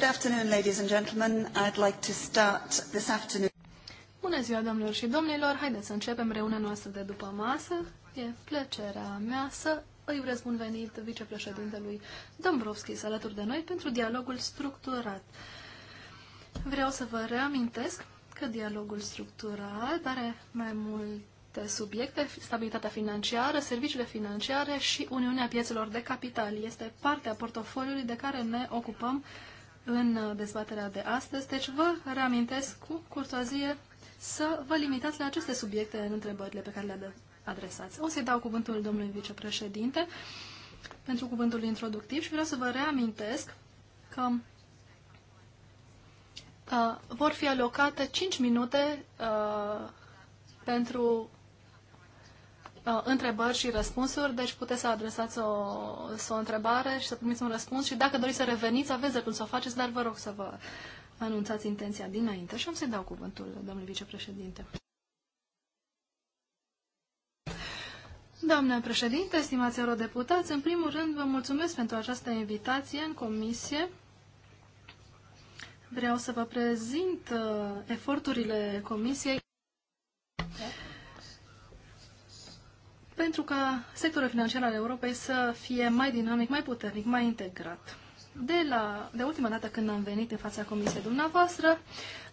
Good afternoon, ladies and gentlemen. I'd like to start this afternoon. Bună ziua, domnilor și domnilor! Haideți să începem reuniunea noastră de după masă. E plăcerea mea să îi urez bun venit vicepreședintelui Dombrovskis alături de noi pentru dialogul structurat. Vreau să vă reamintesc că dialogul structurat are mai multe subiecte, stabilitatea financiară, serviciile financiare și Uniunea Piețelor de Capital. Este partea portofoliului de care ne ocupăm în dezbaterea de astăzi, deci vă reamintesc cu curtoazie să vă limitați la aceste subiecte în întrebările pe care le adresați. O să-i dau cuvântul domnului vicepreședinte pentru cuvântul introductiv și vreau să vă reamintesc că uh, vor fi alocate 5 minute uh, pentru Uh, întrebări și răspunsuri, deci puteți să adresați o, o întrebare și să primiți un răspuns și dacă doriți să reveniți, aveți dreptul să o faceți, dar vă rog să vă anunțați intenția dinainte și am să-i dau cuvântul domnule vicepreședinte. Doamne președinte, stimați eurodeputați, în primul rând vă mulțumesc pentru această invitație în comisie. Vreau să vă prezint uh, eforturile comisiei pentru ca sectorul financiar al Europei să fie mai dinamic, mai puternic, mai integrat. De, la, de ultima dată când am venit în fața comisiei dumneavoastră,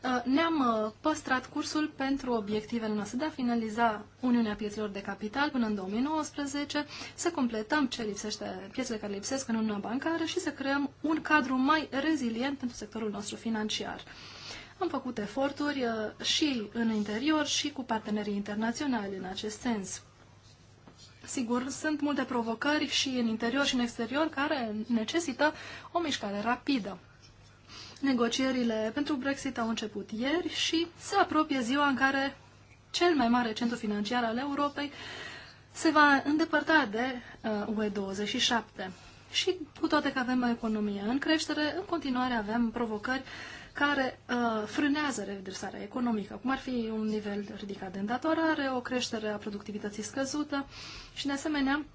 uh, ne-am uh, păstrat cursul pentru obiectivele noastre de a finaliza Uniunea Piețelor de Capital până în 2019, să completăm ce lipsește, piețele care lipsesc în Uniunea Bancară și să creăm un cadru mai rezilient pentru sectorul nostru financiar. Am făcut eforturi uh, și în interior și cu partenerii internaționali în acest sens sigur, sunt multe provocări și în interior și în exterior care necesită o mișcare rapidă. Negocierile pentru Brexit au început ieri și se apropie ziua în care cel mai mare centru financiar al Europei se va îndepărta de uh, UE27. Și cu toate că avem o economie în creștere, în continuare avem provocări uh, care uh, frânează redresarea economică, cum ar fi un nivel ridicat de îndatorare, o creștere a productivității scăzută și, de asemenea,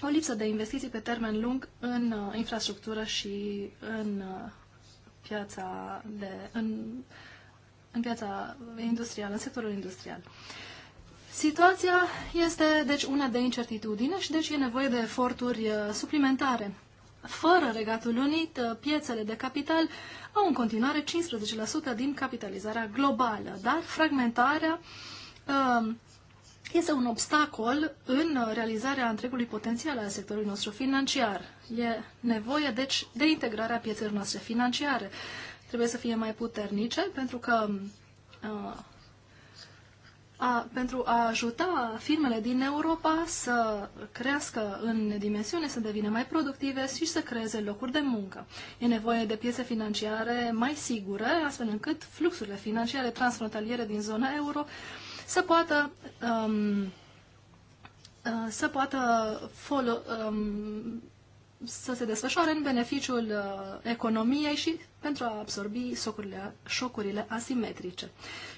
o lipsă de investiții pe termen lung în uh, infrastructură și în uh, piața de, în, în piața industrială, în sectorul industrial. Situația este, deci, una de incertitudine și, deci, e nevoie de eforturi uh, suplimentare. Fără regatul unit, uh, piețele de capital uh, au în continuare 15% din capitalizarea globală, dar fragmentarea um, este un obstacol în realizarea întregului potențial al sectorului nostru financiar. E nevoie, deci, de integrarea piețelor noastre financiare. Trebuie să fie mai puternice, pentru că uh, a, pentru a ajuta firmele din Europa să crească în dimensiune, să devină mai productive și să creeze locuri de muncă. E nevoie de piețe financiare mai sigure, astfel încât fluxurile financiare transfrontaliere din zona euro să poată, um, uh, să poată folo, um, să se desfășoare în beneficiul uh, economiei și pentru a absorbi șocurile, șocurile asimetrice.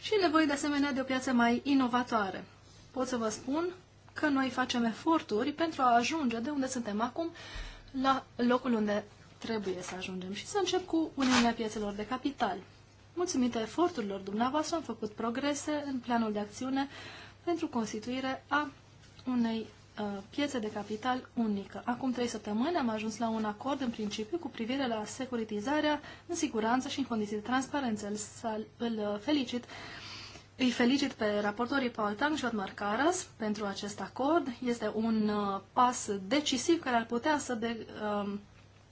Și e nevoie de asemenea de o piață mai inovatoare. Pot să vă spun că noi facem eforturi pentru a ajunge de unde suntem acum la locul unde trebuie să ajungem. Și să încep cu Uniunea Piețelor de Capital. Mulțumită eforturilor dumneavoastră am făcut progrese în planul de acțiune pentru constituire a unei Uh, piețe de capital unică. Acum trei săptămâni am ajuns la un acord în principiu cu privire la securitizarea în siguranță și în condiții de transparență. Îl, îl uh, felicit îi felicit pe raportorii Paul Tang și Otmar Caras pentru acest acord. Este un uh, pas decisiv care ar putea să de, uh, um,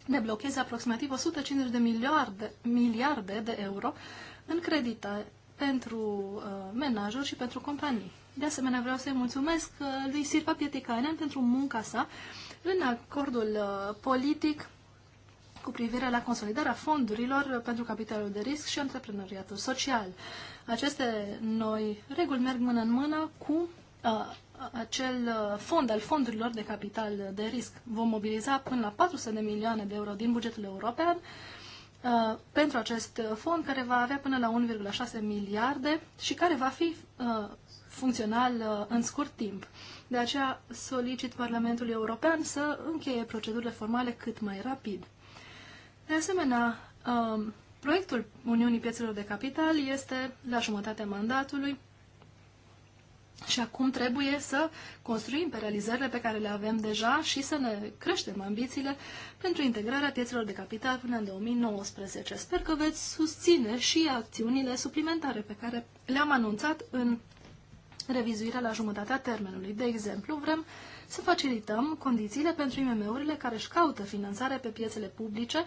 deblocheze aproximativ 150 de miliarde, miliarde de euro în credite pentru menajuri și pentru companii. De asemenea, vreau să-i mulțumesc uh, lui Sirpa Pieticainen pentru munca sa în acordul uh, politic cu privire la consolidarea fondurilor uh, pentru capitalul de risc și antreprenoriatul social. Aceste noi reguli merg mână în mână cu uh, acel fond al fondurilor de capital de risc. Vom mobiliza până la 400 de milioane de euro din bugetul european uh, pentru acest fond care va avea până la 1,6 miliarde și care va fi uh, funcțional uh, în scurt timp. De aceea solicit Parlamentului European să încheie procedurile formale cât mai rapid. De asemenea, um, proiectul Uniunii Piețelor de Capital este la jumătatea mandatului și acum trebuie să construim pe realizările pe care le avem deja și să ne creștem ambițiile pentru integrarea piețelor de capital până în 2019. Sper că veți susține și acțiunile suplimentare pe care le-am anunțat în revizuirea la jumătatea termenului. De exemplu, vrem să facilităm condițiile pentru IMM-urile care își caută finanțare pe piețele publice,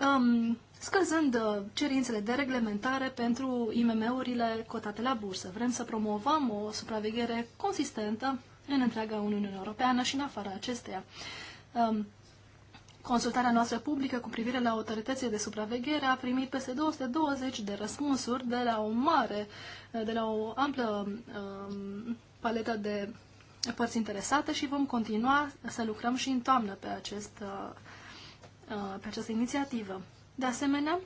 um, scăzând uh, cerințele de reglementare pentru IMM-urile cotate la bursă. Vrem să promovăm o supraveghere consistentă în întreaga Uniune Europeană și în afara acesteia. Um, Consultarea noastră publică cu privire la autoritățile de supraveghere a primit peste 220 de răspunsuri de la o mare, de la o amplă um, paletă de părți interesate și vom continua să lucrăm și în toamnă pe, acest, uh, uh, pe această inițiativă. De asemenea,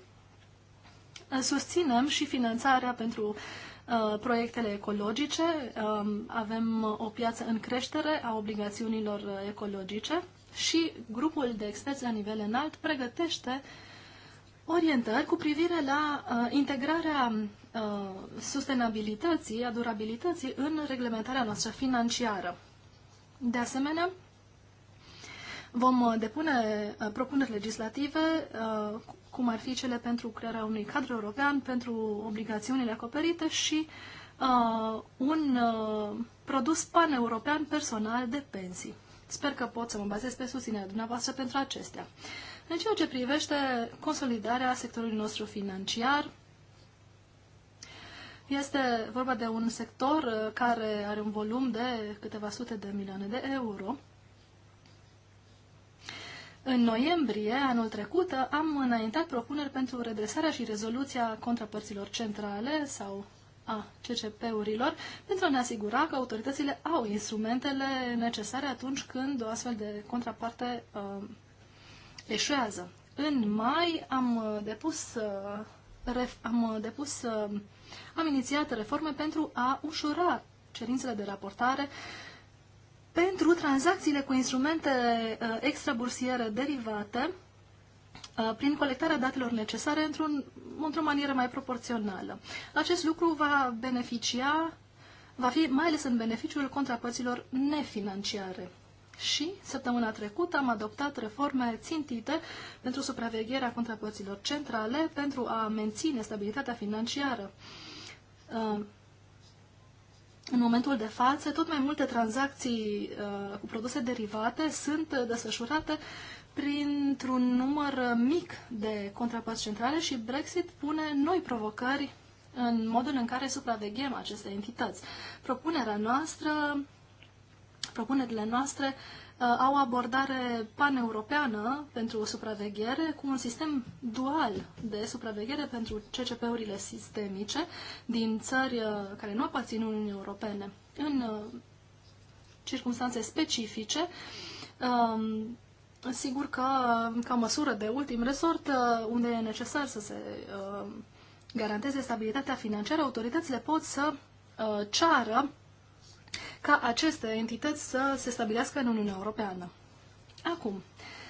susținem și finanțarea pentru uh, proiectele ecologice. Um, avem o piață în creștere a obligațiunilor ecologice și grupul de experți la nivel înalt pregătește orientări cu privire la uh, integrarea uh, sustenabilității, a durabilității în reglementarea noastră financiară. De asemenea, vom uh, depune uh, propuneri legislative, uh, cum ar fi cele pentru crearea unui cadru european, pentru obligațiunile acoperite și un produs pan-european personal de pensii. Sper că pot să mă bazez pe susținerea dumneavoastră pentru acestea. În ceea ce privește consolidarea sectorului nostru financiar, este vorba de un sector uh, care are un volum de câteva sute de milioane de euro. În noiembrie anul trecut am înaintat propuneri pentru redresarea și rezoluția contrapărților centrale sau a CCP-urilor pentru a ne asigura că autoritățile au instrumentele necesare atunci când o astfel de contraparte uh, eșuează. În mai am uh, depus, uh, ref, am, uh, depus uh, am inițiat reforme pentru a ușura cerințele de raportare pentru tranzacțiile cu instrumente uh, extrabursiere derivate Uh, prin colectarea datelor necesare într-un, într-o manieră mai proporțională. Acest lucru va beneficia, va fi mai ales în beneficiul contrapăților nefinanciare. Și săptămâna trecută am adoptat reforme țintite pentru supravegherea contrapăților centrale pentru a menține stabilitatea financiară. Uh, în momentul de față, tot mai multe tranzacții uh, cu produse derivate sunt desfășurate uh, printr-un număr mic de contrapărți centrale și Brexit pune noi provocări în modul în care supraveghem aceste entități. Propunerea noastră, propunerile noastre uh, au o abordare paneuropeană pentru supraveghere cu un sistem dual de supraveghere pentru CCP-urile sistemice din țări uh, care nu aparțin Uniunii Europene. În uh, circunstanțe specifice, uh, Sigur că, ca măsură de ultim resort, uh, unde e necesar să se uh, garanteze stabilitatea financiară, autoritățile pot să uh, ceară ca aceste entități să se stabilească în Uniunea Europeană. Acum,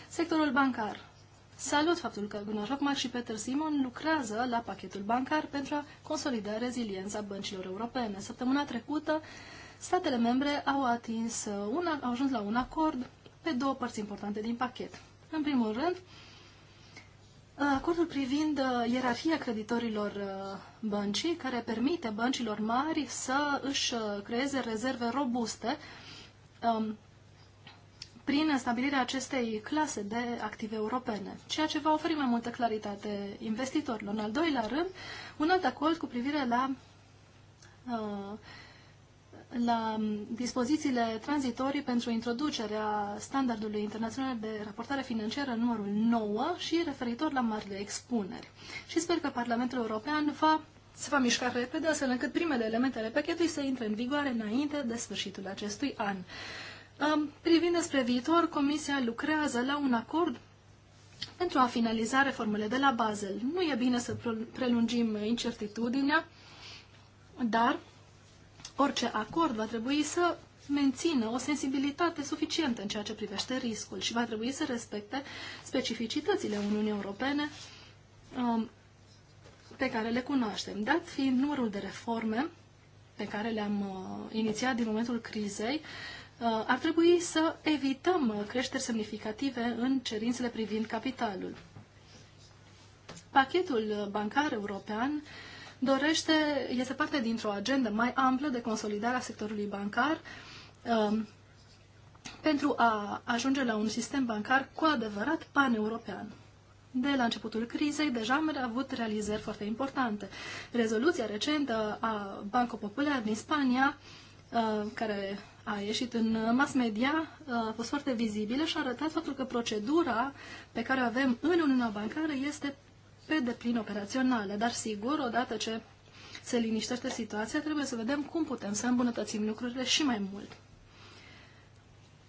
sectorul bancar. Salut faptul că Gunnar Hockmark și Peter Simon lucrează la pachetul bancar pentru a consolida reziliența băncilor europene. Săptămâna trecută, statele membre au atins un, au ajuns la un acord pe două părți importante din pachet. În primul rând, uh, acordul privind uh, ierarhia creditorilor uh, băncii, care permite băncilor mari să își creeze rezerve robuste um, prin stabilirea acestei clase de active europene, ceea ce va oferi mai multă claritate investitorilor. În al doilea rând, un alt acord cu privire la uh, la mm, dispozițiile tranzitorii pentru introducerea standardului internațional de raportare financiară numărul 9 și referitor la marile expuneri. Și sper că Parlamentul European va, se va mișca repede, astfel încât primele elemente ale pachetului să intre în vigoare înainte de sfârșitul acestui an. Privind spre viitor, Comisia lucrează la un acord pentru a finaliza reformele de la Basel. Nu e bine să prelungim incertitudinea, dar orice acord va trebui să mențină o sensibilitate suficientă în ceea ce privește riscul și va trebui să respecte specificitățile Uniunii Europene um, pe care le cunoaștem. Dat fiind numărul de reforme pe care le-am uh, inițiat din momentul crizei, uh, ar trebui să evităm uh, creșteri semnificative în cerințele privind capitalul. Pachetul bancar european uh, dorește, este parte dintr-o agendă mai amplă de consolidare a sectorului bancar um, pentru a ajunge la un sistem bancar cu adevărat paneuropean. De la începutul crizei, deja am avut realizări foarte importante. Rezoluția recentă a Banco Popular din Spania, uh, care a ieșit în mass media, uh, a fost foarte vizibilă și a arătat faptul că procedura pe care o avem în Uniunea Bancară este pe deplin operaționale. Dar sigur, odată ce se liniștește situația, trebuie să vedem cum putem să îmbunătățim lucrurile și mai mult.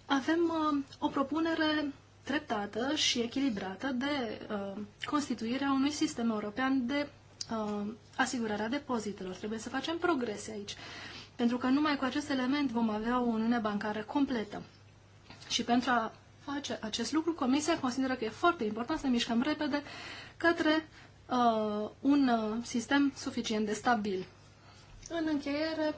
Avem uh, o propunere treptată și echilibrată de uh, constituirea unui sistem european de uh, a depozitelor. Trebuie să facem progrese aici, pentru că numai cu acest element vom avea o uniune bancară completă. Și pentru a face acest lucru. Comisia consideră că e foarte important să mișcăm repede către uh, un uh, sistem suficient de stabil. În încheiere,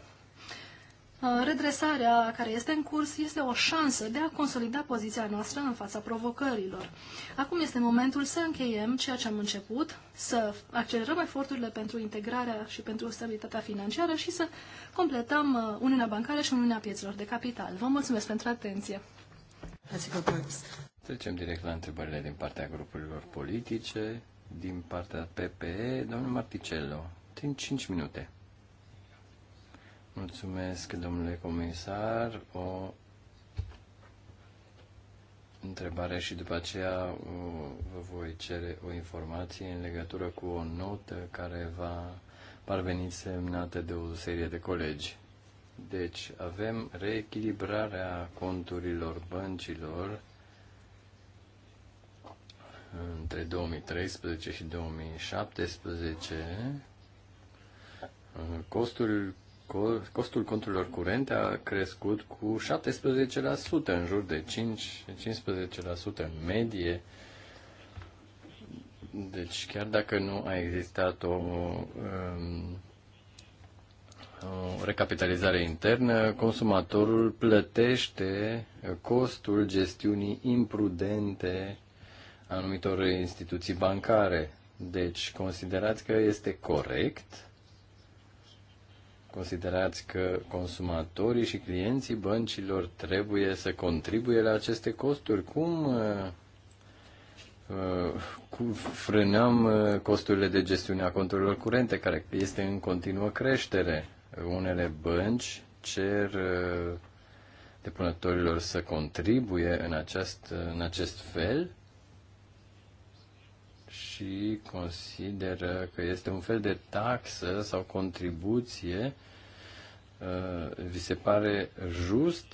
uh, redresarea care este în curs este o șansă de a consolida poziția noastră în fața provocărilor. Acum este momentul să încheiem ceea ce am început, să accelerăm eforturile pentru integrarea și pentru stabilitatea financiară și să completăm uh, Uniunea Bancară și Uniunea Pieților de Capital. Vă mulțumesc pentru atenție! Trecem direct la întrebările din partea grupurilor politice, din partea PPE, domnul Marticello, din 5 minute. Mulțumesc, domnule comisar. O întrebare și după aceea vă voi cere o informație în legătură cu o notă care va parveni semnată de o serie de colegi. Deci avem reechilibrarea conturilor băncilor între 2013 și 2017. Costul, costul conturilor curente a crescut cu 17%, în jur de 5, 15% în medie. Deci chiar dacă nu a existat o um, recapitalizare internă, consumatorul plătește costul gestiunii imprudente anumitor instituții bancare. Deci, considerați că este corect? Considerați că consumatorii și clienții băncilor trebuie să contribuie la aceste costuri? Cum uh, uh, Cum frânăm uh, costurile de gestiune a conturilor curente, care este în continuă creștere. Unele bănci cer uh, depunătorilor să contribuie în acest, uh, în acest fel și consideră că este un fel de taxă sau contribuție. Uh, vi se pare just?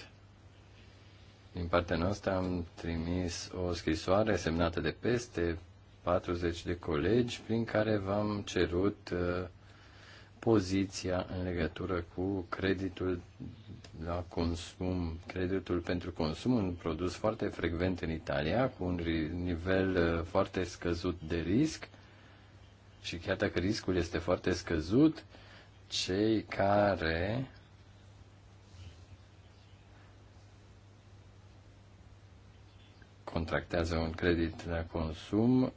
Din partea noastră am trimis o scrisoare semnată de peste 40 de colegi prin care v-am cerut uh, poziția în legătură cu creditul la consum, creditul pentru consum, un produs foarte frecvent în Italia, cu un nivel uh, foarte scăzut de risc. Și chiar dacă riscul este foarte scăzut, cei care contractează un credit la consum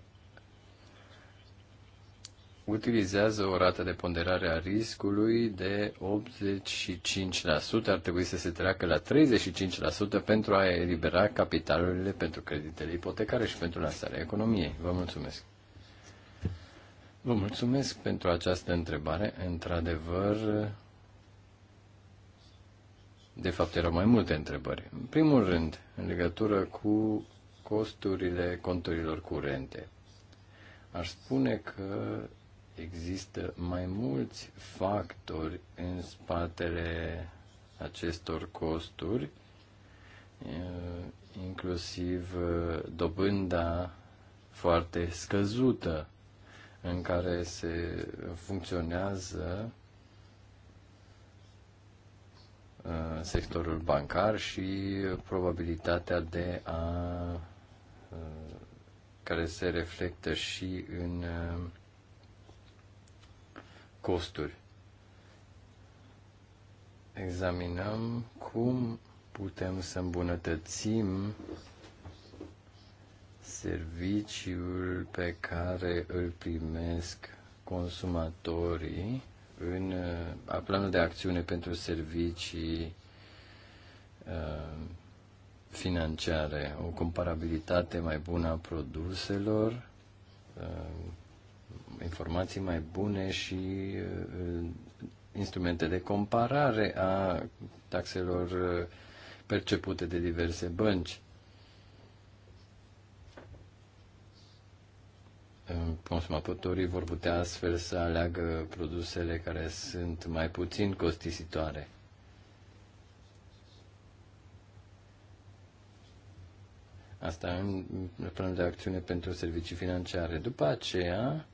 utilizează o rată de ponderare a riscului de 85%, ar trebui să se treacă la 35% pentru a elibera capitalurile pentru creditele ipotecare și pentru lansarea economiei. Vă mulțumesc! Vă mulțumesc pentru această întrebare. Într-adevăr, de fapt erau mai multe întrebări. În primul rând, în legătură cu costurile conturilor curente. Aș spune că există mai mulți factori în spatele acestor costuri, inclusiv dobânda foarte scăzută în care se funcționează sectorul bancar și probabilitatea de a care se reflectă și în costuri. Examinăm cum putem să îmbunătățim serviciul pe care îl primesc consumatorii în planul de acțiune pentru servicii financiare, o comparabilitate mai bună a produselor, informații mai bune și uh, instrumente de comparare a taxelor uh, percepute de diverse bănci. Uh, consumatorii vor putea astfel să aleagă produsele care sunt mai puțin costisitoare. Asta în plan de acțiune pentru servicii financiare. După aceea,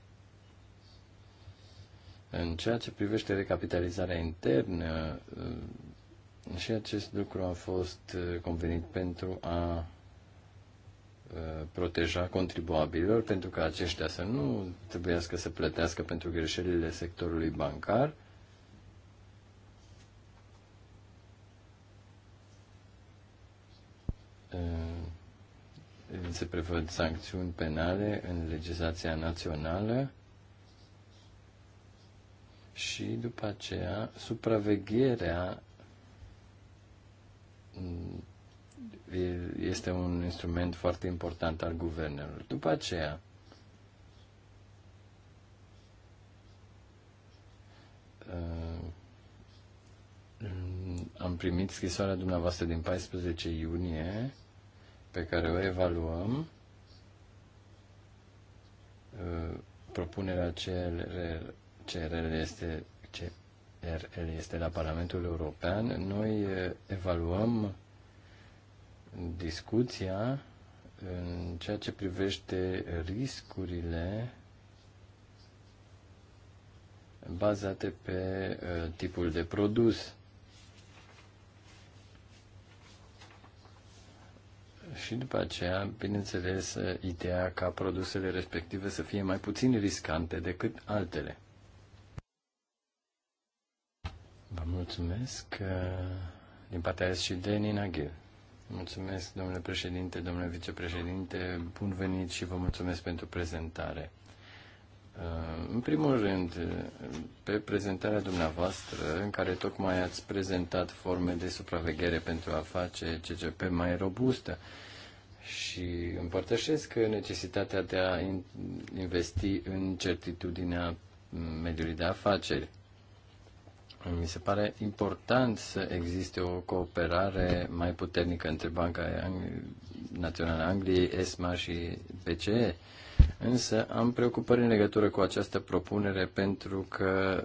în ceea ce privește recapitalizarea internă, uh, și acest lucru a fost uh, convenit pentru a uh, proteja contribuabililor, pentru că aceștia să nu trebuiască să plătească pentru greșelile sectorului bancar. Se prevăd sancțiuni penale în legislația națională și după aceea supravegherea este un instrument foarte important al guvernelor. După aceea, uh, am primit scrisoarea dumneavoastră din 14 iunie pe care o evaluăm uh, propunerea CRR CRL este, CRL este la Parlamentul European, noi eh, evaluăm discuția în ceea ce privește riscurile bazate pe eh, tipul de produs. Și după aceea, bineînțeles, eh, ideea ca produsele respective să fie mai puțin riscante decât altele. Vă mulțumesc uh, din partea S și de Nina Ghil. Mulțumesc, domnule președinte, domnule vicepreședinte, bun venit și vă mulțumesc pentru prezentare. Uh, în primul rând, pe prezentarea dumneavoastră, în care tocmai ați prezentat forme de supraveghere pentru a face CGP mai robustă și împărtășesc necesitatea de a investi în certitudinea mediului de afaceri. Mi se pare important să existe o cooperare mai puternică între Banca Națională a Angliei, ESMA și BCE, însă am preocupări în legătură cu această propunere pentru că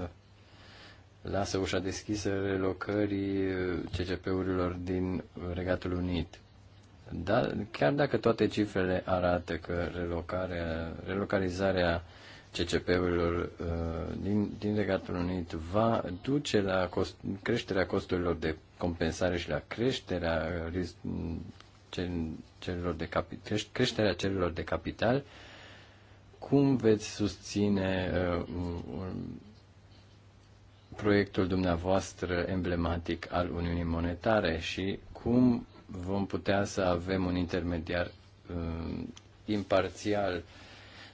uh, lasă ușa deschisă relocării uh, CCP-urilor din Regatul Unit. Dar chiar dacă toate cifrele arată că relocarea, relocalizarea CCP-urilor uh, din, din Regatul Unit va duce la cost, creșterea costurilor de compensare și la creșterea celor de capital, creșterea celor de capital, cum veți susține uh, un, proiectul dumneavoastră emblematic al Uniunii Monetare și cum vom putea să avem un intermediar uh, imparțial uh,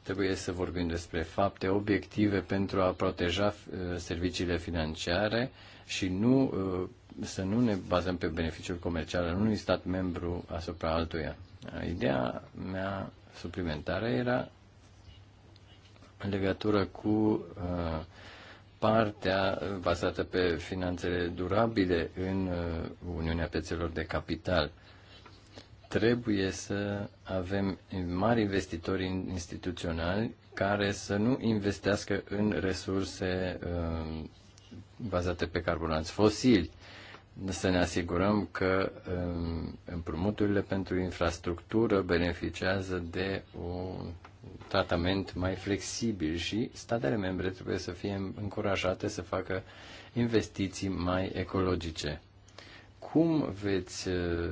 Trebuie să vorbim despre fapte obiective pentru a proteja uh, serviciile financiare și nu uh, să nu ne bazăm pe beneficiul comercial al unui stat membru asupra altuia. Ideea mea suplimentară era în legătură cu uh, partea bazată pe finanțele durabile în uh, Uniunea Piețelor de Capital. Uh, trebuie să avem mari investitori instituționali care să nu investească în resurse um, bazate pe carburanți fosili. Să ne asigurăm că um, împrumuturile pentru infrastructură beneficiază de un tratament mai flexibil și statele membre trebuie să fie încurajate să facă investiții mai ecologice cum veți uh,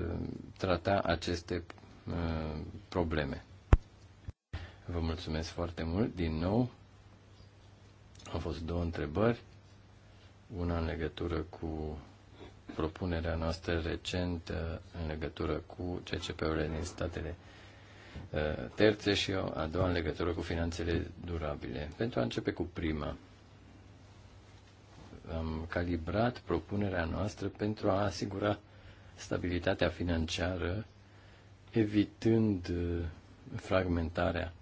trata aceste uh, probleme? Vă mulțumesc foarte mult. Din nou, au fost două întrebări. Una în legătură cu propunerea noastră recentă în legătură cu CCP-urile din statele uh, terțe și a doua în legătură cu finanțele durabile. Pentru a începe cu prima, am calibrat propunerea noastră pentru a asigura stabilitatea financiară, evitând uh, fragmentarea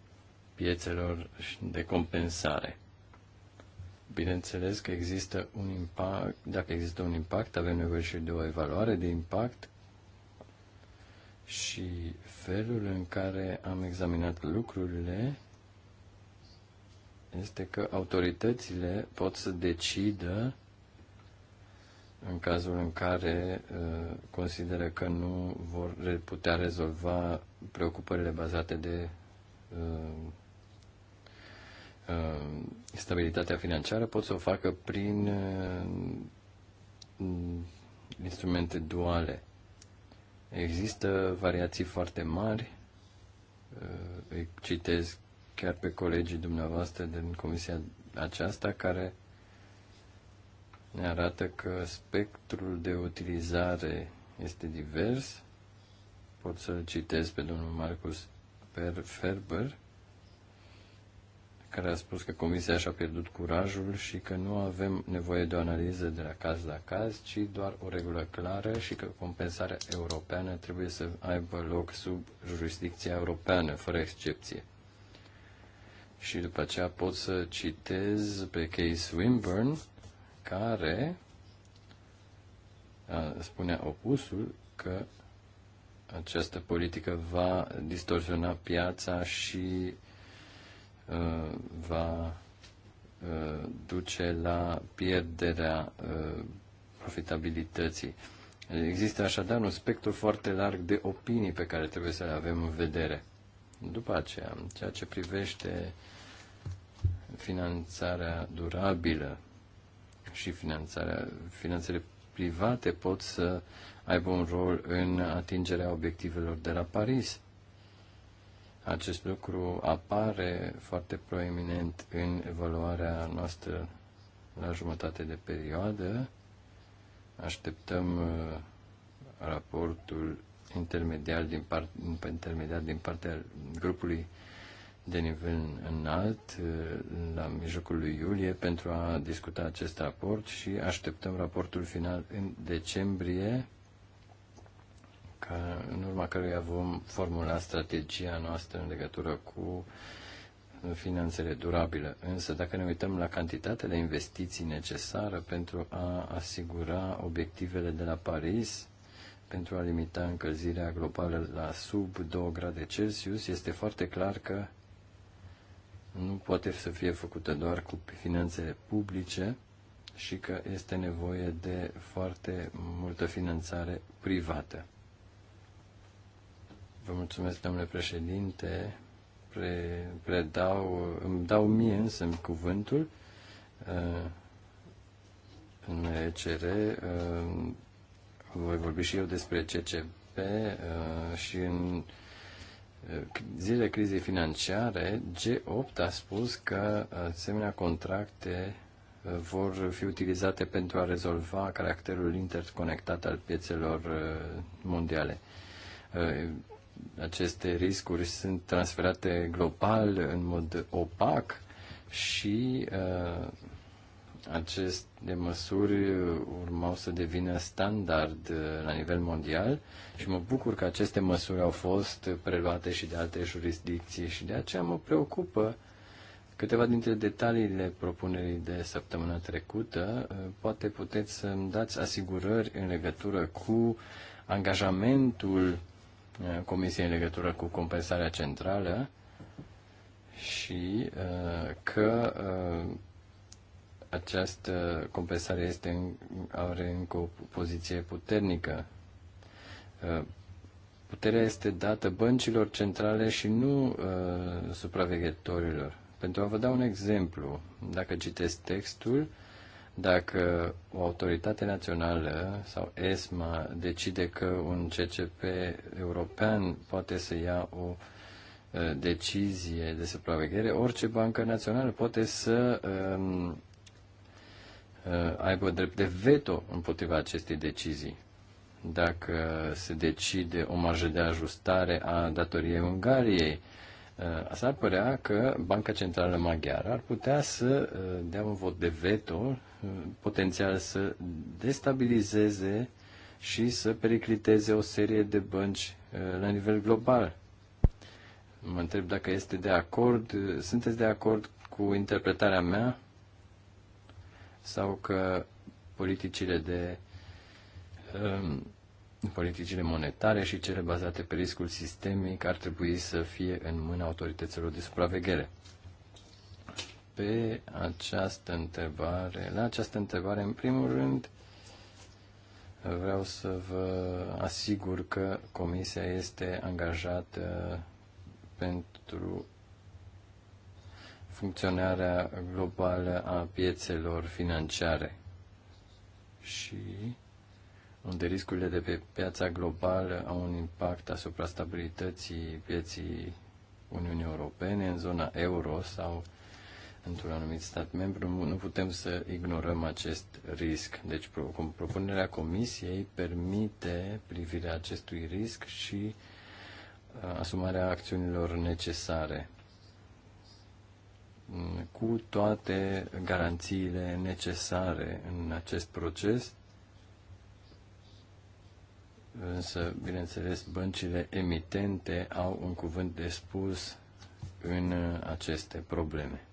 piețelor de compensare. Bineînțeles că există un impact, dacă există un impact, avem nevoie și de o evaluare de impact și felul în care am examinat lucrurile este că autoritățile pot să decidă în cazul în care uh, consideră că nu vor putea rezolva preocupările bazate de uh, uh, stabilitatea financiară, pot să o facă prin uh, instrumente duale. Există variații foarte mari. Uh, citesc chiar pe colegii dumneavoastră din comisia aceasta care ne arată că spectrul de utilizare este divers. Pot să-l citez pe domnul Marcus Ferber, care a spus că comisia și-a pierdut curajul și că nu avem nevoie de o analiză de la caz la caz, ci doar o regulă clară și că compensarea europeană trebuie să aibă loc sub jurisdicția europeană, fără excepție. Și după aceea pot să citez pe Case Wimburn, care spunea opusul că această politică va distorsiona piața și uh, va uh, duce la pierderea uh, profitabilității. Există așadar un spectru foarte larg de opinii pe care trebuie să le avem în vedere. După aceea, ceea ce privește uh, finanțarea durabilă și finanțarea, finanțele private pot să aibă un rol în atingerea obiectivelor de la Paris. Acest lucru apare foarte proeminent în evaluarea noastră la jumătate de perioadă. Așteptăm uh, raportul intermediar din, part, intermediar din partea grupului de nivel înalt uh, la mijlocul lui iulie pentru a discuta acest raport și așteptăm raportul final în decembrie, ca, în urma căruia vom formula strategia noastră în legătură cu finanțele durabile. Însă, dacă ne uităm la cantitatea de investiții necesară pentru a asigura obiectivele de la Paris, pentru a limita încălzirea globală la sub 2 grade Celsius, este foarte clar că nu poate să fie făcută doar cu finanțe publice și că este nevoie de foarte multă finanțare privată. Vă mulțumesc, domnule președinte. Pre, predau, îmi dau mie însă cuvântul uh, în ECR. Uh, voi vorbi și eu despre CCP uh, și în zilele crizei financiare, G8 a spus că asemenea contracte uh, vor fi utilizate pentru a rezolva caracterul interconectat al piețelor uh, mondiale. Uh, aceste riscuri sunt transferate global în mod opac și acest de măsuri urmau să devină standard uh, la nivel mondial și mă bucur că aceste măsuri au fost preluate și de alte jurisdicții și de aceea mă preocupă câteva dintre detaliile propunerii de săptămâna trecută. Uh, poate puteți să-mi dați asigurări în legătură cu angajamentul uh, Comisiei în legătură cu compensarea centrală și că această compensare este în, are încă o poziție puternică. Uh, puterea este dată băncilor centrale și nu uh, supraveghetorilor. Pentru a vă da un exemplu, dacă citesc textul, dacă o autoritate națională sau ESMA decide că un CCP european poate să ia o uh, decizie de supraveghere, orice bancă națională poate să um, Uh, aibă drept de veto împotriva acestei decizii. Dacă se decide o marjă de ajustare a datoriei Ungariei, uh, s-ar părea că Banca Centrală Maghiară ar putea să uh, dea un vot de veto, potențial să destabilizeze și să pericliteze o serie de bănci la nivel global. Mă întreb dacă este de acord, sunteți de acord cu interpretarea mea sau că politicile de um, politicile monetare și cele bazate pe riscul sistemic ar trebui să fie în mâna autorităților de supraveghere. Pe această întrebare, la această întrebare, în primul rând, vreau să vă asigur că Comisia este angajată pentru funcționarea globală a piețelor financiare și unde riscurile de pe piața globală au un impact asupra stabilității pieții Uniunii Europene în zona euro sau într-un anumit stat membru, nu putem să ignorăm acest risc. Deci, propunerea Comisiei permite privirea acestui risc și uh, asumarea acțiunilor necesare cu toate garanțiile necesare în acest proces. Însă, bineînțeles, băncile emitente au un cuvânt de spus în aceste probleme.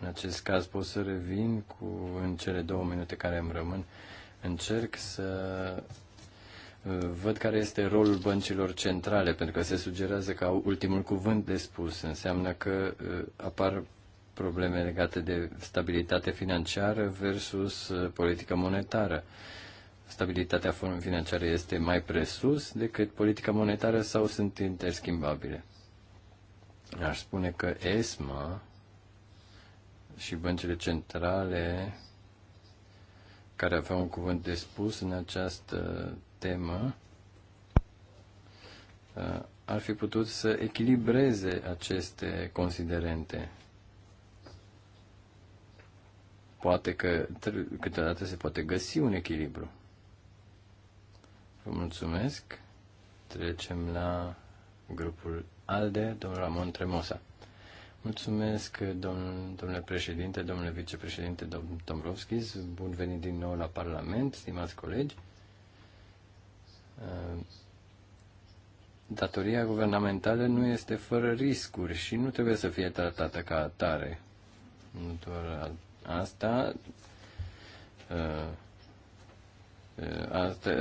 În acest caz pot să revin cu, în cele două minute care îmi rămân, încerc să Văd care este rolul băncilor centrale, pentru că se sugerează că au ultimul cuvânt de spus. Înseamnă că uh, apar probleme legate de stabilitate financiară versus uh, politică monetară. Stabilitatea financiară este mai presus decât politica monetară sau sunt interschimbabile? Aș spune că ESMA și băncile centrale care aveau un cuvânt de spus în această temă uh, ar fi putut să echilibreze aceste considerente. Poate că câteodată se poate găsi un echilibru. Vă mulțumesc. Trecem la grupul ALDE, domnul Ramon Tremosa. Mulțumesc, domn, domnule președinte, domnule vicepreședinte Dom, Dombrovskis. Bun venit din nou la Parlament, stimați colegi. Uh, datoria guvernamentală nu este fără riscuri și nu trebuie să fie tratată ca atare. Nu doar uh, uh, asta.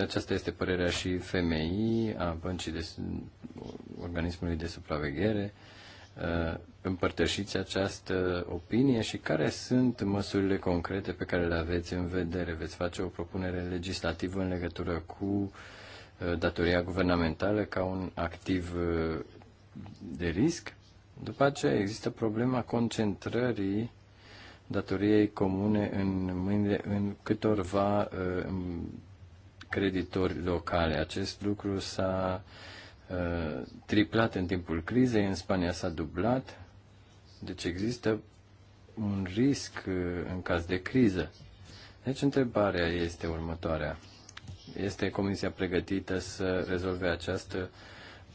aceasta este părerea și FMI, a băncii de organismului de supraveghere. Împărtășiți această opinie și care sunt măsurile concrete pe care le aveți în vedere? Veți face o propunere legislativă în legătură cu uh, Uh, datoria guvernamentală ca un activ uh, de risc. După aceea există problema concentrării datoriei comune în mâinile în câtorva uh, creditori locale. Acest lucru s-a triplat în timpul crizei, în Spania s-a dublat, deci există un risc în caz de criză. Deci întrebarea este următoarea. Este Comisia pregătită să rezolve această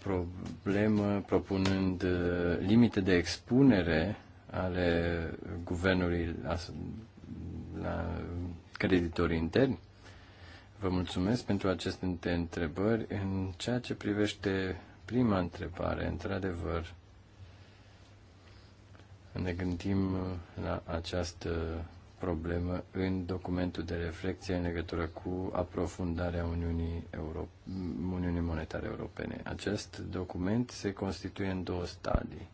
problemă propunând uh, limite de expunere ale guvernului la creditorii interni? Vă mulțumesc pentru aceste întrebări. În ceea ce privește prima întrebare, într-adevăr, ne gândim uh, la această problemă în documentul de reflecție în legătură cu aprofundarea Uniunii, Euro- Uniunii Monetare Europene. Acest document se constituie în două stadii.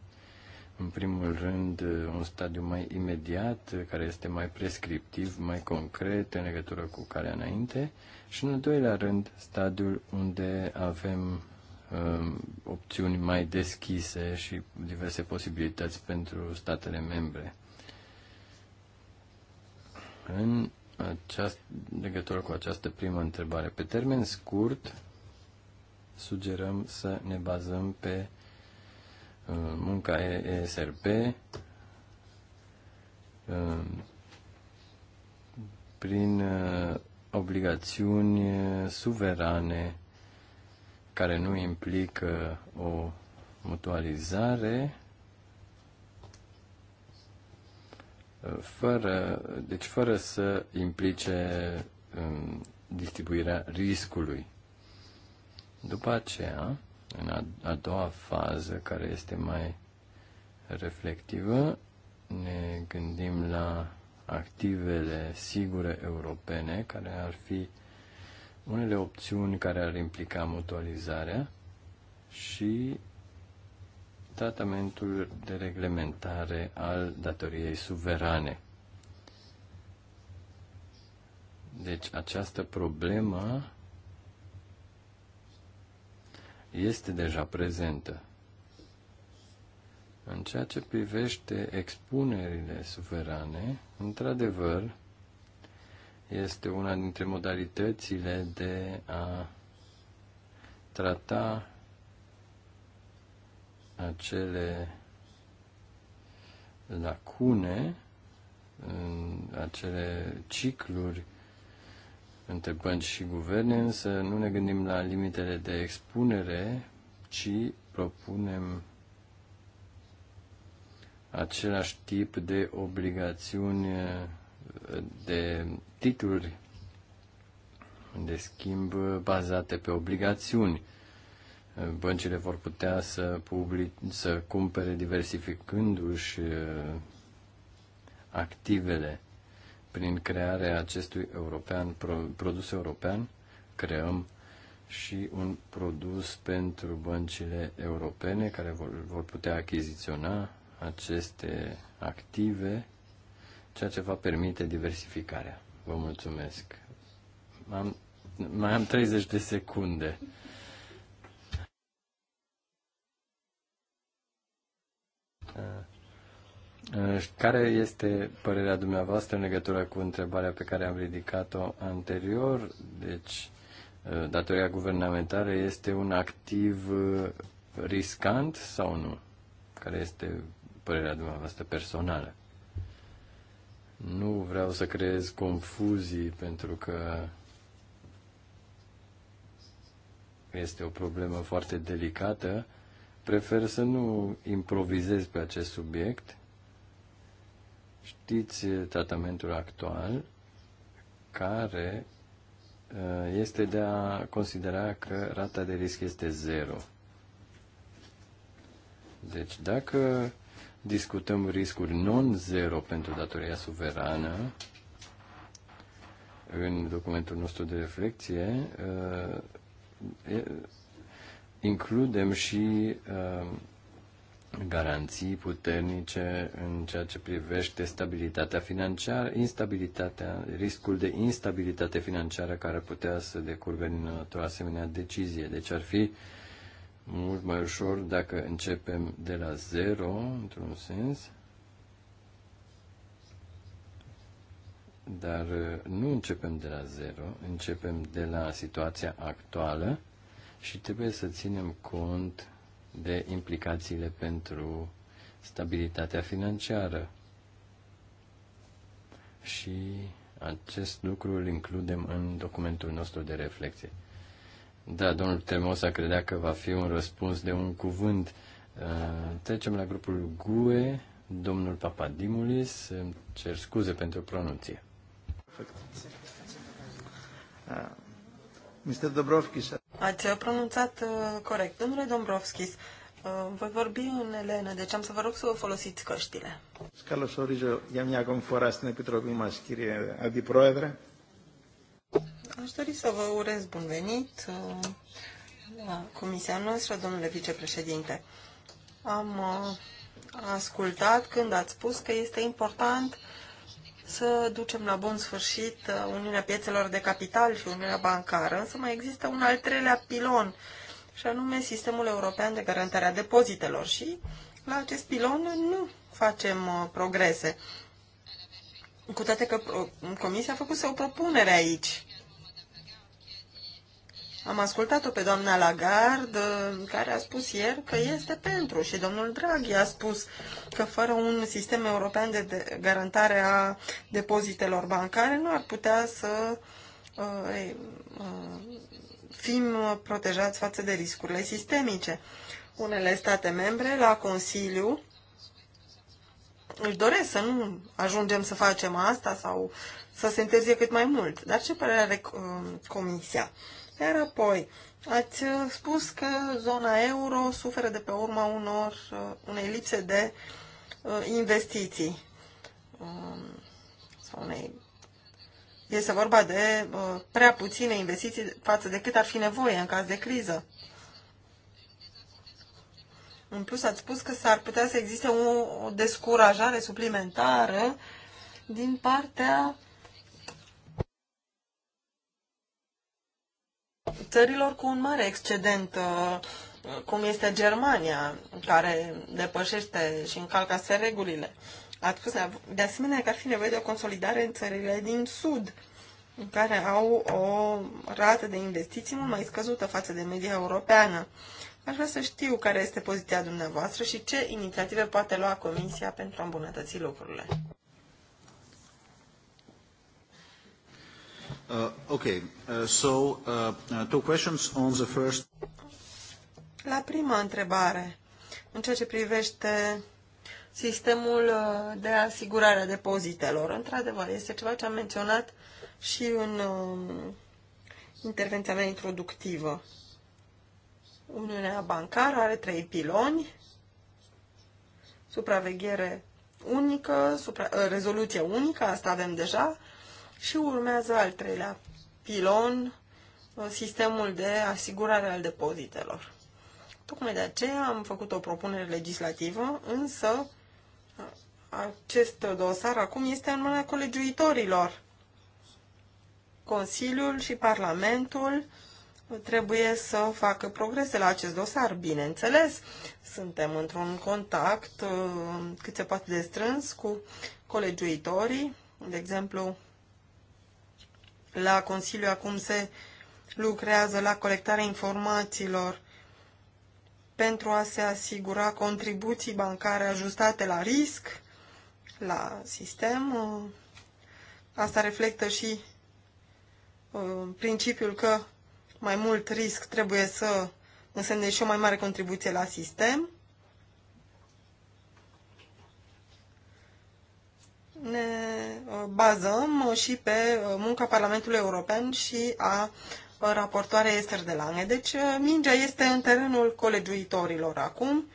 În primul rând, un stadiu mai imediat, care este mai prescriptiv, mai concret în legătură cu care înainte, și în al doilea rând, stadiul unde avem um, opțiuni mai deschise și diverse posibilități pentru statele membre în aceast, legătură cu această primă întrebare, pe termen scurt, sugerăm să ne bazăm pe uh, munca ESRP, uh, prin uh, obligațiuni suverane care nu implică o mutualizare fără, deci fără să implice um, distribuirea riscului. După aceea, în a, a doua fază, care este mai reflectivă, ne gândim la activele sigure europene, care ar fi unele opțiuni care ar implica mutualizarea și tratamentul de reglementare al datoriei suverane. Deci această problemă este deja prezentă. În ceea ce privește expunerile suverane, într-adevăr, este una dintre modalitățile de a trata acele lacune, în acele cicluri între bănci și guverne, însă nu ne gândim la limitele de expunere, ci propunem același tip de obligațiuni, de titluri de schimb bazate pe obligațiuni. Băncile vor putea să, public, să cumpere diversificându-și uh, activele prin crearea acestui european, produs european, creăm și un produs pentru băncile europene care vor, vor putea achiziționa aceste active, ceea ce va permite diversificarea. Vă mulțumesc. Am, mai am 30 de secunde. Uh, uh, care este părerea dumneavoastră în legătură cu întrebarea pe care am ridicat-o anterior? Deci, uh, datoria guvernamentală este un activ riscant sau nu? Care este părerea dumneavoastră personală? Nu vreau să creez confuzii pentru că este o problemă foarte delicată prefer să nu improvizez pe acest subiect. Știți eh, tratamentul actual care eh, este de a considera că rata de risc este zero. Deci dacă discutăm riscuri non-zero pentru datoria suverană, în documentul nostru de reflexie, eh, includem și uh, garanții puternice în ceea ce privește stabilitatea financiară, instabilitatea, riscul de instabilitate financiară care putea să decurgă din o asemenea decizie. Deci ar fi mult mai ușor dacă începem de la zero, într-un sens, dar nu începem de la zero, începem de la situația actuală și trebuie să ținem cont de implicațiile pentru stabilitatea financiară. Și acest lucru îl includem în documentul nostru de reflexie. Da, domnul Temosa credea că va fi un răspuns de un cuvânt. Uh, trecem la grupul GUE, domnul Papadimulis, cer scuze pentru pronunție. Uh, Mr. Dobrovskis. Ați uh, pronunțat uh, corect. Domnule Dombrovskis, uh, voi vorbi în elenă, deci am să vă rog să vă folosiți căștile. Καλώς ορίζω για μια ακόμη φορά στην Επιτροπή μας, κύριε Αντιπρόεδρε. Aș dori să vă urez bun venit la comisia noastră, domnule vicepreședinte. Am ascultat când ați spus că este important uh, să ducem la bun sfârșit uh, Uniunea Piețelor de Capital și Uniunea Bancară, însă mai există un al treilea pilon, și anume Sistemul European de Garantare a Depozitelor. Și la acest pilon nu facem uh, progrese. Cu toate că uh, Comisia a făcut o propunere aici. Am ascultat-o pe doamna Lagarde, care a spus ieri că este pentru și domnul Draghi a spus că fără un sistem european de garantare a depozitelor bancare nu ar putea să uh, uh, fim protejați față de riscurile sistemice. Unele state membre la Consiliu își doresc să nu ajungem să facem asta sau să se întârzie cât mai mult. Dar ce părere are uh, Comisia? Iar apoi, ați uh, spus că zona euro suferă de pe urma unor, uh, unei lipse de uh, investiții. Um, sau unei... Este vorba de prea puține investiții față de cât ar fi nevoie în caz de criză. În plus, ați spus că s-ar putea să existe o descurajare suplimentară din partea uh, țărilor cu un mare excedent, uh, cum este Germania, care depășește și încalcă se regulile. de asemenea că ar fi nevoie de o consolidare în țările din Sud, care au o rată de investiții mult mai scăzută față de media europeană. Aș vrea să știu care este poziția dumneavoastră și ce inițiative poate lua Comisia pentru a îmbunătăți lucrurile. Uh, okay, uh, so uh, uh, two questions on the first. La prima întrebare, în ceea ce privește sistemul uh, de asigurare a depozitelor, într-adevăr, este ceva ce am menționat și în uh, intervenția mea introductivă. Uniunea bancară are trei piloni, supraveghere unică, supra, rezoluție unică, asta avem deja, și urmează al treilea pilon, uh, sistemul de asigurare al depozitelor. Tocmai de aceea am făcut o propunere legislativă, însă uh, acest dosar acum este în mâna colegiuitorilor. Consiliul și Parlamentul uh, trebuie să facă progrese la acest dosar, bineînțeles. Suntem într-un contact cât se poate de strâns cu colegiuitorii, de exemplu, la Consiliu acum se lucrează la colectarea informațiilor pentru a se asigura contribuții bancare ajustate la risc, la sistem. Asta reflectă și uh, principiul că mai mult risc trebuie să însemne și o mai mare contribuție la sistem. ne uh, bazăm și pe uh, munca Parlamentului European și a uh, raportoarei Ester de Lange. Deci mingea este în terenul colegiuitorilor acum.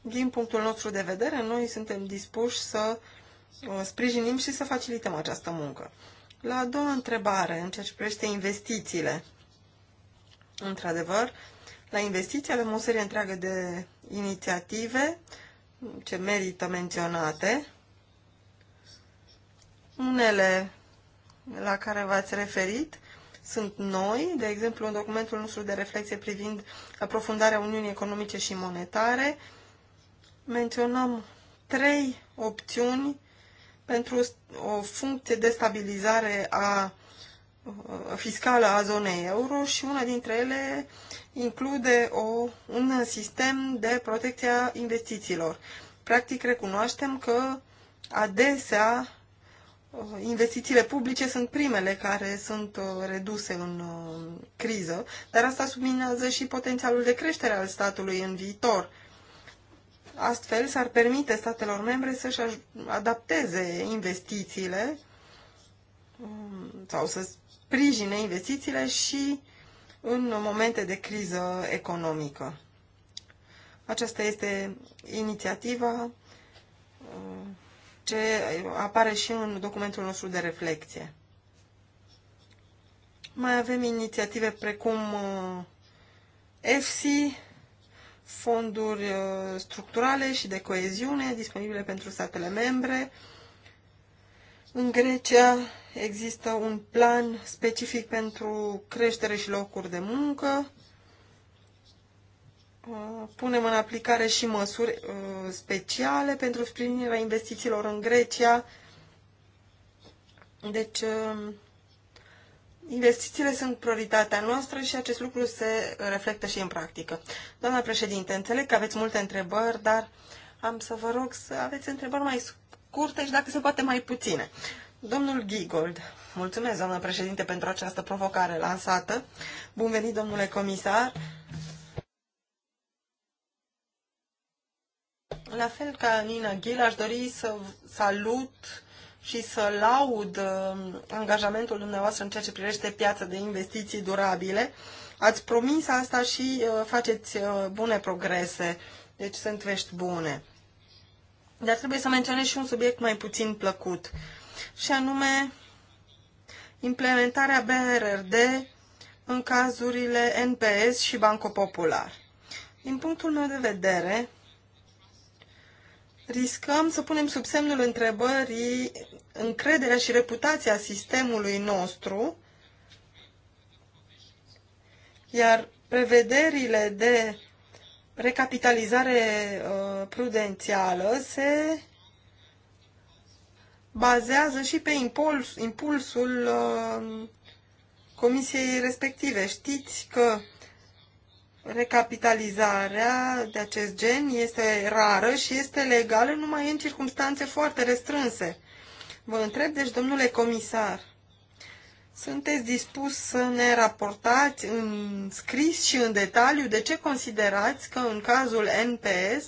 Din punctul nostru de vedere, noi suntem dispuși să sprijinim și să facilităm această muncă. La a doua întrebare, în ceea ce privește investițiile. Într-adevăr, la investiții avem o serie întreagă de inițiative uh, ce merită menționate. Unele la care v-ați referit sunt noi, de exemplu în documentul nostru de reflexie privind aprofundarea Uniunii Economice și Monetare, menționăm trei opțiuni pentru o funcție de stabilizare a Uh, fiscală a zonei euro și una dintre ele include o, un sistem de protecție a investițiilor. Practic recunoaștem că adesea uh, investițiile publice sunt primele care sunt uh, reduse în criză, dar asta subminează și potențialul de creștere al statului în viitor. Astfel, s-ar permite statelor membre să-și adapteze investițiile um, sau să sprijine investițiile și în momente de criză economică. Aceasta este inițiativa uh, ce apare și în documentul nostru de reflexie. Mai avem inițiative precum EFSI, uh, fonduri uh, structurale și de coeziune disponibile pentru statele membre. În Grecia Există un plan specific pentru creștere și locuri de muncă. Uh, punem în aplicare și măsuri uh, speciale pentru sprijinirea investițiilor în Grecia. Deci, um, Investițiile sunt prioritatea noastră și acest lucru se reflectă și în practică. Doamna președinte, înțeleg că aveți multe întrebări, dar am să vă rog să aveți întrebări mai scurte și dacă se poate mai puține. Domnul Gigold, mulțumesc, doamnă președinte, pentru această provocare lansată. Bun venit, domnule comisar. La fel ca Nina Ghil, aș dori să salut și să laud uh, angajamentul dumneavoastră în ceea ce privește piața de investiții durabile. Ați promis asta și uh, faceți uh, bune progrese, deci sunt vești bune. Dar trebuie să menționez și un subiect mai puțin plăcut și anume implementarea BRRD în cazurile NPS și Banco Popular. Din punctul meu de vedere, riscăm să punem sub semnul întrebării încrederea și reputația sistemului nostru, iar prevederile de recapitalizare uh, prudențială se bazează și pe impuls, impulsul uh, comisiei respective. Știți că recapitalizarea de acest gen este rară și este legală numai în circunstanțe foarte restrânse. Vă întreb, deci, domnule comisar, sunteți dispus să ne raportați în scris și în detaliu de ce considerați că în cazul NPS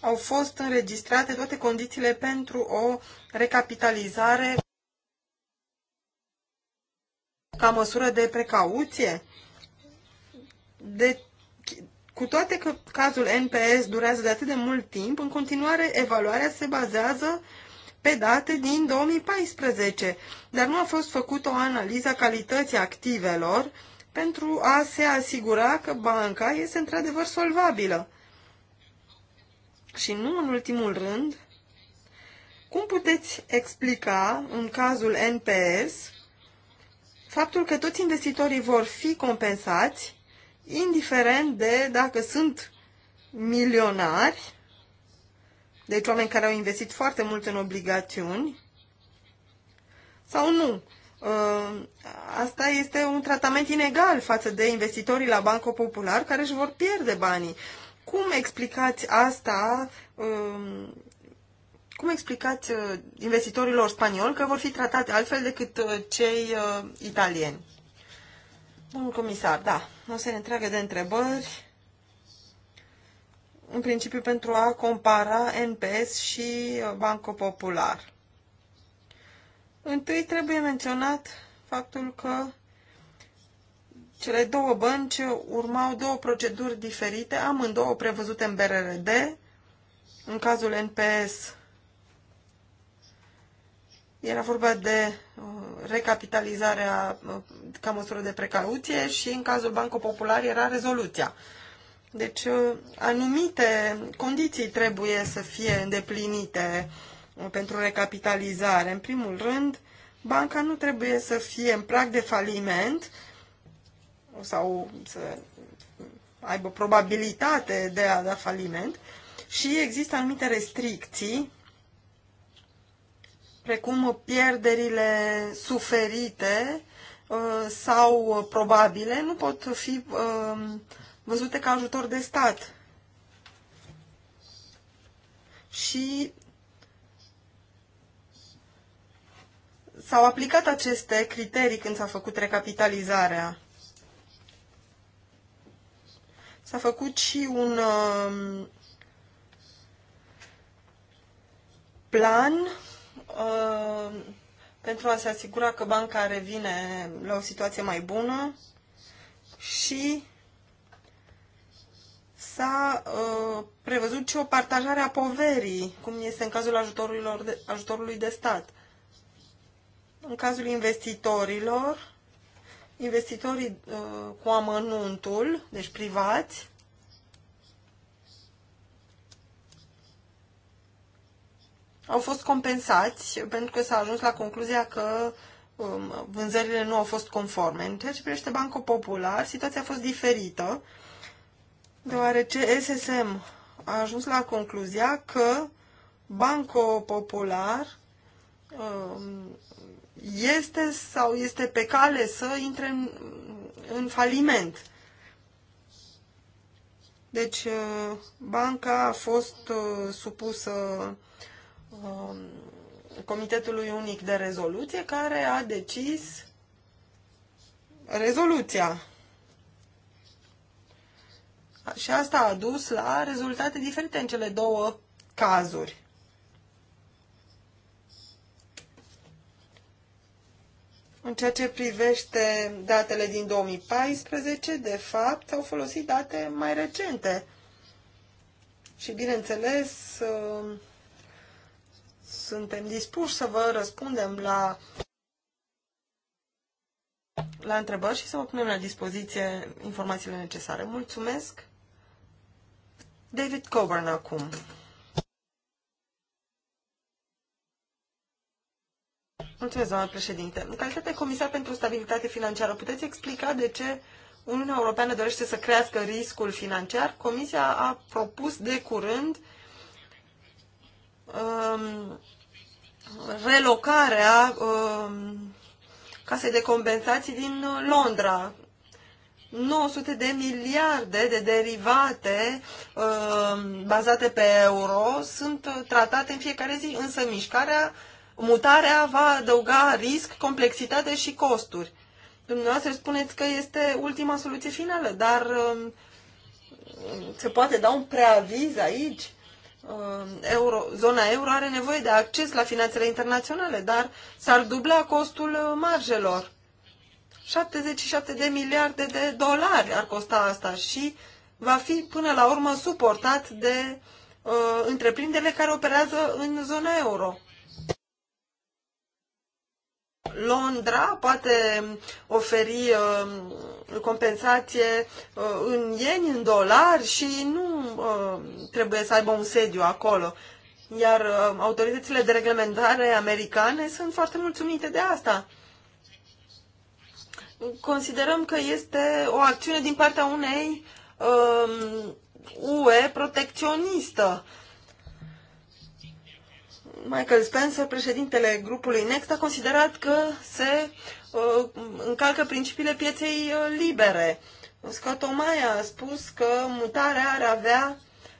au fost înregistrate toate condițiile pentru o recapitalizare ca măsură de precauție? De, deci, cu toate că cazul NPS durează de atât de mult timp, în continuare evaluarea se bazează pe date din 2014, dar nu a fost făcută o analiză a calității activelor pentru a se asigura că banca este într-adevăr solvabilă. Și nu în ultimul rând, cum puteți explica în cazul NPS faptul că toți investitorii vor fi compensați, indiferent de dacă sunt milionari, deci oameni care au investit foarte mult în obligațiuni, sau nu? Uh, asta este un tratament inegal față de investitorii la Banco Popular care își vor pierde banii. Cum explicați asta? Um, cum explicați uh, investitorilor spanioli că vor fi tratate altfel decât uh, cei uh, italieni? Domnul comisar, da, o să ne întreagă de întrebări în principiu pentru a compara NPS și Banco Popular. Întâi trebuie menționat faptul că cele două bănci urmau două proceduri diferite, amândouă prevăzute în BRRD. În cazul NPS era vorba de uh, recapitalizarea uh, ca măsură de precauție și în cazul Banco Popular era rezoluția. Deci uh, anumite condiții trebuie să fie îndeplinite pentru recapitalizare. În primul rând, banca nu trebuie să fie în prag de faliment, sau să aibă probabilitate de a da faliment și există anumite restricții precum pierderile suferite uh, sau probabile nu pot fi uh, văzute ca ajutor de stat. Și s-au aplicat aceste criterii când s-a făcut recapitalizarea. S-a făcut și un um, plan um, pentru a se asigura că banca revine la o situație mai bună și s-a uh, prevăzut și o partajare a poverii, cum este în cazul ajutorului de, ajutorului de stat. În cazul investitorilor, investitorii uh, cu amănuntul, deci privați, au fost compensați pentru că s-a ajuns la concluzia că um, vânzările nu au fost conforme. În ceea ce privește Banco Popular, situația a fost diferită, deoarece SSM a ajuns la concluzia că Banco Popular um, este sau este pe cale să intre în, în faliment. Deci, uh, banca a fost uh, supusă um, Comitetului Unic de Rezoluție, care a decis rezoluția. Și asta a dus la rezultate diferite în cele două cazuri. În ceea ce privește datele din 2014, de fapt, au folosit date mai recente. Și, bineînțeles, uh, suntem dispuși să vă răspundem la, la întrebări și să vă punem la dispoziție informațiile necesare. Mulțumesc! David Coburn acum. Mulțumesc, doamna președinte. În calitate de comisar pentru stabilitate financiară, puteți explica de ce Uniunea Europeană dorește să crească riscul financiar? Comisia a propus de curând um, relocarea um, casei de compensații din Londra. 900 de miliarde de derivate uh, bazate pe euro sunt tratate în fiecare zi, însă mișcarea mutarea va adăuga risc, complexitate și costuri. Dumneavoastră spuneți că este ultima soluție finală, dar um, se poate da un preaviz aici? Um, euro, zona euro are nevoie de acces la finanțele internaționale, dar s-ar dubla costul uh, marjelor. 77 de miliarde de dolari ar costa asta și va fi până la urmă suportat de uh, întreprinderile care operează în zona euro. Londra poate oferi uh, compensație uh, în ieni, în dolari și nu uh, trebuie să aibă un sediu acolo. Iar uh, autoritățile de reglementare americane sunt foarte mulțumite de asta. Considerăm că este o acțiune din partea unei uh, um, UE protecționistă. Uh, Michael Spencer, președintele grupului Next, a considerat că se uh, încalcă principiile pieței uh, libere. Scott O'Maya a spus că mutarea ar avea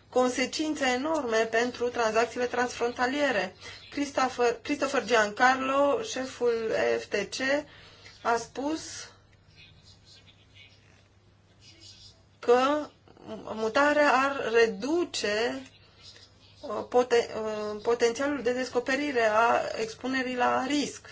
consecințe enorme pentru tranzacțiile transfrontaliere. Christopher, Christopher Giancarlo, șeful FTC, a spus că mutarea ar reduce Uh, poten uh, potențialul de descoperire a expunerii la risc.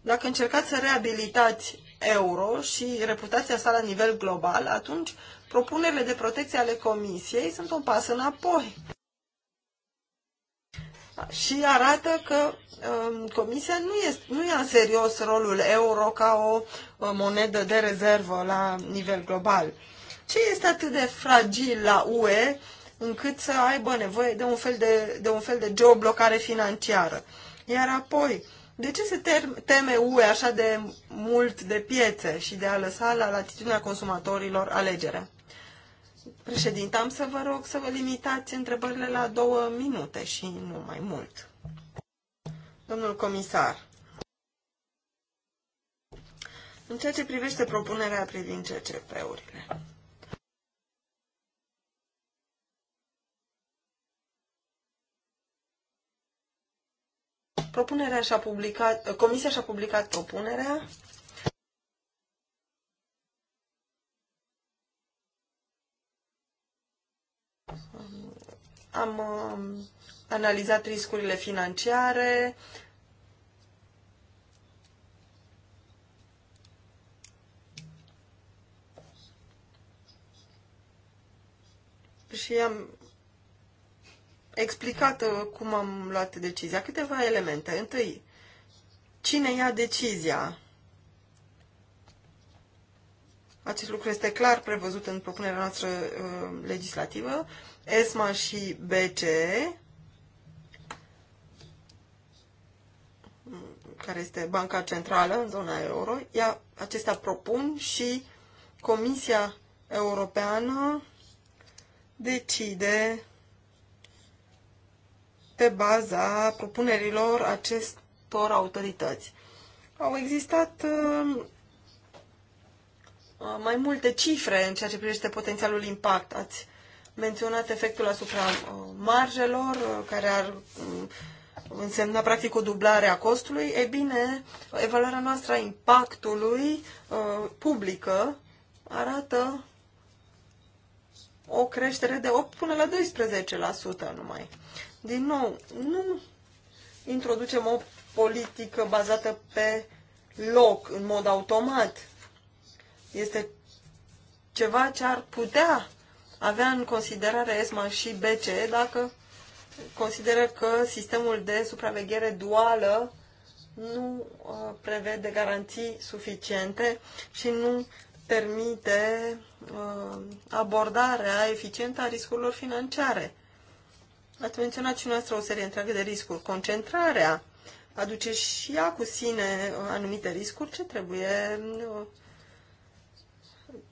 Dacă încercați să reabilitați euro și reputația sa la nivel global, atunci propunerile de protecție ale Comisiei sunt un pas înapoi. Și arată că um, Comisia nu, este, nu ia în serios rolul euro ca o uh, monedă de rezervă la nivel global. Ce este atât de fragil la UE încât să aibă nevoie de un fel de, de, un fel de geoblocare financiară? Iar apoi, de ce se teme UE așa de mult de piețe și de a lăsa la latitudinea consumatorilor alegerea? Președinte, am să vă rog să vă limitați întrebările la două minute și nu mai mult. Domnul comisar, în ceea ce privește propunerea privind CCP-urile. Propunerea și-a publicat, comisia și-a publicat propunerea am um, analizat riscurile financiare, și am explicat cum am luat decizia. Câteva elemente. Întâi, cine ia decizia? Acest lucru este clar prevăzut în propunerea noastră uh, legislativă. ESMA și BCE, care este Banca Centrală în zona euro, ia acestea propun și Comisia Europeană decide pe baza propunerilor acestor autorități. Au existat uh, uh, mai multe cifre în ceea ce privește potențialul impact. Ați menționat efectul asupra uh, marjelor, care ar um, însemna practic o dublare a costului. E bine, evaluarea noastră a impactului publică arată o creștere de 8 până la 12% numai. Din nou, nu introducem o politică bazată pe loc, în mod automat. Este ceva ce ar putea avea în considerare ESMA și BCE dacă consideră că sistemul de supraveghere duală nu uh, prevede garanții suficiente și nu permite uh, abordarea eficientă a riscurilor financiare. Ați menționat și noastră o serie întreagă de riscuri. Concentrarea aduce și ea cu sine anumite riscuri ce trebuie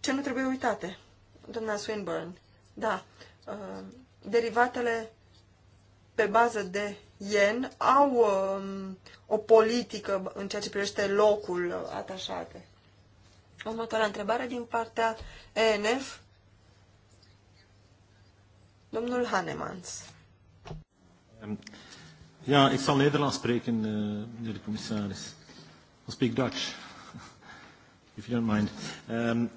ce nu trebuie uitate. Doamna Swinburne, da, uh, derivatele pe bază de yen au um, o politică în ceea ce privește locul atașate. Următoarea întrebare din partea ENF. Domnul Hanemans. Ehm, ja, ik zal Nederlands spreken, eh, meneer de commissaris. I'll speak Dutch, if you don't mind. Um...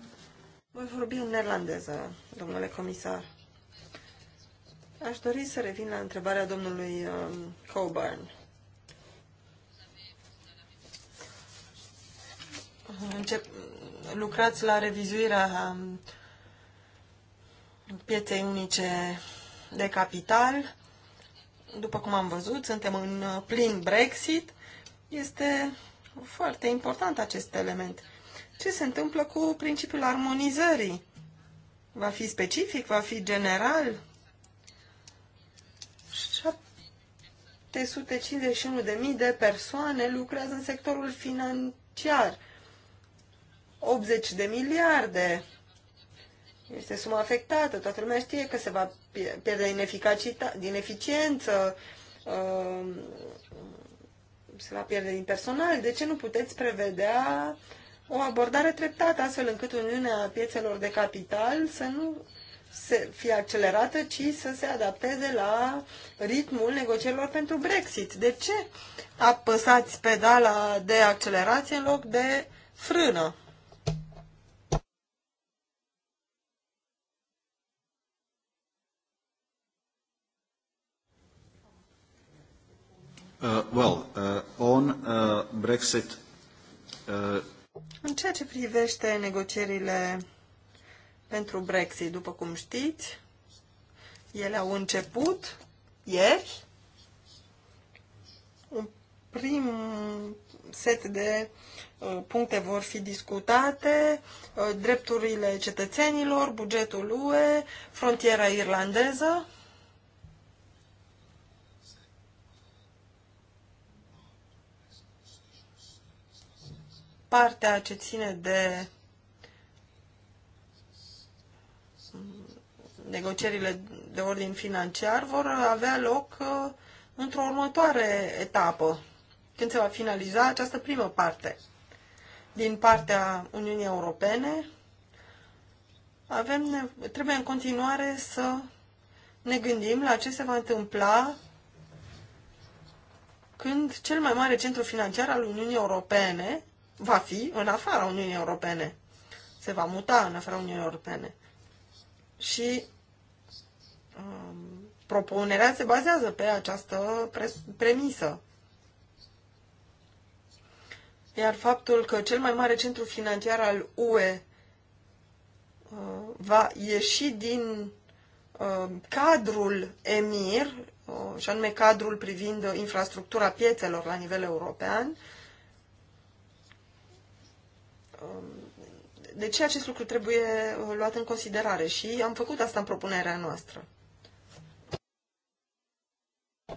Voi vorbi în neerlandeză, domnule comisar. Aș dori să revin la întrebarea domnului um, Coburn. Încep, lucrați la revizuirea pieței unice de capital după cum am văzut, suntem în uh, plin Brexit. Este foarte important acest element. Ce se întâmplă cu principiul armonizării? Va fi specific? Va fi general? 751.000 de persoane lucrează în sectorul financiar. 80 de miliarde este suma afectată, toată lumea știe că se va pierde din, din eficiență, um, se va pierde din personal. De ce nu puteți prevedea o abordare treptată, astfel încât Uniunea Piețelor de Capital să nu se fie accelerată, ci să se adapteze la ritmul negocierilor pentru Brexit. De ce apăsați pedala de accelerație în loc de frână? Uh, well, uh, on uh, Brexit. Uh... În ceea ce privește negocierile pentru Brexit, după cum știți, ele au început ieri un prim set de uh, puncte vor fi discutate, uh, drepturile cetățenilor, bugetul UE, frontiera irlandeză. partea ce ține de negocierile de ordin financiar vor avea loc uh, într-o următoare etapă, când se va finaliza această primă parte. Din partea Uniunii Europene, avem, trebuie în continuare să ne gândim la ce se va întâmpla când cel mai mare centru financiar al Uniunii Europene va fi în afara Uniunii Europene. Se va muta în afara Uniunii Europene. Și um, propunerea se bazează pe această pre premisă. Iar faptul că cel mai mare centru financiar al UE uh, va ieși din uh, cadrul EMIR, uh, și anume cadrul privind infrastructura piețelor la nivel european, Um, de ce acest lucru trebuie uh, luat în considerare și am făcut asta în propunerea noastră.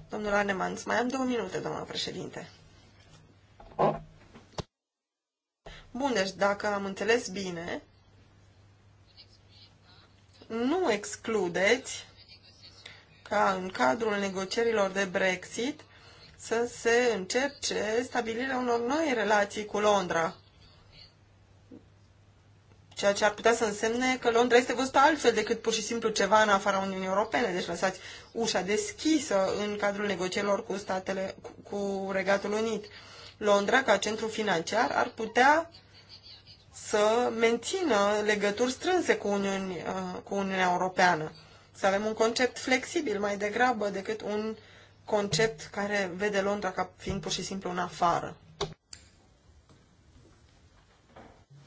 Domnul Arnemanț, mai am două minute, doamnă președinte. Bun, deci dacă am înțeles bine, nu excludeți ca în cadrul negocierilor de Brexit să se încerce stabilirea unor noi relații cu Londra ceea ce ar putea să însemne că Londra este văzută altfel decât pur și simplu ceva în afara Uniunii Europene. Deci lăsați ușa deschisă în cadrul negocierilor cu statele, cu Regatul Unit. Londra, ca centru financiar, ar putea să mențină legături strânse cu, Uniuni, uh, cu Uniunea Europeană. Să avem un concept flexibil mai degrabă decât un concept care vede Londra ca fiind pur și simplu în afară.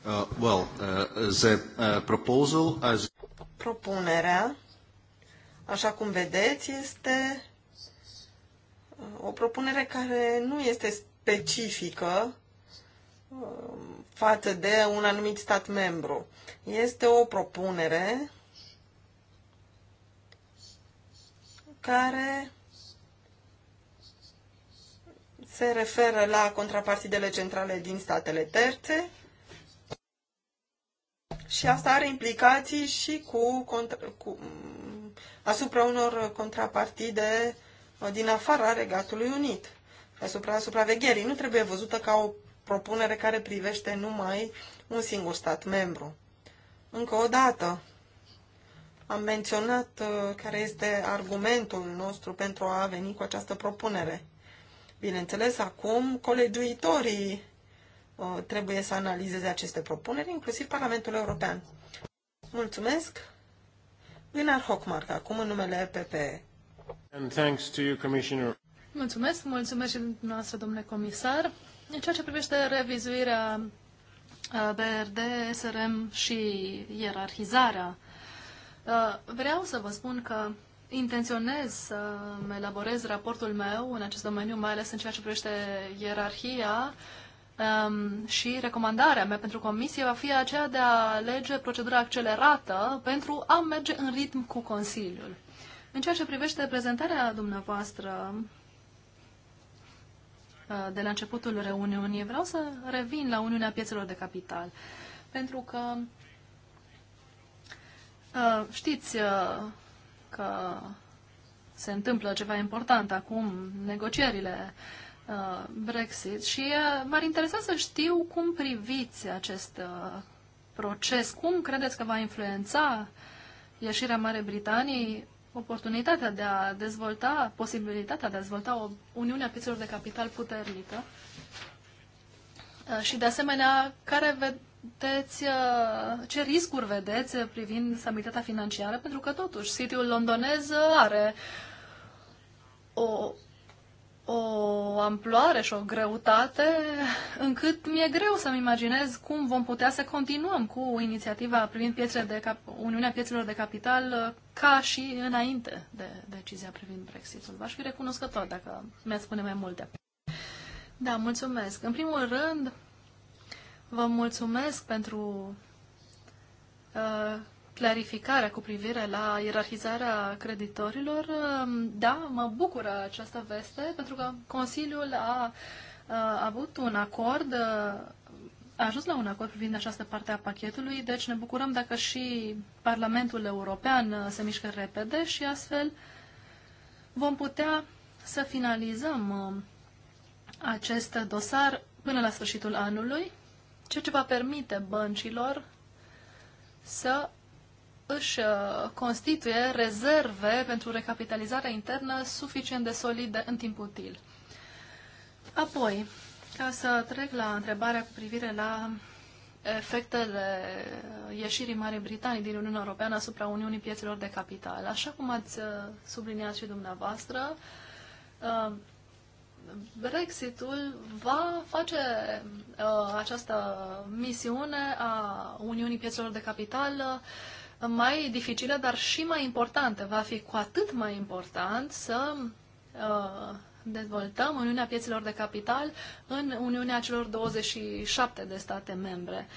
Uh, well, uh, the uh, proposal as... Propunerea, așa cum vedeți, este uh, o propunere care nu este specifică uh, față de un anumit stat membru. Este o propunere care se referă la contrapartidele centrale din statele terțe și asta are implicații și cu, cu mm, asupra unor contrapartide uh, din afara Regatului Unit, asupra supravegherii. Nu trebuie văzută ca o propunere care privește numai un singur stat membru. Încă o dată, am menționat uh, care este argumentul nostru pentru a veni cu această propunere. Bineînțeles, acum colegiuitorii Uh, trebuie să analizeze aceste propuneri, inclusiv Parlamentul European. Mulțumesc! Gunnar Hockmark, acum în numele PPE. And thanks to you, Commissioner. Mulțumesc, mulțumesc și dumneavoastră, domnule comisar. În ceea ce privește revizuirea uh, BRD, SRM și ierarhizarea, uh, vreau să vă spun că intenționez să elaborez raportul meu în acest domeniu, mai ales în ceea ce privește ierarhia, Um, și recomandarea mea pentru comisie va fi aceea de a alege procedura accelerată pentru a merge în ritm cu Consiliul. În ceea ce privește prezentarea dumneavoastră eh, de la începutul reuniunii, vreau să revin la Uniunea Piețelor de Capital. Pentru că eh, știți eh, că se întâmplă ceva important acum, negocierile uh, Uh, Brexit și uh, m-ar interesa să știu cum priviți acest uh, proces, cum credeți că va influența ieșirea Marei Britanii oportunitatea de a dezvolta, posibilitatea de a dezvolta o Uniune a Piețelor de Capital puternică și de asemenea care vedeți, ce riscuri vedeți privind stabilitatea financiară, pentru că totuși City-ul londonez are o o amploare și o greutate încât mi-e greu să-mi imaginez cum vom putea să continuăm cu inițiativa privind piețele de cap- Uniunea Piețelor de Capital uh, ca și înainte de decizia privind Brexitul. V-aș fi recunoscător dacă mi-ați spune mai multe. Da, mulțumesc. În primul rând, vă mulțumesc pentru uh, clarificarea cu privire la ierarhizarea creditorilor, da, mă bucură această veste, pentru că Consiliul a, a avut un acord, a ajuns la un acord privind această parte a pachetului, deci ne bucurăm dacă și Parlamentul European se mișcă repede și astfel vom putea să finalizăm um, acest dosar până la sfârșitul anului, ceea ce va permite băncilor să își uh, constituie rezerve pentru recapitalizare internă suficient de solide în timp util. Apoi, ca să trec la întrebarea cu privire la efectele ieșirii Marii Britanii din Uniunea Europeană asupra Uniunii Piețelor de Capital. Așa cum ați uh, subliniat și dumneavoastră, uh, Brexitul va face această misiune a Uniunii Piețelor de Capital mai dificilă, dar și mai importantă. Va fi cu atât mai important să uh, dezvoltăm Uniunea Pieților de Capital în Uniunea celor 27 de state membre.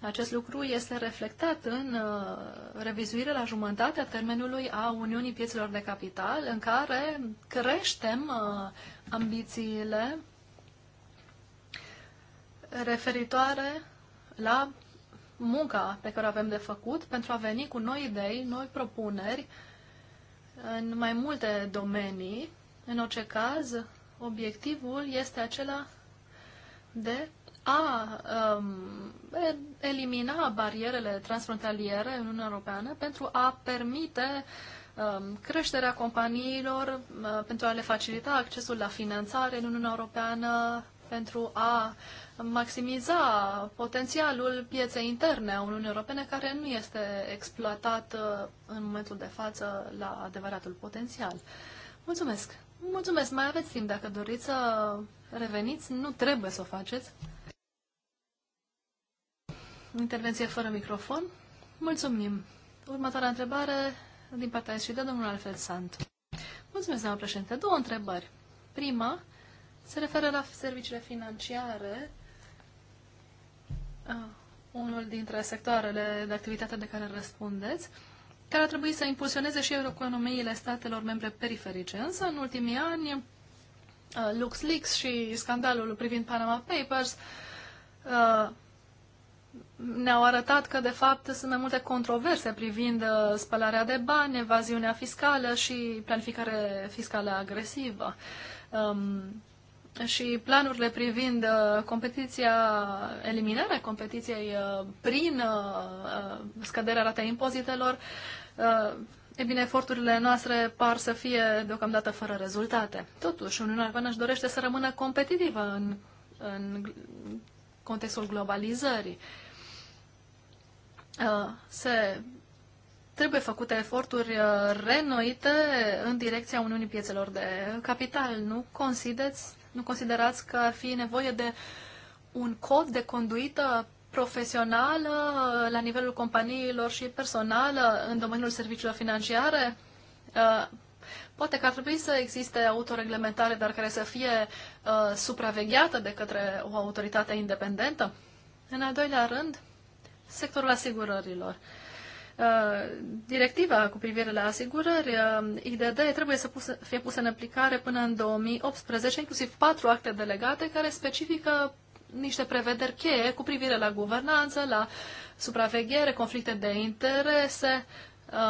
Acest lucru este reflectat în uh, revizuirea la jumătatea termenului a Uniunii Pieților de Capital, în care creștem uh, ambițiile referitoare la munca pe care o avem de făcut pentru a veni cu noi idei, noi propuneri în mai multe domenii. În orice caz, obiectivul este acela de a um, elimina barierele transfrontaliere în Uniunea Europeană pentru a permite um, creșterea companiilor, uh, pentru a le facilita accesul la finanțare în Uniunea Europeană, pentru a maximiza potențialul pieței interne a Uniunii Europene, care nu este exploatat uh, în momentul de față la adevăratul potențial. Mulțumesc! Mulțumesc! Mai aveți timp dacă doriți să reveniți. Nu trebuie să o faceți. Intervenție fără microfon. Mulțumim! Următoarea întrebare din partea și de domnul Alfred Sant. Mulțumesc, doamnă președinte. Două întrebări. Prima se referă la serviciile financiare Ah, unul dintre sectoarele de activitate de care răspundeți, care ar trebui să impulsioneze și economiile statelor membre periferice. Însă, în ultimii ani, uh, LuxLeaks și scandalul privind Panama Papers uh, ne-au arătat că, de fapt, sunt mai multe controverse privind uh, spălarea de bani, evaziunea fiscală și planificare fiscală agresivă. Um, și planurile privind uh, competiția, eliminarea competiției uh, prin uh, scăderea ratei impozitelor, e bine, eforturile noastre par să fie deocamdată fără rezultate. Totuși, Uniunea Europeană își dorește să rămână competitivă în, în contextul globalizării. Se trebuie făcute eforturi renoite în direcția Uniunii Piețelor de Capital. Nu considerați, nu considerați că ar fi nevoie de un cod de conduită profesională la nivelul companiilor și personală în domeniul serviciilor financiare? Uh, poate că ar trebui să existe autoreglementare, dar care să fie uh, supravegheată de către o autoritate independentă. În al doilea rând, sectorul asigurărilor. Uh, directiva cu privire la asigurări, uh, IDD, trebuie să fie pusă în aplicare până în 2018, inclusiv patru acte delegate care specifică niște prevederi cheie cu privire la guvernanță, la supraveghere, conflicte de interese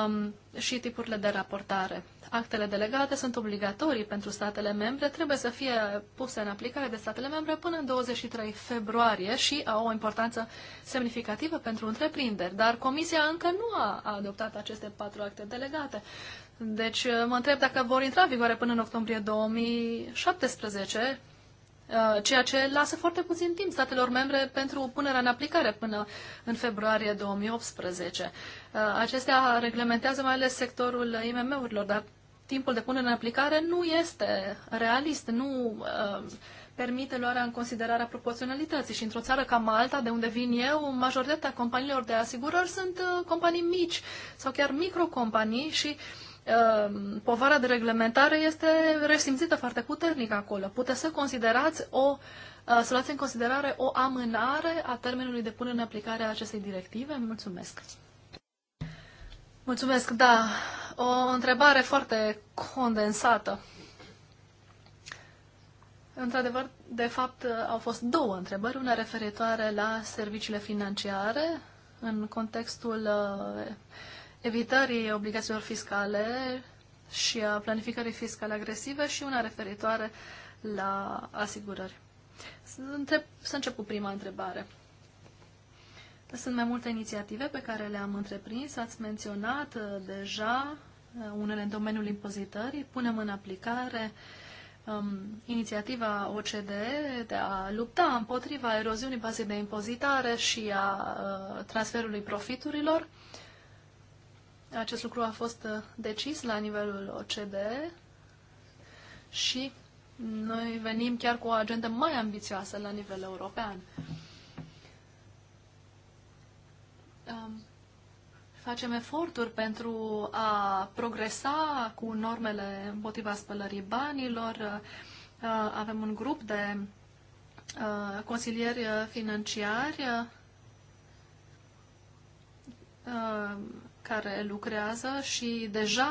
um, și tipurile de raportare actele delegate sunt obligatorii pentru statele membre, trebuie să fie puse în aplicare de statele membre până în 23 februarie și au o importanță semnificativă pentru întreprinderi, dar Comisia încă nu a adoptat aceste patru acte delegate. Deci uh, mă întreb dacă vor intra în vigoare până în octombrie 2017, uh, ceea ce lasă foarte puțin timp statelor membre pentru punerea în aplicare până în februarie 2018. Uh, acestea reglementează mai ales sectorul IMM-urilor, dar timpul de punere în aplicare nu este realist, nu uh, permite luarea în considerare a proporționalității. Și într-o țară ca Malta, de unde vin eu, majoritatea companiilor de asigurări sunt uh, companii mici sau chiar microcompanii și uh, povara de reglementare este resimțită foarte puternic acolo. Puteți să considerați o uh, să luați în considerare o amânare a termenului de punere în aplicare a acestei directive? Mulțumesc! Mulțumesc, da. O întrebare foarte condensată. Într-adevăr, de fapt, au fost două întrebări. Una referitoare la serviciile financiare în contextul uh, evitării obligațiilor fiscale și a planificării fiscale agresive și una referitoare la asigurări. Să încep, să încep cu prima întrebare. Sunt mai multe inițiative pe care le-am întreprins. Ați menționat uh, deja uh, unele în domeniul impozitării. Punem în aplicare um, inițiativa OCDE de a lupta împotriva eroziunii bazei de impozitare și a uh, transferului profiturilor. Acest lucru a fost uh, decis la nivelul OCDE și noi venim chiar cu o agendă mai ambițioasă la nivel european facem eforturi pentru a progresa cu normele împotriva spălării banilor. Avem un grup de consilieri financiari care lucrează și deja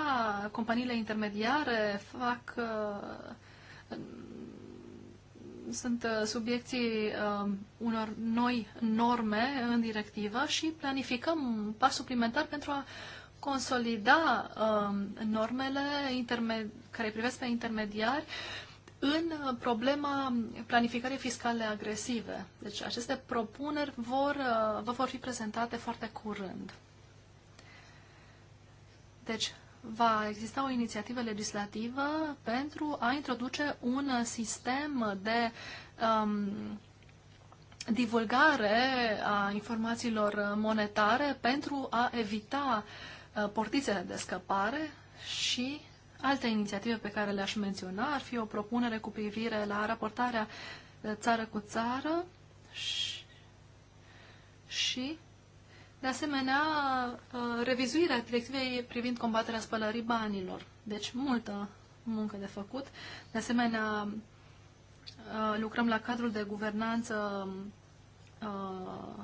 companiile intermediare fac sunt uh, subiecții um, unor noi norme în directivă și planificăm un pas suplimentar pentru a consolida um, normele care privesc pe intermediari în problema planificării fiscale agresive. Deci aceste propuneri vor, uh, vă vor fi prezentate foarte curând. Deci va exista o inițiativă legislativă pentru a introduce un sistem de um, divulgare a informațiilor monetare pentru a evita uh, portițele de scăpare și alte inițiative pe care le-aș menționa ar fi o propunere cu privire la raportarea uh, țară cu țară și, și de asemenea, uh, revizuirea directivei privind combaterea spălării banilor. Deci, multă muncă de făcut. De asemenea, uh, lucrăm la cadrul de guvernanță uh,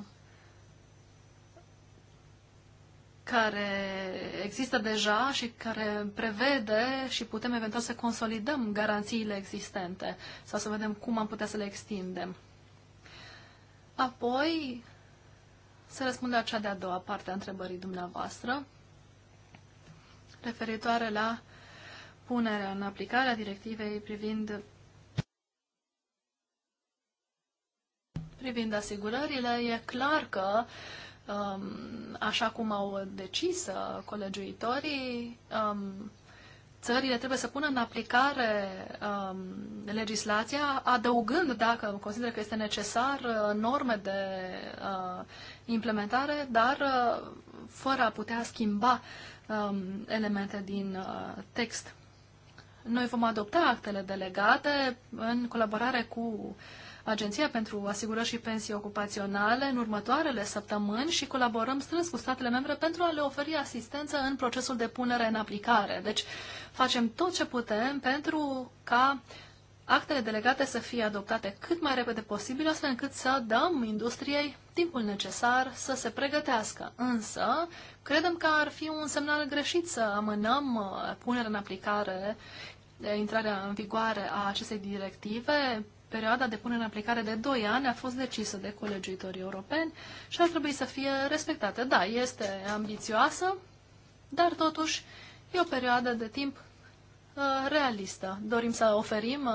care există deja și care prevede și putem eventual să consolidăm garanțiile existente sau să vedem cum am putea să le extindem. Apoi, să răspund la cea de-a doua parte a întrebării dumneavoastră, referitoare la punerea în aplicare a directivei privind privind asigurările, e clar că um, așa cum au decis uh, colegiuitorii, um, țările trebuie să pună în aplicare um, legislația, adăugând, dacă consideră că este necesar, uh, norme de uh, implementare, dar uh, fără a putea schimba um, elemente din uh, text. Noi vom adopta actele delegate în colaborare cu Agenția pentru Asigurări și Pensii Ocupaționale în următoarele săptămâni și colaborăm strâns cu statele membre pentru a le oferi asistență în procesul de punere în aplicare. Deci facem tot ce putem pentru ca actele delegate să fie adoptate cât mai repede posibil, astfel încât să dăm industriei timpul necesar să se pregătească. Însă, credem că ar fi un semnal greșit să amânăm uh, punerea în aplicare, intrarea în vigoare a acestei directive perioada de punere în aplicare de 2 ani a fost decisă de colegiuitorii europeni și ar trebui să fie respectată. Da, este ambițioasă, dar totuși e o perioadă de timp uh, realistă. Dorim să oferim uh,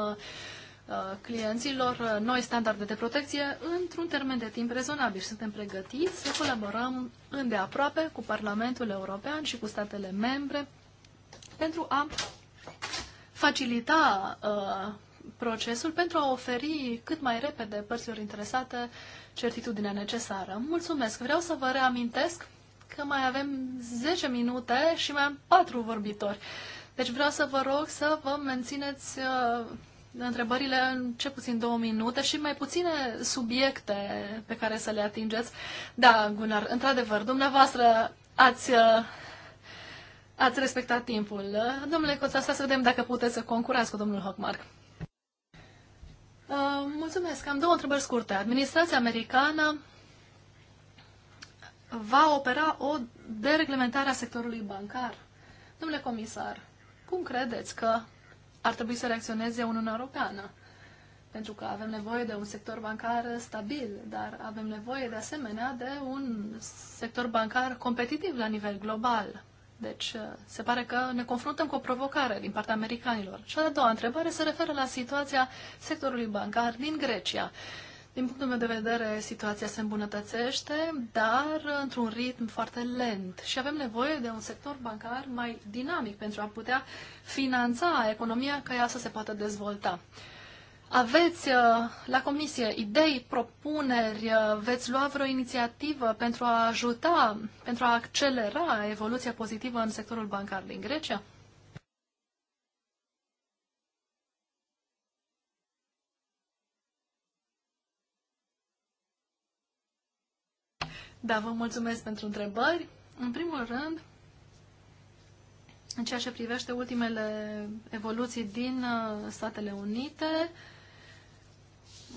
uh clienților uh, noi standarde de protecție într-un termen de timp rezonabil. Suntem pregătiți să colaborăm îndeaproape cu Parlamentul European și cu statele membre pentru a facilita uh, procesul pentru a oferi cât mai repede părților interesate certitudinea necesară. Mulțumesc! Vreau să vă reamintesc că mai avem 10 minute și mai am 4 vorbitori. Deci vreau să vă rog să vă mențineți uh, întrebările în ce puțin două minute și mai puține subiecte pe care să le atingeți. Da, Gunnar, într-adevăr, dumneavoastră ați, uh, ați respectat timpul. Domnule Coța, să vedem dacă puteți să concurați cu domnul Hockmark. Uh, mulțumesc. Am două întrebări scurte. Administrația americană va opera o dereglementare a sectorului bancar. Domnule comisar, cum credeți că ar trebui să reacționeze Uniunea Europeană? Pentru că avem nevoie de un sector bancar stabil, dar avem nevoie de asemenea de un sector bancar competitiv la nivel global. Deci, uh, se pare că ne confruntăm cu o provocare din partea americanilor. Și a doua întrebare se referă la situația sectorului bancar din Grecia. Din punctul meu de vedere, situația se îmbunătățește, dar într-un ritm foarte lent și avem nevoie de un sector bancar mai dinamic pentru a putea finanța economia ca ea să se poată dezvolta. Aveți uh, la comisie idei, propuneri, uh, veți lua vreo inițiativă pentru a ajuta, pentru a accelera evoluția pozitivă în sectorul bancar din Grecia? Da, vă mulțumesc pentru întrebări. În primul rând, în ceea ce privește ultimele evoluții din uh, Statele Unite, uh,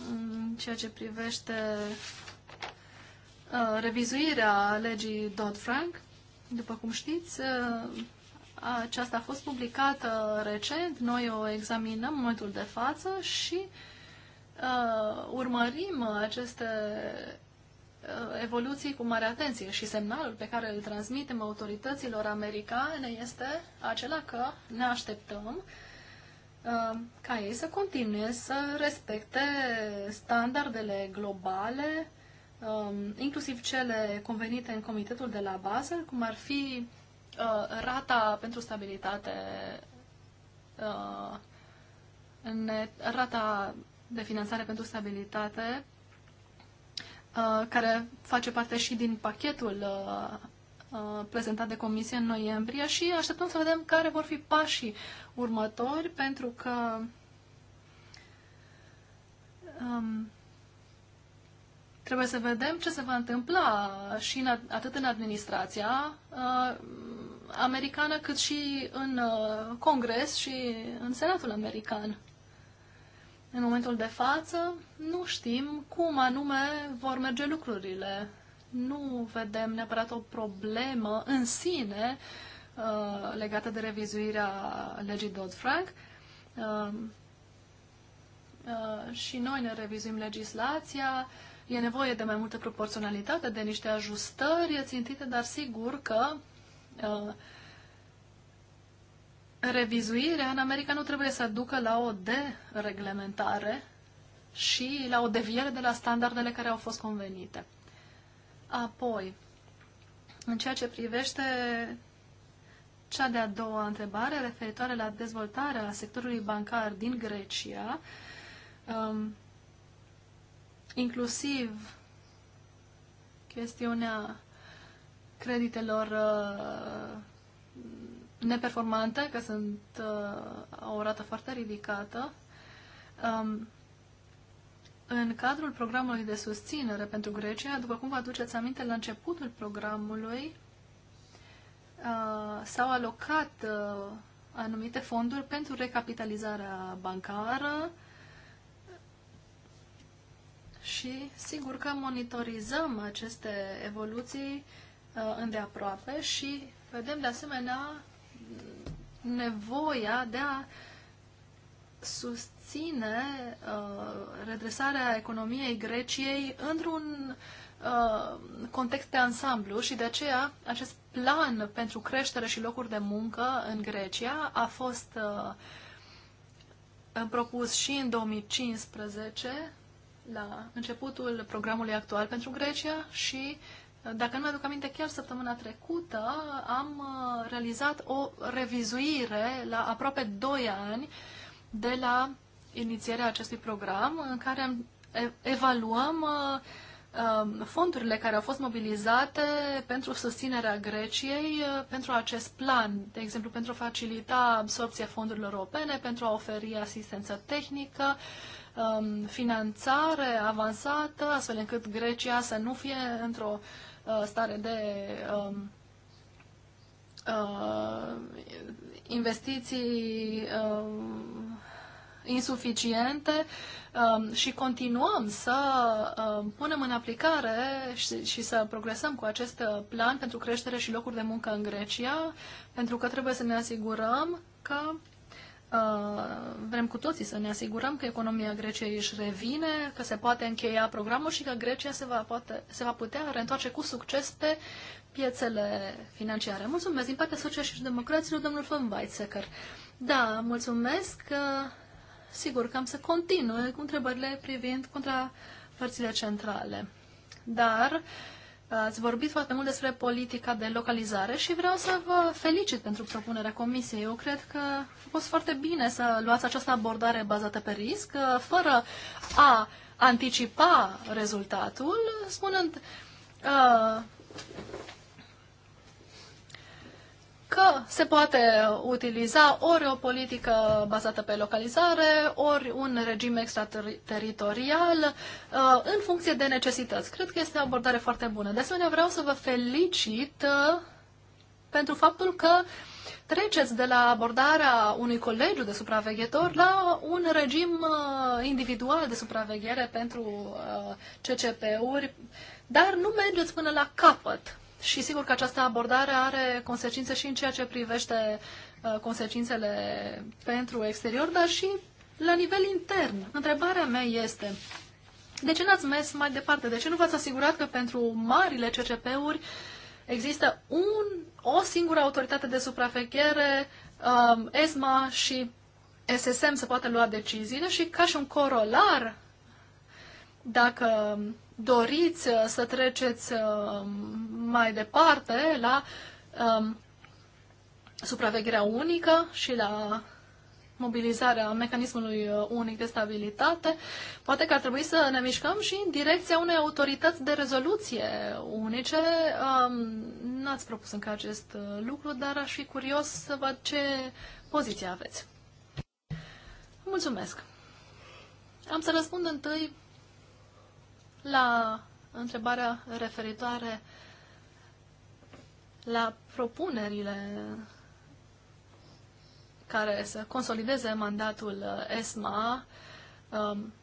în ceea ce privește uh, revizuirea legii Dodd-Frank. După cum știți, uh, aceasta a fost publicată recent, noi o examinăm în momentul de față și uh, urmărim aceste evoluții cu mare atenție și semnalul pe care îl transmitem autorităților americane este acela că ne așteptăm uh, Um, ca ei să continue să respecte standardele globale, um, inclusiv cele convenite în comitetul de la Basel, cum ar fi uh, rata pentru stabilitate, uh, rata de finanțare pentru stabilitate, uh, care face parte și din pachetul Uh, prezentat de comisie în noiembrie și așteptăm să vedem care vor fi pașii următori, pentru că um, trebuie să vedem ce se va întâmpla și în, atât în administrația uh, americană, cât și în uh, Congres și în Senatul american. În momentul de față, nu știm cum anume vor merge lucrurile nu vedem neapărat o problemă în sine uh, legată de revizuirea legii Dodd-Frank. Uh, uh, și noi ne revizuim legislația, e nevoie de mai multă proporționalitate, de niște ajustări țintite, dar sigur că uh, revizuirea în America nu trebuie să ducă la o dereglementare și la o deviere de la standardele care au fost convenite. Apoi, în ceea ce privește cea de-a doua întrebare referitoare la dezvoltarea sectorului bancar din Grecia, um, inclusiv chestiunea creditelor uh, neperformante, că sunt uh, o rată foarte ridicată. Um, în cadrul programului de susținere pentru Grecia, după cum vă aduceți aminte, la începutul programului uh, s-au alocat uh, anumite fonduri pentru recapitalizarea bancară și sigur că monitorizăm aceste evoluții uh, îndeaproape și vedem de asemenea nevoia de a susține susține uh, redresarea economiei Greciei într-un uh, context de ansamblu și de aceea acest plan pentru creștere și locuri de muncă în Grecia a fost uh, propus și în 2015 la începutul programului actual pentru Grecia și uh, dacă nu mă aduc aminte, chiar săptămâna trecută am uh, realizat o revizuire la aproape 2 ani de la inițierea acestui program în care evaluăm uh, um, fondurile care au fost mobilizate pentru susținerea Greciei uh, pentru acest plan, de exemplu pentru a facilita absorpția fondurilor europene, pentru a oferi asistență tehnică, um, finanțare avansată, astfel încât Grecia să nu fie într-o uh, stare de um, investiții insuficiente um, și continuăm să um, punem în aplicare și să progresăm cu acest uh, plan pentru creștere și locuri de muncă în Grecia, pentru că trebuie să ne asigurăm că uh, vrem cu toții să ne asigurăm că economia Greciei își revine, că se poate încheia programul și că Grecia se va, poate, se va putea reîntoarce cu succes pe piețele financiare. Mulțumesc din partea Socialiștilor și Democraților, domnul von Weizsäcker. Da, mulțumesc. Că uh, sigur că am să continui cu întrebările privind contrapărțile centrale. Dar uh, ați vorbit foarte mult despre politica de localizare și vreau să vă felicit pentru propunerea comisiei. Eu cred că a fost foarte bine să luați această abordare bazată pe risc, uh, fără a anticipa rezultatul, spunând uh, că se poate utiliza ori o politică bazată pe localizare, ori un regim extrateritorial, uh, în funcție de necesități. Cred că este o abordare foarte bună. De asemenea, vreau să vă felicit uh, pentru faptul că treceți de la abordarea unui colegiu de supraveghetor la un regim uh, individual de supraveghere pentru CCP-uri, dar nu mergeți până la capăt și sigur că această abordare are consecințe și în ceea ce privește uh, consecințele pentru exterior, dar și la nivel intern. Întrebarea mea este, de ce n-ați mers mai departe? De ce nu v-ați asigurat că pentru marile CCP-uri există un, o singură autoritate de suprafechere, um, ESMA și SSM să poată lua deciziile și ca și un corolar, dacă doriți uh, să treceți uh, mai departe la um, supravegherea unică și la mobilizarea mecanismului uh, unic de stabilitate, poate că ar trebui să ne mișcăm și în direcția unei autorități de rezoluție unice. Um, n-ați propus încă acest lucru, dar aș fi curios să văd ce poziție aveți. Mulțumesc! Am să răspund întâi la întrebarea referitoare la propunerile care să consolideze mandatul uh, ESMA um,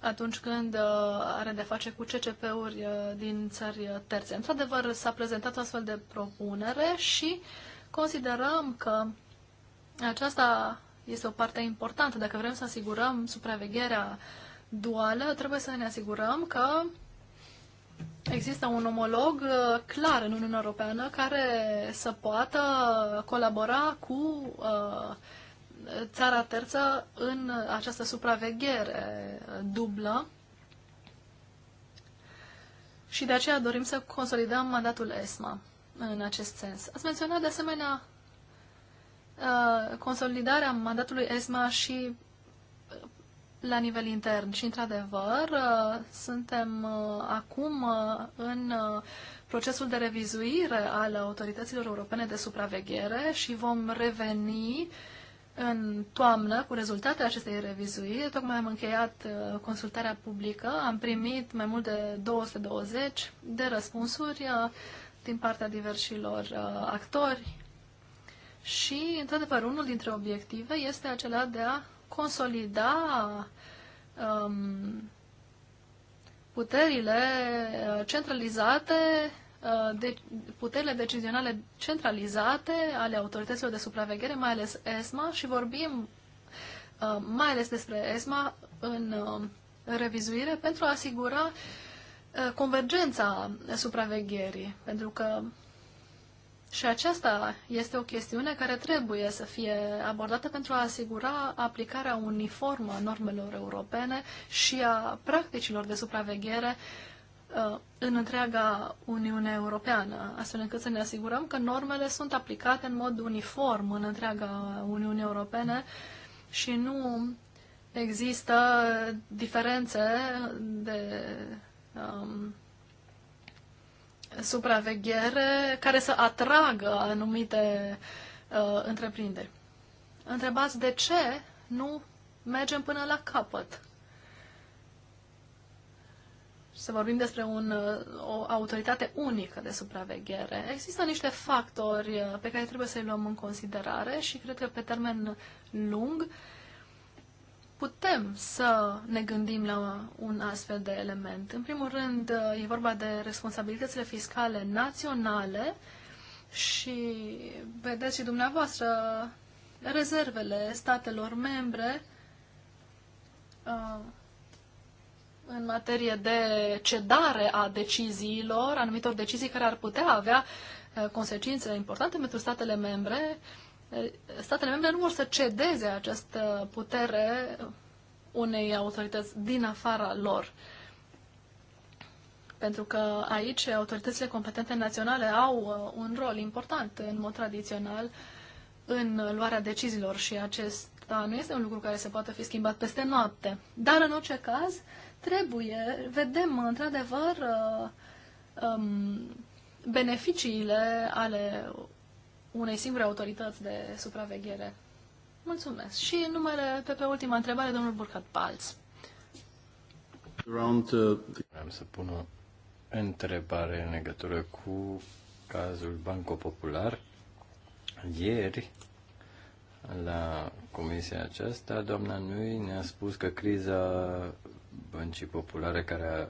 atunci când uh, are de face cu CCP-uri uh, din țări terțe. Într-adevăr, s-a prezentat o astfel de propunere și considerăm că aceasta este o parte importantă dacă vrem să asigurăm supravegherea uh, duală, trebuie să ne asigurăm că există un omolog uh, clar în Uniunea Europeană care să poată colabora cu uh, țara terță în această supraveghere dublă. Și de aceea dorim să consolidăm mandatul ESMA în acest sens. Ați menționat de asemenea uh, consolidarea mandatului ESMA și la nivel intern și, într-adevăr, uh, suntem uh, acum uh, în procesul de revizuire al autorităților europene de supraveghere și vom reveni în toamnă cu rezultatele acestei revizuiri. Tocmai am încheiat consultarea publică, am primit mai mult de 220 de răspunsuri din partea diversilor actori și, într-adevăr, unul dintre obiective este acela de a consolida um, puterile uh, centralizate, uh, de, puterile decizionale centralizate ale autorităților de supraveghere, mai ales ESMA, și vorbim uh, mai ales despre ESMA în um, revizuire pentru a asigura convergența supravegherii, pentru că și aceasta este o chestiune care trebuie să fie abordată pentru a asigura aplicarea uniformă a normelor europene și a practicilor de supraveghere uh, în întreaga Uniune Europeană, astfel încât să ne asigurăm că normele sunt aplicate în mod uniform în întreaga Uniune Europeană și nu există diferențe de um, supraveghere care să atragă anumite uh, întreprinderi. Întrebați de ce nu mergem până la capăt. Să vorbim despre un, uh, o autoritate unică de supraveghere. Există niște factori uh, pe care trebuie să-i luăm în considerare și cred că pe termen lung uh, putem să ne gândim la un astfel de element. În primul rând, e vorba de responsabilitățile fiscale naționale și vedeți și dumneavoastră rezervele statelor membre uh, în materie de cedare a deciziilor, anumitor decizii care ar putea avea uh, consecințe importante pentru statele membre statele membre nu vor să cedeze această putere unei autorități din afara lor. Pentru că aici autoritățile competente naționale au uh, un rol important în mod tradițional în luarea deciziilor și acesta nu este un lucru care se poate fi schimbat peste noapte. Dar în orice caz trebuie, vedem într-adevăr uh, um, beneficiile ale unei singure autorități de supraveghere. Mulțumesc. Și în numele, pe, pe ultima întrebare, domnul Burkhard Balz. Uh, Vreau să pun o întrebare în legătură cu cazul Banco Popular. Ieri, la comisia aceasta, doamna Nui ne-a spus că criza băncii populare care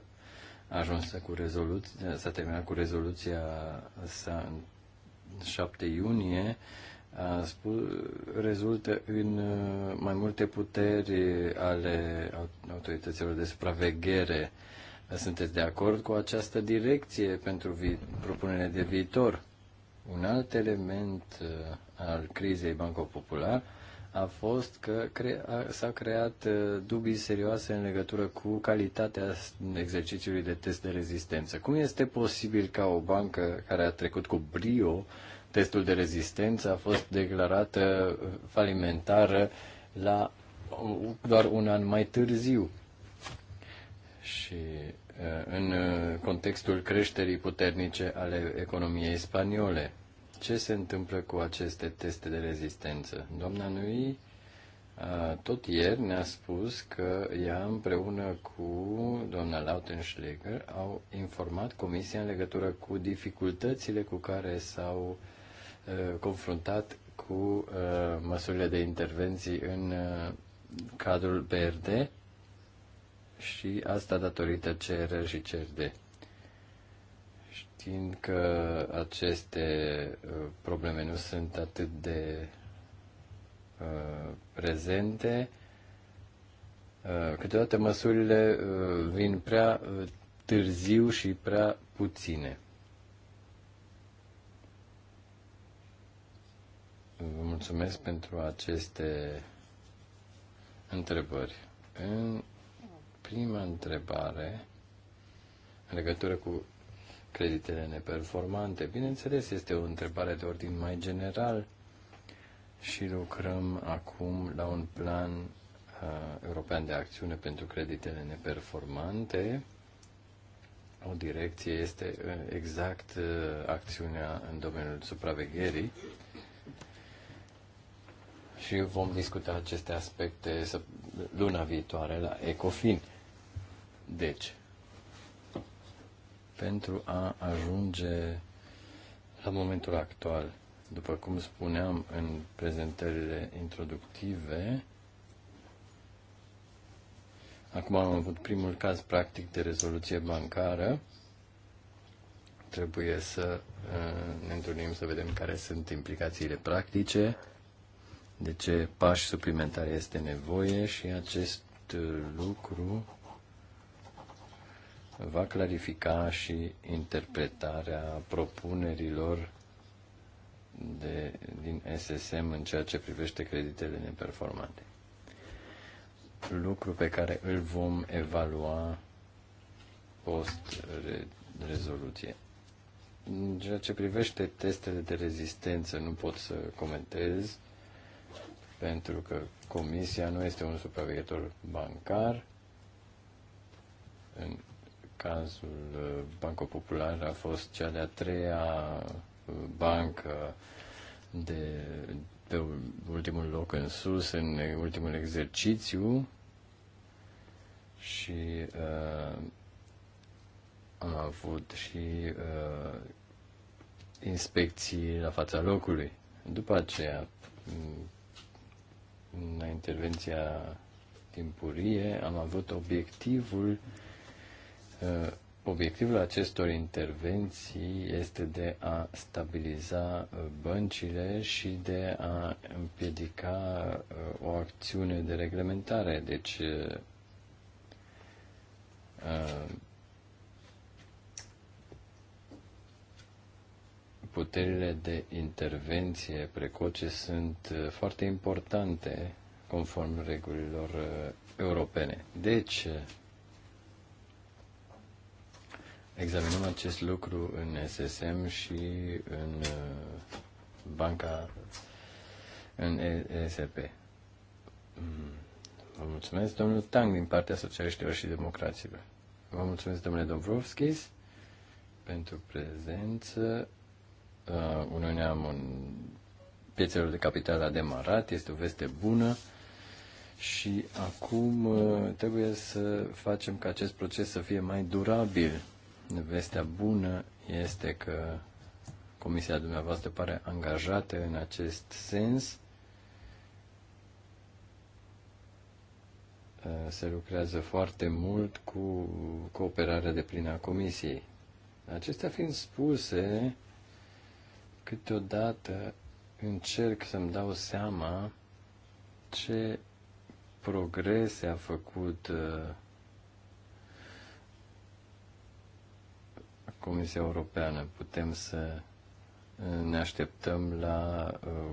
a ajuns cu rezoluția, s-a terminat cu rezoluția sa a 7 iunie a spus, rezultă în uh, mai multe puteri ale autorităților de supraveghere. Sunteți de acord cu această direcție pentru vi- propunerea de viitor? Un alt element uh, al crizei Banco Popular a fost că s a creat uh, dubii serioase în legătură cu calitatea exercițiului de test de rezistență. Cum este posibil ca o bancă care a trecut cu brio testul de rezistență a fost declarată uh, falimentară la uh, doar un an mai târziu? Și în contextul creșterii puternice ale economiei spaniole ce se întâmplă cu aceste teste de rezistență. Doamna Nui tot ieri ne-a spus că ea împreună cu doamna Lautenschläger au informat Comisia în legătură cu dificultățile cu care s-au confruntat cu măsurile de intervenții în cadrul PRD și asta datorită CRR și CRD. Știind că aceste uh, probleme nu sunt atât de uh, prezente, uh, câteodată măsurile uh, vin prea uh, târziu și prea puține. Vă mulțumesc pentru aceste întrebări. În prima întrebare, în legătură cu creditele neperformante. Bineînțeles, este o întrebare de ordin mai general și lucrăm acum la un plan uh, european de acțiune pentru creditele neperformante. O direcție este uh, exact uh, acțiunea în domeniul supravegherii și vom discuta aceste aspecte luna viitoare la Ecofin. Deci, pentru a ajunge la momentul actual. După cum spuneam în prezentările introductive, acum am avut primul caz practic de rezoluție bancară. Trebuie să uh, ne întâlnim să vedem care sunt implicațiile practice, de ce pași suplimentari este nevoie și acest uh, lucru va clarifica și interpretarea propunerilor de, din SSM în ceea ce privește creditele neperformante. Lucru pe care îl vom evalua post-rezoluție. În ceea ce privește testele de rezistență, nu pot să comentez, pentru că Comisia nu este un supraveghetor bancar în cazul Banco Popular a fost cea de-a treia uh, bancă de, pe ultimul loc în sus, în ultimul exercițiu și uh, am avut și uh, inspecții la fața locului. După aceea, mm, în intervenția timpurie, am avut obiectivul Obiectivul acestor intervenții este de a stabiliza uh, băncile și de a împiedica uh, o acțiune de reglementare. Deci, uh, puterile de intervenție precoce sunt foarte importante conform regulilor europene. Deci, Examinăm acest lucru în SSM și în uh, banca, în ESP. Mm. Vă mulțumesc, domnul Tang, din partea Socialiștilor și Democraților. Vă mulțumesc, domnule Dobrovskis, pentru prezență. Uh, Uniunea în Piețelor de Capital a demarat, este o veste bună și acum uh, trebuie să facem ca acest proces să fie mai durabil. Vestea bună este că comisia dumneavoastră pare angajată în acest sens. Uh, se lucrează foarte mult cu cooperarea de plină a comisiei. Acestea fiind spuse, câteodată încerc să-mi dau seama ce progrese a făcut uh, Comisia Europeană. Putem să uh, ne așteptăm la uh,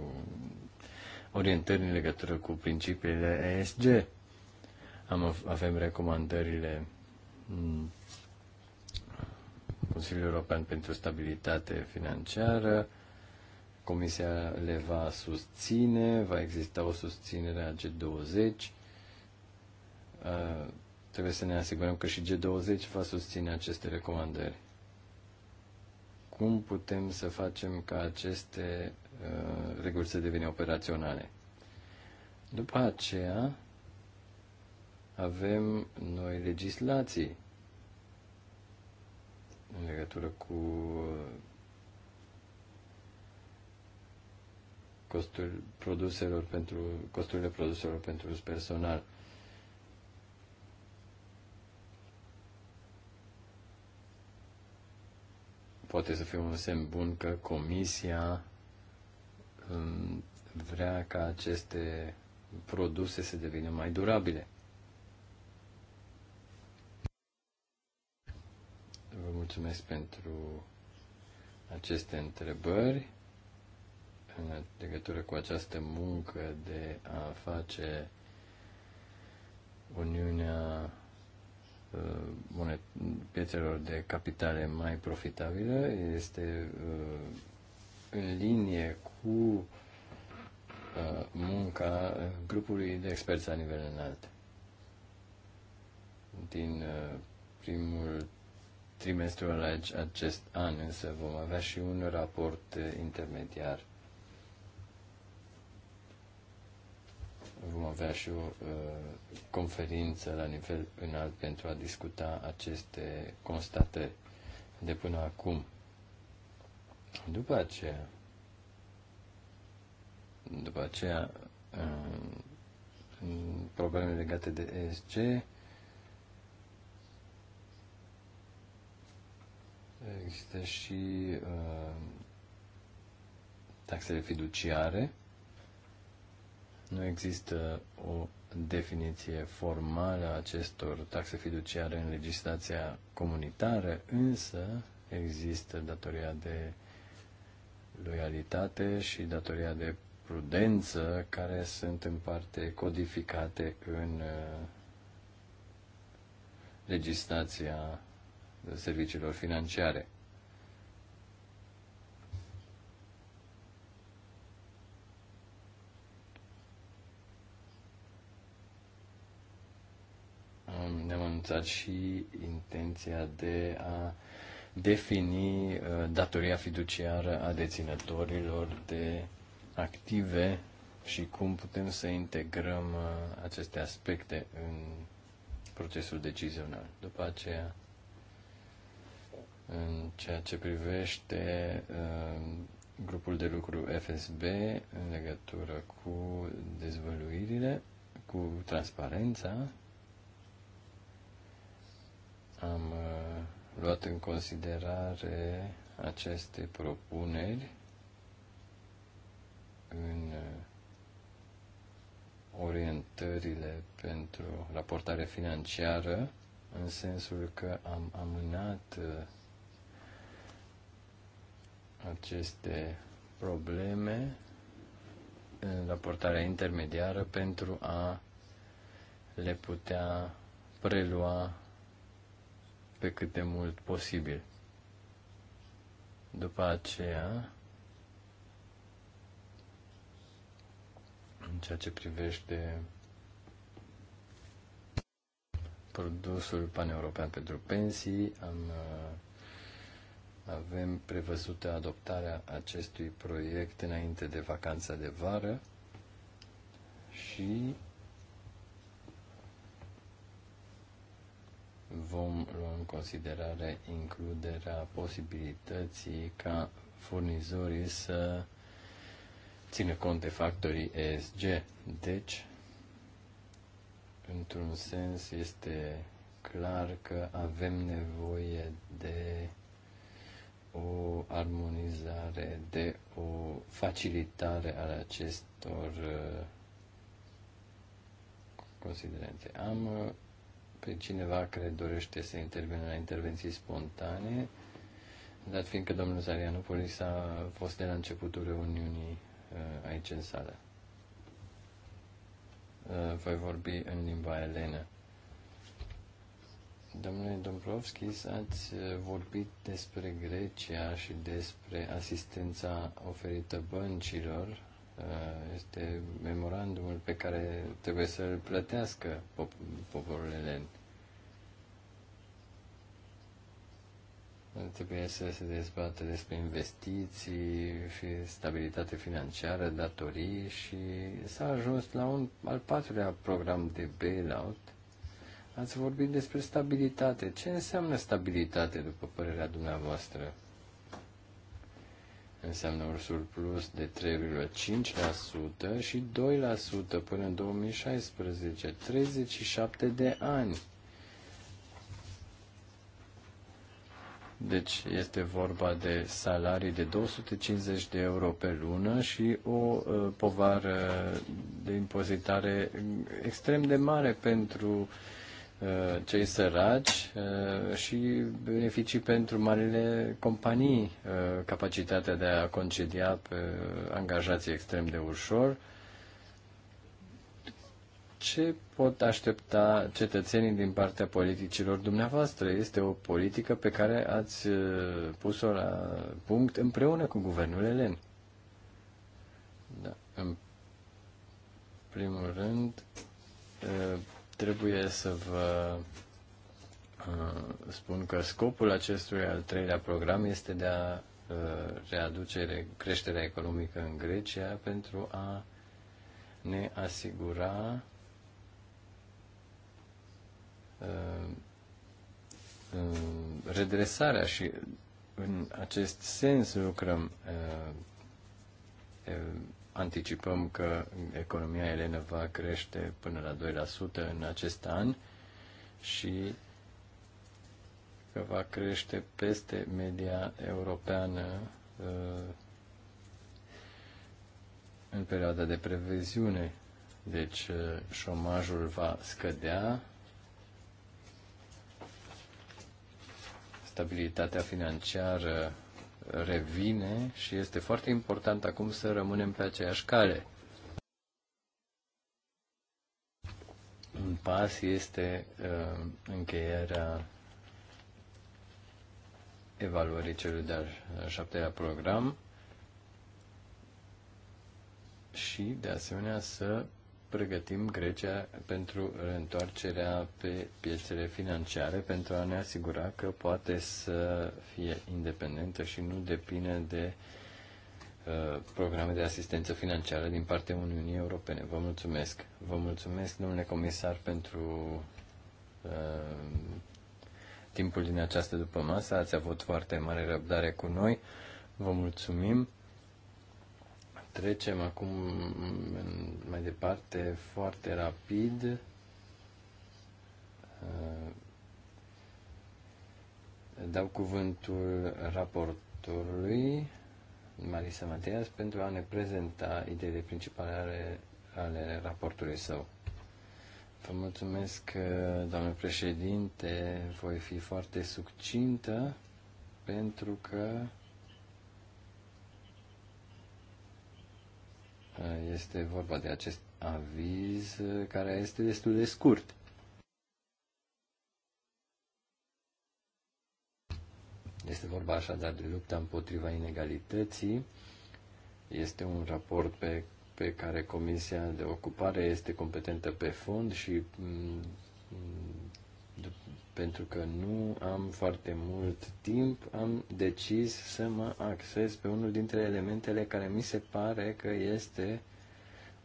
orientări în legătură cu principiile ESG. Am, avem recomandările mm, Consiliul European pentru Stabilitate Financiară. Comisia le va susține, va exista o susținere a G20. Uh, trebuie să ne asigurăm că și G20 va susține aceste recomandări cum putem să facem ca aceste uh, reguli să devină operaționale. După aceea, avem noi legislații în legătură cu uh, costul produselor pentru, costurile produselor pentru personal. Uh, poate să fie un semn bun că Comisia vrea ca aceste produse să devină mai durabile. Vă mulțumesc pentru aceste întrebări în legătură cu această muncă de a face Uniunea Uh, piețelor de capitale mai profitabilă, este uh, în linie cu uh, munca grupului de experți la nivel înalt. Din primul trimestru al acest an, însă vom avea și un raport intermediar vom avea și o uh, conferință la nivel înalt pentru a discuta aceste constatări de până acum. După aceea, după aceea, uh, probleme legate de ESG, există și uh, taxele fiduciare, nu există o definiție formală a acestor taxe fiduciare în legislația comunitară, însă există datoria de loialitate și datoria de prudență care sunt în parte codificate în uh, legislația serviciilor financiare. ne-am anunțat și intenția de a defini uh, datoria fiduciară a deținătorilor de active și cum putem să integrăm uh, aceste aspecte în procesul decizional. După aceea, în ceea ce privește uh, grupul de lucru FSB în legătură cu dezvăluirile, cu transparența, am uh, luat în considerare aceste propuneri în uh, orientările pentru raportare financiară, în sensul că am amânat uh, aceste probleme în raportarea intermediară pentru a le putea prelua pe cât de mult posibil. După aceea, în ceea ce privește produsul paneuropean pentru pensii, am, uh, avem prevăzută adoptarea acestui proiect înainte de vacanța de vară și vom lua în considerare includerea posibilității ca furnizorii să țină cont de factorii ESG. Deci, într-un sens, este clar că avem nevoie de o armonizare, de o facilitare al acestor uh, considerente. Am uh, pe cineva care dorește să intervină la intervenții spontane, dat fiindcă domnul Polis a fost de la începutul reuniunii uh, aici în sală. Uh, voi vorbi în limba elenă. Domnule Dombrovski, ați uh, vorbit despre Grecia și despre asistența oferită băncilor Uh, este memorandumul pe care trebuie să-l plătească poporul elen. Trebuie să se dezbată despre investiții și stabilitate financiară, datorii și s-a ajuns la un al patrulea program de bailout. Ați vorbit despre stabilitate. Ce înseamnă stabilitate, după părerea dumneavoastră? înseamnă un surplus de 3,5% și 2% până în 2016, 37 de ani. Deci este vorba de salarii de 250 de euro pe lună și o uh, povară de impozitare extrem de mare pentru uh, Uh, cei săraci uh, și beneficii pentru marile companii, uh, capacitatea de a concedia pe angajații extrem de ușor. Ce pot aștepta cetățenii din partea politicilor dumneavoastră? Este o politică pe care ați pus-o la punct împreună cu guvernul elen. Da. În primul rând, trebuie să vă uh, spun că scopul acestui al treilea program este de a uh, readuce creșterea economică în Grecia pentru a ne asigura uh, redresarea și în acest sens lucrăm anticipăm că economia elenă va crește până la 2% în acest an și că va crește peste media europeană uh, în perioada de previziune. Deci uh, șomajul va scădea, stabilitatea financiară revine și este foarte important acum să rămânem pe aceeași cale. Un pas este uh, încheierea evaluării celui de-al șaptelea program și, de asemenea, să pregătim Grecia pentru întoarcerea pe piețele financiare pentru a ne asigura că poate să fie independentă și nu depinde de uh, programe de asistență financiară din partea Uniunii Europene. Vă mulțumesc. Vă mulțumesc, domnule comisar, pentru uh, timpul din această după masă. Ați avut foarte mare răbdare cu noi. Vă mulțumim. Trecem acum mai departe foarte rapid. Uh, dau cuvântul raportorului Marisa Mateas pentru a ne prezenta ideile principale ale, ale raportului său. Vă mulțumesc, uh, doamnă președinte, voi fi foarte succintă pentru că Eh, este vorba de acest aviz eh, care este destul de scurt. Este vorba așadar de lupta împotriva inegalității. Este un raport pe, pe care Comisia de Ocupare este competentă pe fond și mm, pentru că nu am foarte mult timp, am decis să mă axez pe unul dintre elementele care mi se pare că este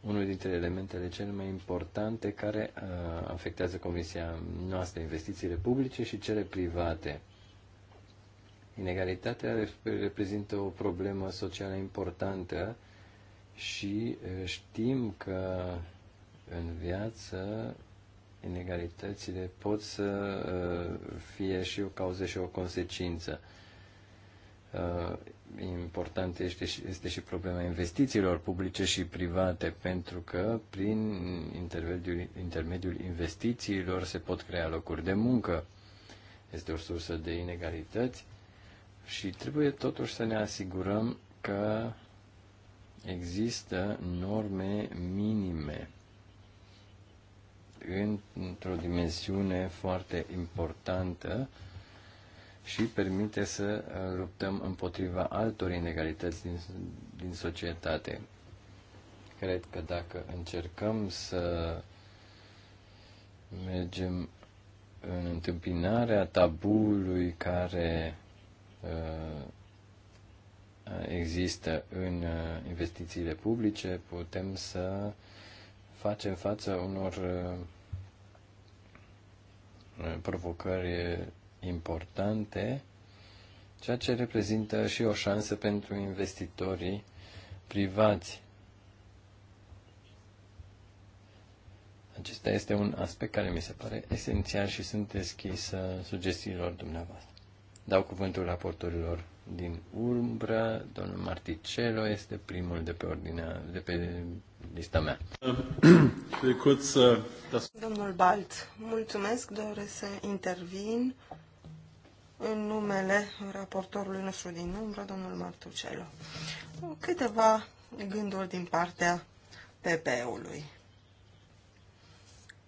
unul dintre elementele cele mai importante care uh, afectează Comisia noastră, investițiile publice și cele private. Inegalitatea reprezintă o problemă socială importantă și uh, știm că în viață inegalitățile pot să uh, fie și o cauză și o consecință. Uh, important este, și este și problema investițiilor publice și private, pentru că prin intermediul, intermediul investițiilor se pot crea locuri de muncă. Este o sursă de inegalități și trebuie totuși să ne asigurăm că există norme minime într-o dimensiune foarte importantă și permite să uh, luptăm împotriva altor inegalități din, din societate. Cred că dacă încercăm să mergem în întâmpinarea tabului care uh, există în uh, investițiile publice, putem să facem față unor uh, Uh, provocări importante, ceea ce reprezintă și o șansă pentru investitorii privați. Acesta este un aspect care mi se pare esențial și sunt deschis sugestiilor dumneavoastră. Dau cuvântul raportorilor din Umbra, domnul Marticello este primul de pe ordinea, de pe lista mea. Domnul Balt, mulțumesc, doresc să intervin în numele raportorului nostru din Umbra, domnul Marticello. Câteva gânduri din partea PP-ului.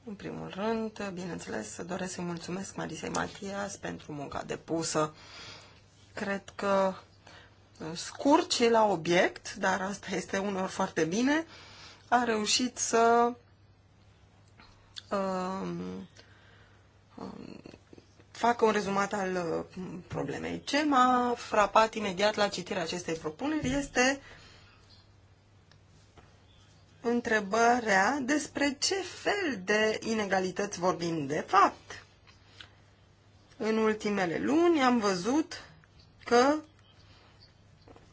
În primul rând, bineînțeles, doresc să mulțumesc Marisei Matias pentru munca depusă cred că uh, scurt și la obiect, dar asta este unor foarte bine, a reușit să um, um, facă un rezumat al uh, problemei. Ce m-a frapat imediat la citirea acestei propuneri este întrebarea despre ce fel de inegalități vorbim de fapt. În ultimele luni am văzut că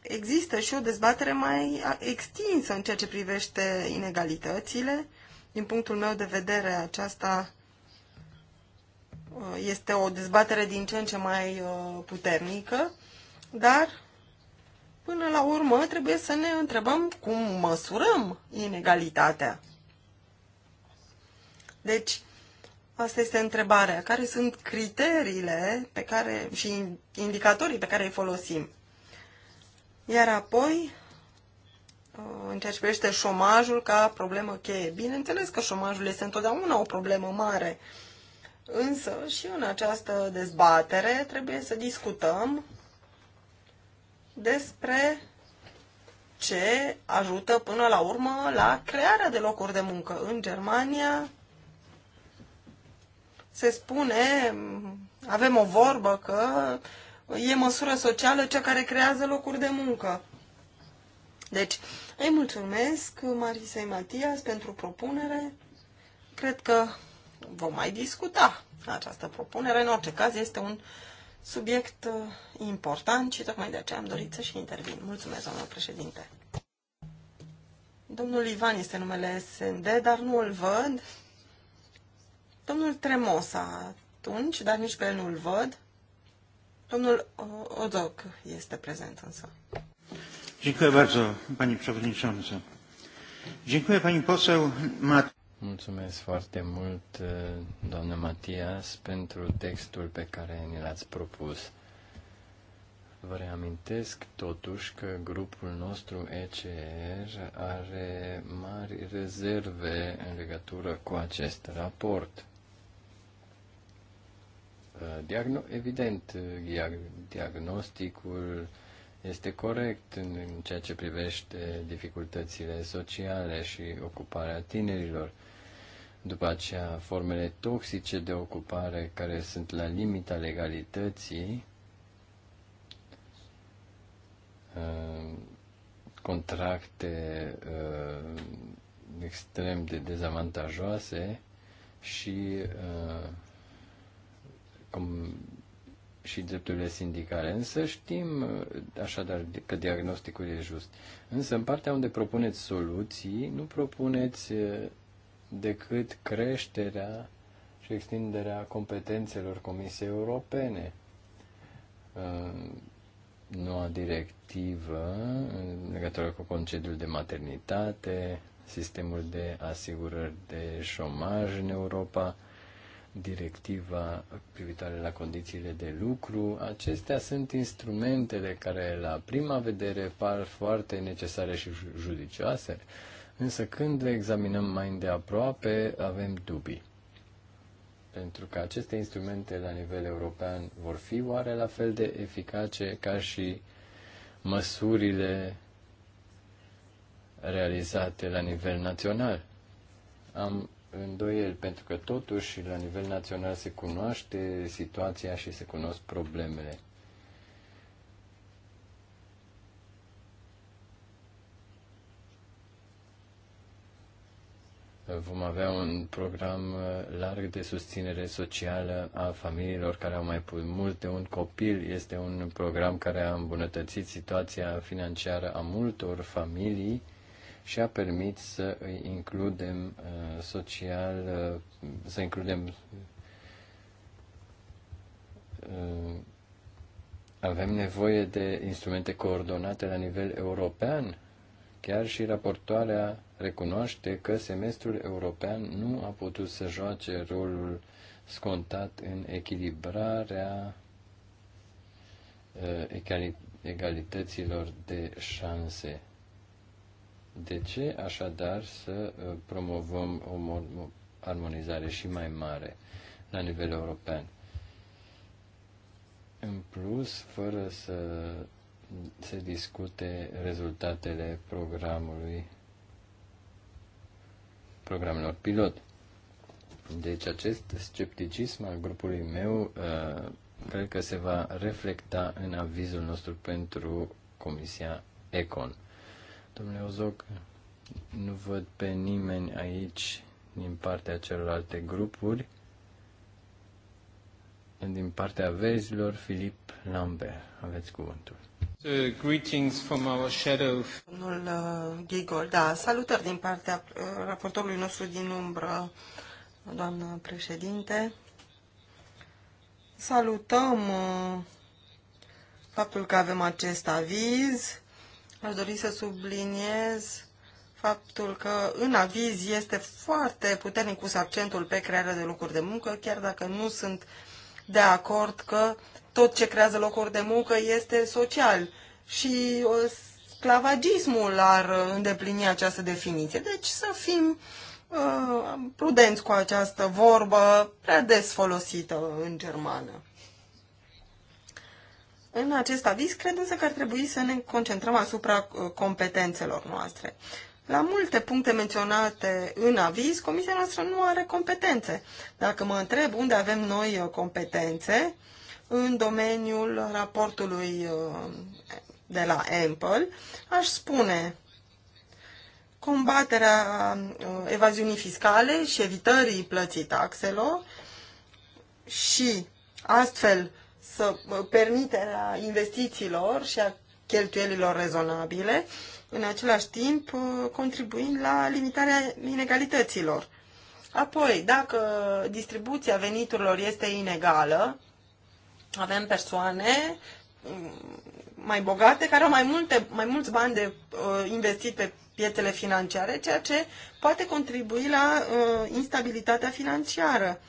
există și o dezbatere mai extinsă în ceea ce privește inegalitățile. Din punctul meu de vedere, aceasta uh, este o dezbatere din ce în ce mai uh, puternică, dar până la urmă trebuie să ne întrebăm cum măsurăm inegalitatea. Deci, Asta este întrebarea. Care sunt criteriile pe care, și indicatorii pe care îi folosim? Iar apoi, uh, în ceea ce privește șomajul ca problemă cheie. Bineînțeles că șomajul este întotdeauna o problemă mare, însă și în această dezbatere trebuie să discutăm despre ce ajută până la urmă la crearea de locuri de muncă. În Germania se spune, avem o vorbă că e măsură socială cea care creează locuri de muncă. Deci, îi mulțumesc Marisei Matias pentru propunere. Cred că vom mai discuta această propunere. În orice caz, este un subiect uh, important și tocmai de aceea am dorit să și intervin. Mulțumesc, domnul președinte. Domnul Ivan este numele SND, dar nu îl văd. Domnul Tremosa atunci, dar nici pe el nu-l văd. Domnul Odoc este prezent însă. Dziękuję bardzo, pani przewodnicząca. Dziękuję pani poseł Mat. Mulțumesc foarte mult, doamnă Matias, pentru textul pe care ni l-ați propus. Vă reamintesc totuși că grupul nostru ECR are mari rezerve în legătură cu acest raport. Diagno- evident, diagnosticul este corect în, ceea ce privește dificultățile sociale și ocuparea tinerilor. După aceea, formele toxice de ocupare care sunt la limita legalității, uh, contracte uh, extrem de dezavantajoase și uh, și drepturile sindicale. Însă știm uh, așadar că diagnosticul e just. Însă în partea unde propuneți soluții, nu propuneți uh, decât creșterea și extinderea competențelor Comisiei Europene. Uh, noua directivă în legătură cu concediul de maternitate, sistemul de asigurări de șomaj în Europa, directiva privitoare la condițiile de lucru. Acestea sunt instrumentele care la prima vedere par foarte necesare și judicioase, însă când le examinăm mai îndeaproape avem dubii. Pentru că aceste instrumente la nivel european vor fi oare la fel de eficace ca și măsurile realizate la nivel național. Am îndoieli, pentru că totuși la nivel național se cunoaște situația și se cunosc problemele. Vom avea un program uh, larg de susținere socială a familiilor care au mai mult de un copil. Este un program care a îmbunătățit situația financiară a multor familii și a permit să îi includem uh, social, uh, să includem uh, avem nevoie de instrumente coordonate la nivel european. Chiar și raportoarea recunoaște că semestrul european nu a putut să joace rolul scontat în echilibrarea egalităților de șanse de ce așadar să uh, promovăm o armonizare și mai mare la nivel european? În plus, fără să se discute rezultatele programului programelor pilot. Deci acest scepticism al grupului meu uh, cred că se va reflecta în avizul nostru pentru Comisia Econ. Domnule Ozoc, nu văd pe nimeni aici din partea celorlalte grupuri. Din partea vezilor, Filip Lambert, aveți cuvântul. The greetings from our shadow. Domnul uh, Gigol, da, salutări din partea uh, raportorului nostru din umbră, doamnă președinte. Salutăm uh, faptul că avem acest aviz Aș dori să subliniez faptul că în aviz este foarte puternic pus accentul pe crearea de locuri de muncă, chiar dacă nu sunt de acord că tot ce creează locuri de muncă este social. Și uh, sclavagismul ar îndeplini această definiție. Deci să fim uh, prudenți cu această vorbă prea des folosită în germană. În acest aviz, cred însă că ar trebui să ne concentrăm asupra uh, competențelor noastre. La multe puncte menționate în aviz, comisia noastră nu are competențe. Dacă mă întreb unde avem noi uh, competențe, în domeniul raportului uh, de la Ample, aș spune combaterea evaziunii fiscale și evitării plății taxelor și astfel să uh, permiterea investițiilor și a cheltuielilor rezonabile, în același timp uh, contribuind la limitarea inegalităților. Apoi, dacă distribuția veniturilor este inegală, avem persoane mm, mai bogate care au mai, multe, mai mulți bani de uh, investit pe piețele financiare, ceea ce poate contribui la uh, instabilitatea financiară. Uh,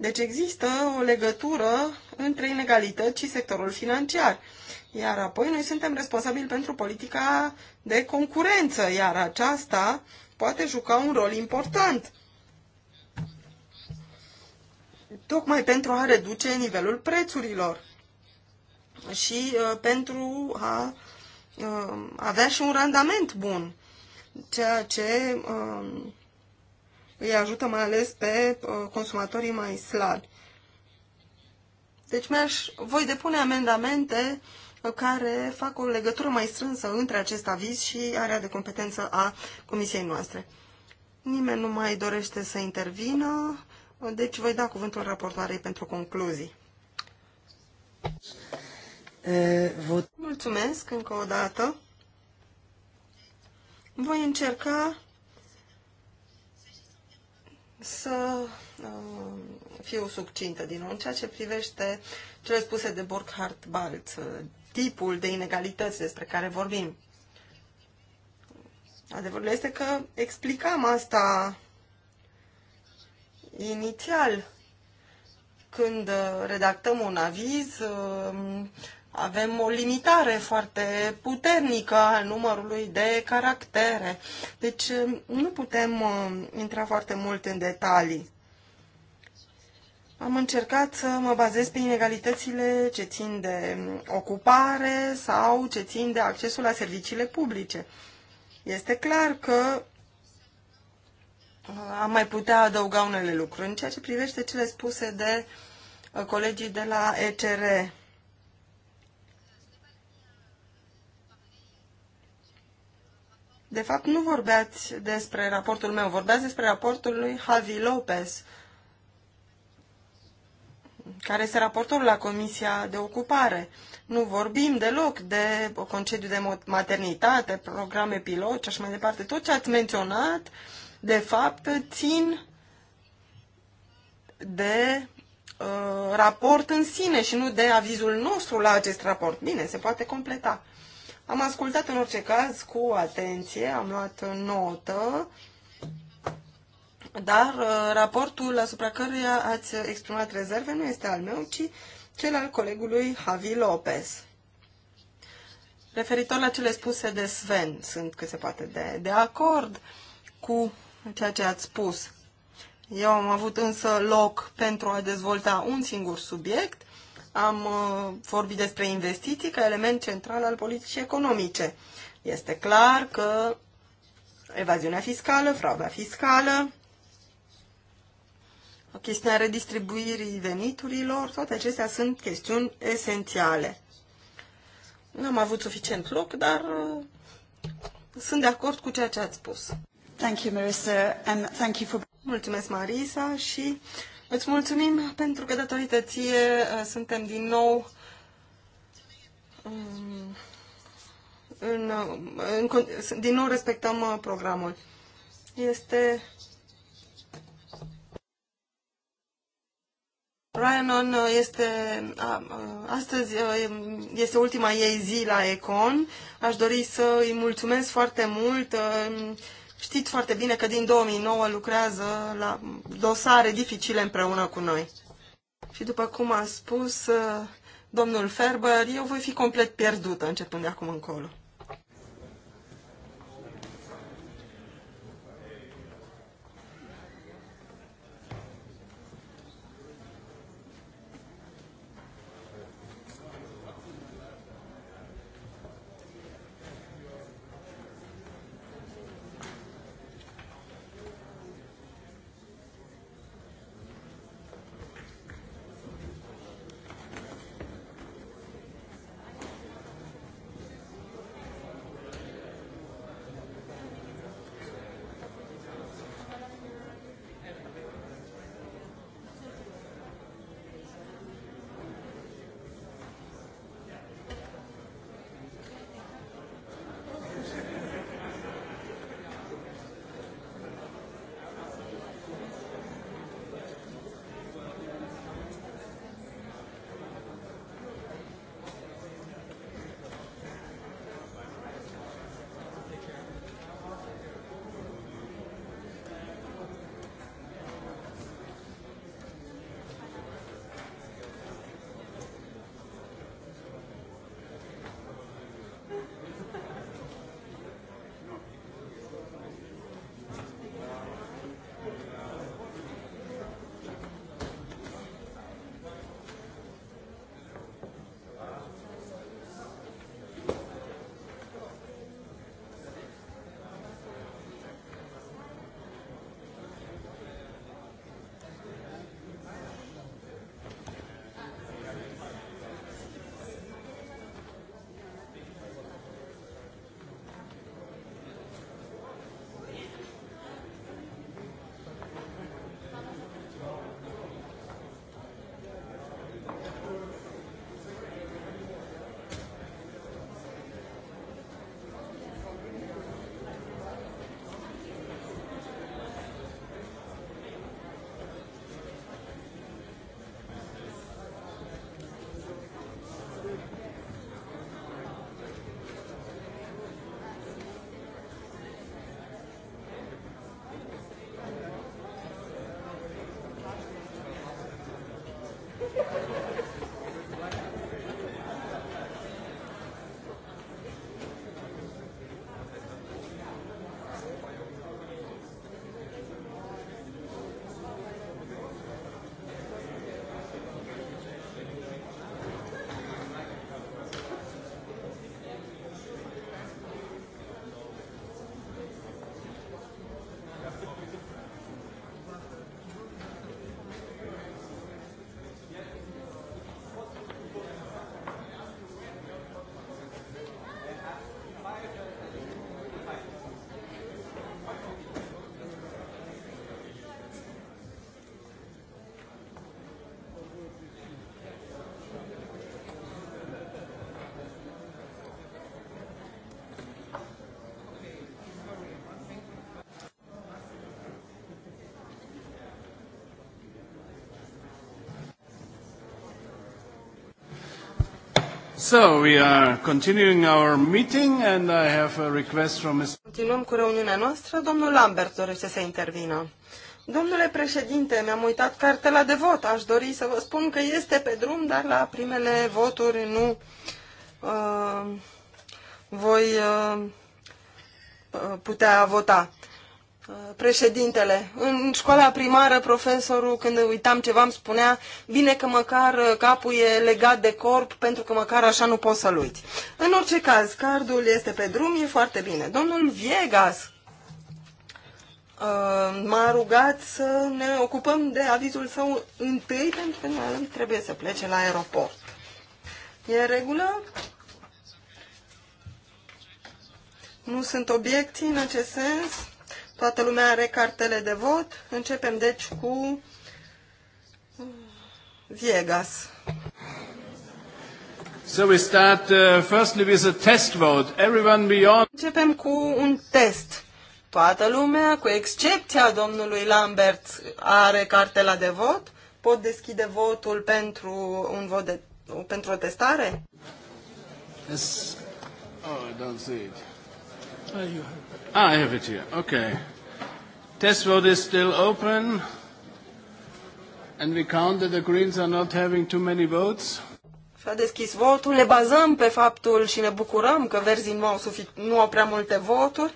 deci există o legătură între inegalități și sectorul financiar. Iar apoi noi suntem responsabili pentru politica de concurență, iar aceasta poate juca un rol important. Tocmai pentru a reduce nivelul prețurilor și uh, pentru a uh, avea și un randament bun, ceea ce uh, îi ajută mai ales pe uh, consumatorii mai slabi. Deci mi-aș, voi depune amendamente uh, care fac o legătură mai strânsă între acest aviz și area de competență a comisiei noastre. Nimeni nu mai dorește să intervină, uh, deci voi da cuvântul raportoarei pentru concluzii. Mulțumesc încă o dată. Voi încerca să uh, fiu succintă din nou. În ceea ce privește cele spuse de Burkhard Balz, uh, tipul de inegalități despre care vorbim. Adevărul este că explicam asta inițial când redactăm un aviz, uh, avem o limitare foarte puternică a numărului de caractere. Deci eh, nu putem eh, intra foarte mult în detalii. Am încercat să mă bazez pe inegalitățile ce țin de mm, ocupare sau ce țin de accesul la serviciile publice. Este clar că eh, am mai putea adăuga unele lucruri în ceea ce privește cele spuse de colegii de la ECR. De fapt, nu vorbeați despre raportul meu, vorbeați despre raportul lui Javi Lopez, care este raportorul la Comisia de Ocupare. Nu vorbim deloc de concediu de maternitate, programe pilot și așa mai departe. Tot ce ați menționat, de fapt, țin de uh, raport în sine și nu de avizul nostru la acest raport. Bine, se poate completa. Am ascultat în orice caz cu atenție, am luat notă, dar uh, raportul asupra căruia ați exprimat rezerve nu este al meu, ci cel al colegului Javi Lopez. Referitor la cele spuse de Sven, sunt cât se poate de, de acord cu ceea ce ați spus. Eu am avut însă loc pentru a dezvolta un singur subiect am uh, vorbit despre investiții ca element central al politicii economice. Este clar că evaziunea fiscală, frauda fiscală, chestiunea redistribuirii veniturilor, toate acestea sunt chestiuni esențiale. Nu am avut suficient loc, dar uh, sunt de acord cu ceea ce ați spus. Thank you, Marisa, and thank you for... Mulțumesc, Marisa, și Îți mulțumim pentru că datorită ție uh, suntem din nou um, în, uh, în, în, din nou respectăm uh, programul. Este Ryanon este astăzi este ultima ei zi la Econ. Aș dori să îi mulțumesc foarte mult Știți foarte bine că din 2009 lucrează la dosare dificile împreună cu noi. Și după cum a spus uh, domnul Ferber, eu voi fi complet pierdută începând de acum încolo. So, we are continuing our meeting and I have a request from Mr. Continuăm cu reuniunea noastră. Domnul Lambert dorește să intervină. Domnule președinte, mi-am uitat cartela de vot. Aș dori să vă spun că este pe drum, dar la primele voturi nu uh, voi uh, putea vota președintele. În școala primară, profesorul, când uitam ceva, îmi spunea bine că măcar uh, capul e legat de corp, pentru că măcar așa nu poți să-l uiți. În orice caz, cardul este pe drum, e foarte bine. Domnul Viegas uh, m-a rugat să ne ocupăm de avizul său întâi, pentru că el trebuie să plece la aeroport. E în regulă? Nu sunt obiecții în acest sens? Toată lumea are cartele de vot. Începem deci cu Viegas. So we start uh, firstly with a test vote. Everyone beyond. Începem cu un test. Toată lumea, cu excepția domnului Lambert, are cartela de vot. Pot deschide votul pentru un vot de, pentru o testare? Yes. Oh, I don't see it. Oh, you have. Ah, I have it here. Okay. Test vote is still open. And we count that the Greens are not having too many votes. S-a deschis votul, ne bazăm pe faptul și ne bucurăm că verzii nu au, sufic- nu au prea multe voturi.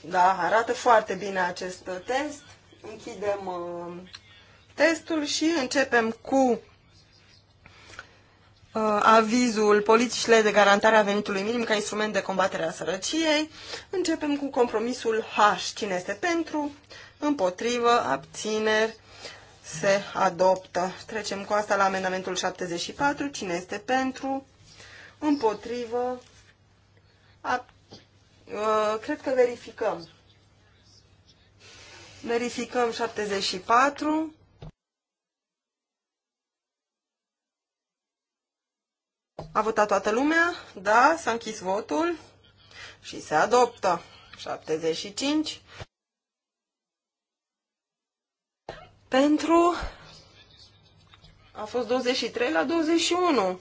Da, arată foarte bine acest test. Închidem uh, testul și începem cu Uh, avizul politicile de garantare a venitului minim ca instrument de combatere a sărăciei. Începem cu compromisul H. Cine este pentru? Împotrivă? Abțineri? Se adoptă. Trecem cu asta la amendamentul 74. Cine este pentru? Împotrivă? ab... uh, cred că verificăm. Verificăm 74. A votat toată lumea? Da, s-a închis votul și se adoptă. 75. Pentru a fost 23 la 21.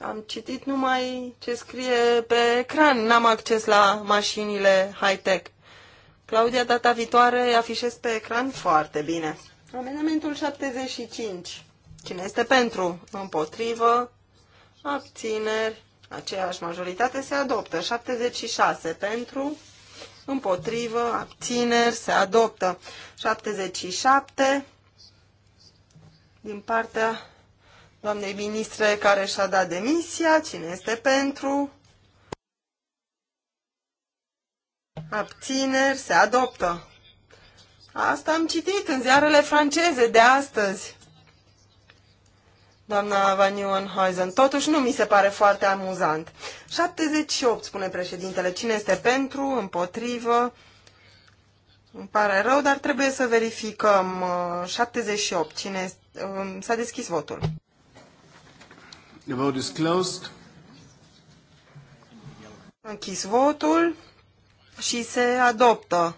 Am citit numai ce scrie pe ecran, n-am acces la mașinile high-tech. Claudia, data viitoare, afișez pe ecran foarte bine. Amendamentul 75. Cine este pentru? Împotrivă? Abțineri? Aceeași majoritate se adoptă. 76 pentru? Împotrivă? Abțineri? Se adoptă. 77 din partea doamnei ministre care și-a dat demisia. Cine este pentru? Abțineri? Se adoptă. Asta am citit în ziarele franceze de astăzi doamna Van Nieuwenhuizen. Totuși nu mi se pare foarte amuzant. 78, spune președintele. Cine este pentru, împotrivă? Îmi pare rău, dar trebuie să verificăm. 78. Uh, cine um, S-a deschis votul. The vote is closed. Închis votul și se adoptă.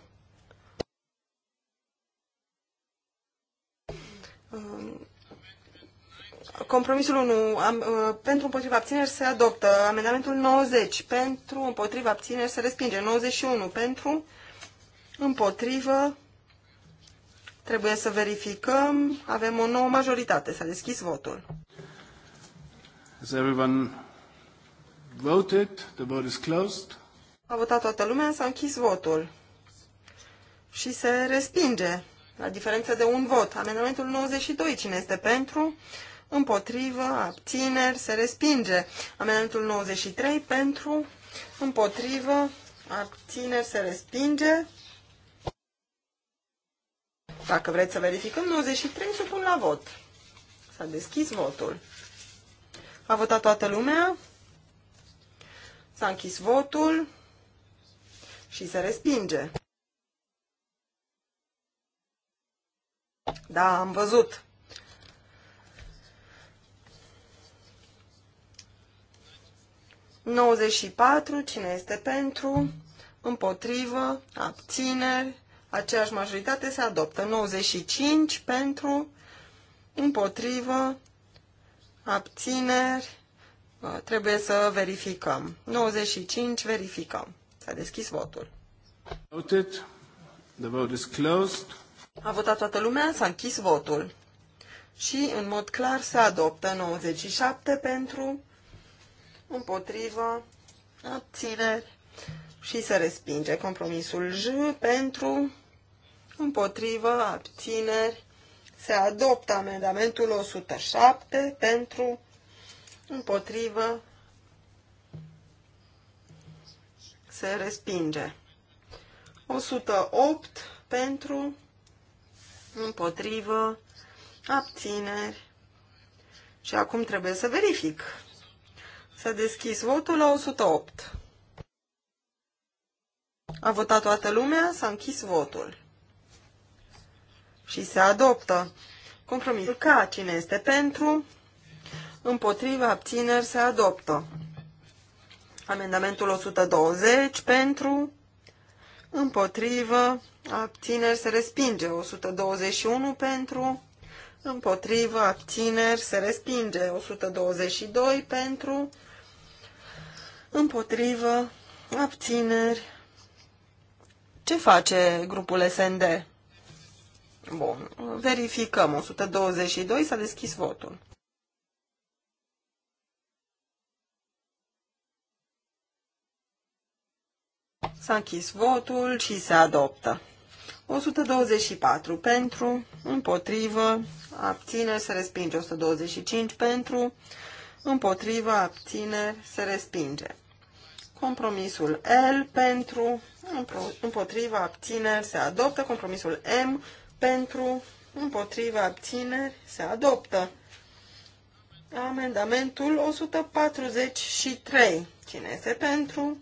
Compromisul 1 am, uh, pentru împotriva abțineri se adoptă. Amendamentul 90 pentru împotriva abțineri se respinge. 91 pentru împotrivă. Trebuie să verificăm. Avem o nouă majoritate. S-a deschis votul. Has everyone voted? The vote is closed. A votat toată lumea, s-a închis votul. Și se respinge, la diferență de un vot. Amendamentul 92, cine este pentru? împotrivă, abțineri, se respinge. Amendamentul 93 pentru, împotrivă, abțineri, se respinge. Dacă vreți să verificăm, 93 pun la vot. S-a deschis votul. A votat toată lumea. S-a închis votul și se respinge. Da, am văzut. 94, cine este pentru, împotrivă, abțineri, aceeași majoritate se adoptă. 95 pentru, împotrivă, abțineri, uh, trebuie să verificăm. 95, verificăm. S-a deschis votul. Voted. The vote is closed. A votat toată lumea, s-a închis votul. Și, în mod clar, se adoptă 97 pentru, împotrivă, abțineri și se respinge. Compromisul J pentru, împotrivă, abțineri, se adoptă amendamentul 107 pentru, împotrivă, se respinge. 108 pentru, împotrivă, abțineri. Și acum trebuie să verific. S-a deschis votul la 108. A votat toată lumea, s-a închis votul. Și se adoptă. Compromisul ca cine este pentru, împotriva abțineri se adoptă. Amendamentul 120 pentru, împotrivă, abțineri se respinge. 121 pentru, împotrivă, abțineri se respinge. 122 pentru, împotrivă, abțineri. Ce face grupul SND? Bun, verificăm. 122 s-a deschis votul. S-a închis votul și se adoptă. 124 pentru, împotrivă, abține, se respinge. 125 pentru, împotrivă, abține, se respinge. Compromisul L pentru, împotriva abțineri se adoptă. Compromisul M pentru, împotriva abțineri se adoptă. Amendamentul 143. Cine este pentru?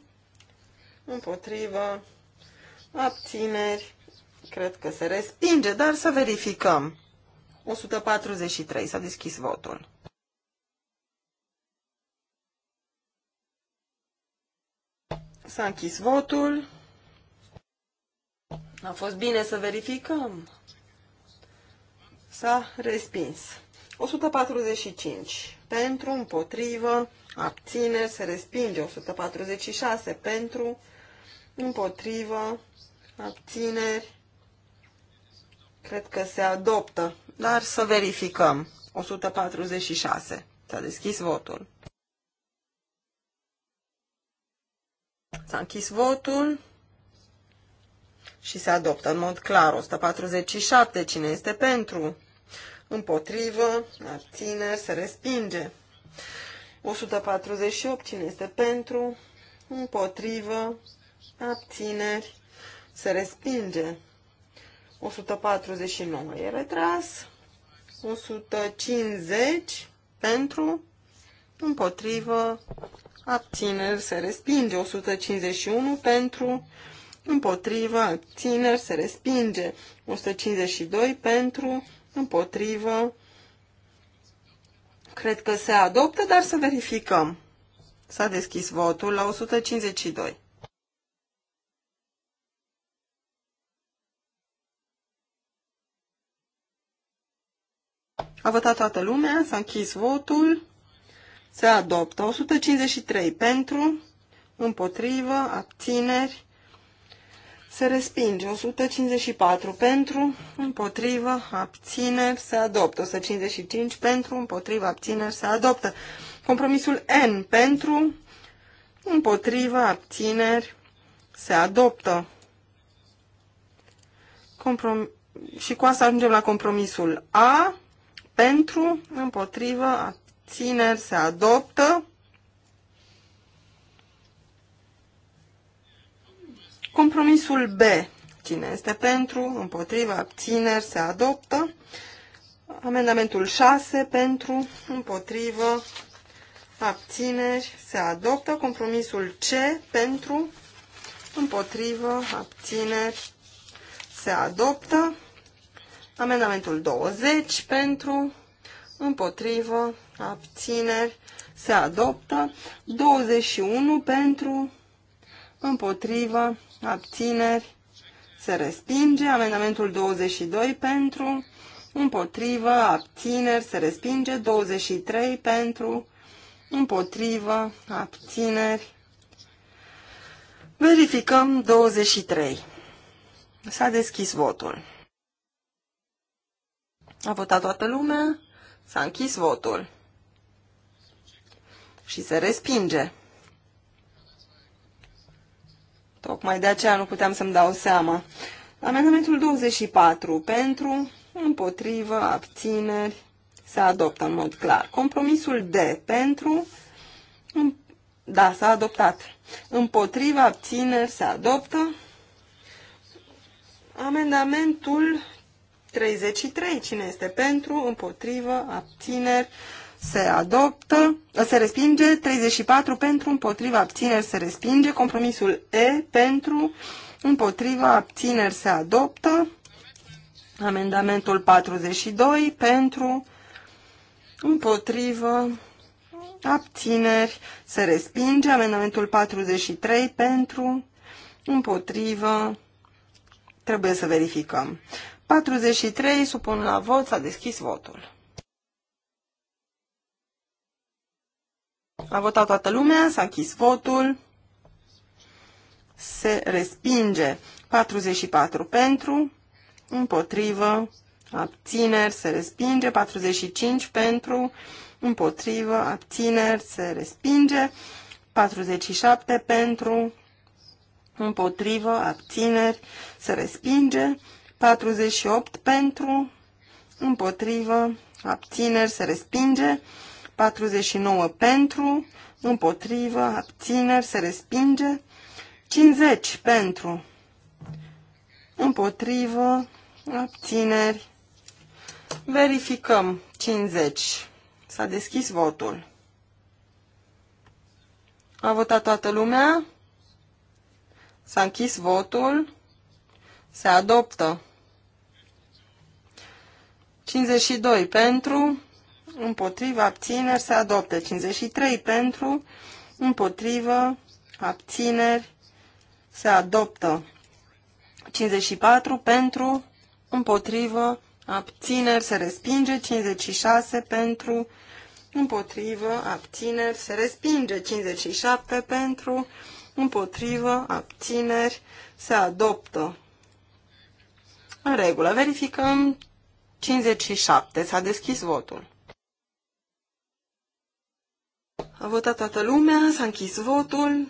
Împotrivă. Abțineri. Cred că se respinge, dar să verificăm. 143. S-a deschis votul. S-a închis votul. A fost bine să verificăm. S-a respins. 145 pentru, împotrivă, abține, se respinge. 146 pentru, împotrivă, abțineri. Cred că se adoptă, dar să verificăm. 146. S-a deschis votul. S-a închis votul și se adoptă în mod clar 147. Cine este pentru? Împotrivă, abține, se respinge. 148. Cine este pentru? Împotrivă, abțineri, se respinge. 149 e retras. 150 pentru, împotrivă, abțineri se respinge, 151 pentru, împotrivă, abțineri se respinge, 152 pentru, împotrivă, cred că se adoptă, dar să verificăm. S-a deschis votul la 152. A votat toată lumea, s-a închis votul se adoptă. 153 pentru, împotrivă, abțineri, se respinge. 154 pentru, împotrivă, abțineri, se adoptă. 155 pentru, împotrivă, abțineri, se adoptă. Compromisul N pentru, împotrivă, abțineri, se adoptă. Comprom și cu asta ajungem la compromisul A pentru, împotrivă, abțineri abțineri se adoptă. Compromisul B. Cine este pentru, împotriva, abțineri se adoptă. Amendamentul 6 pentru, împotrivă, abțineri se adoptă. Compromisul C pentru, împotrivă, abțineri se adoptă. Amendamentul 20 pentru, împotrivă, abțineri, se adoptă. 21 pentru, împotrivă, abțineri, se respinge. Amendamentul 22 pentru, împotrivă, abțineri, se respinge. 23 pentru, împotrivă, abțineri. Verificăm 23. S-a deschis votul. A votat toată lumea. S-a închis votul. Și se respinge. Tocmai de aceea nu puteam să-mi dau seama. Amendamentul 24 pentru, împotrivă, abțineri, se adoptă în mod clar. Compromisul D pentru, da, s-a adoptat. Împotrivă, abțineri se adoptă. Amendamentul 33. Cine este pentru, împotrivă, abțineri, se adoptă, se respinge. 34. Pentru, împotrivă, abțineri, se respinge. Compromisul E pentru, împotrivă, abțineri, se adoptă. Amendamentul 42 pentru, împotrivă, abțineri, se respinge. Amendamentul 43 pentru, împotrivă, trebuie să verificăm. 43, supun la vot, s-a deschis votul. A votat toată lumea, s-a închis votul, se respinge 44 pentru, împotrivă, abțineri, se respinge, 45 pentru, împotrivă, abțineri, se respinge, 47 pentru, împotrivă, abțineri, se respinge, 48 pentru, împotrivă, abțineri, se respinge. 49 pentru, împotrivă, abțineri, se respinge. 50 pentru, împotrivă, abțineri. Verificăm 50. S-a deschis votul. A votat toată lumea? S-a închis votul? Se adoptă. 52 pentru, împotrivă, abțineri, se adoptă. 53 pentru, împotrivă, abțineri, se adoptă. 54 pentru, împotrivă, abțineri, se respinge. 56 pentru, împotrivă, abțineri, se respinge. 57 pentru, împotrivă, abțineri, se adoptă. În regulă, verificăm 57. S-a deschis votul. A votat toată lumea, s-a închis votul.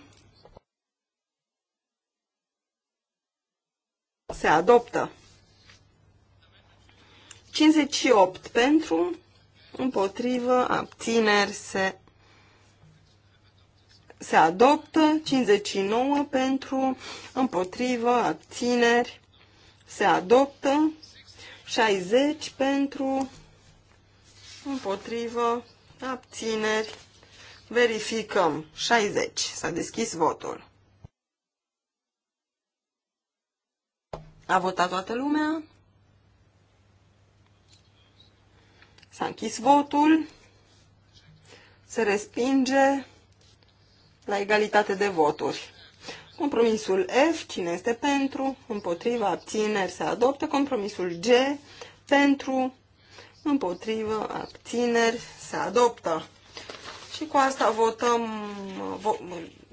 Se adoptă. 58 pentru, împotrivă, abțineri, se, se adoptă. 59 pentru, împotrivă, abțineri, se adoptă. 60 pentru, împotrivă, abțineri. Verificăm. 60. S-a deschis votul. A votat toată lumea. S-a închis votul. Se respinge la egalitate de voturi. Compromisul F, cine este pentru, împotriva, abțineri, se adoptă. Compromisul G, pentru, împotriva, abțineri, se adoptă. Și cu asta votăm, vo,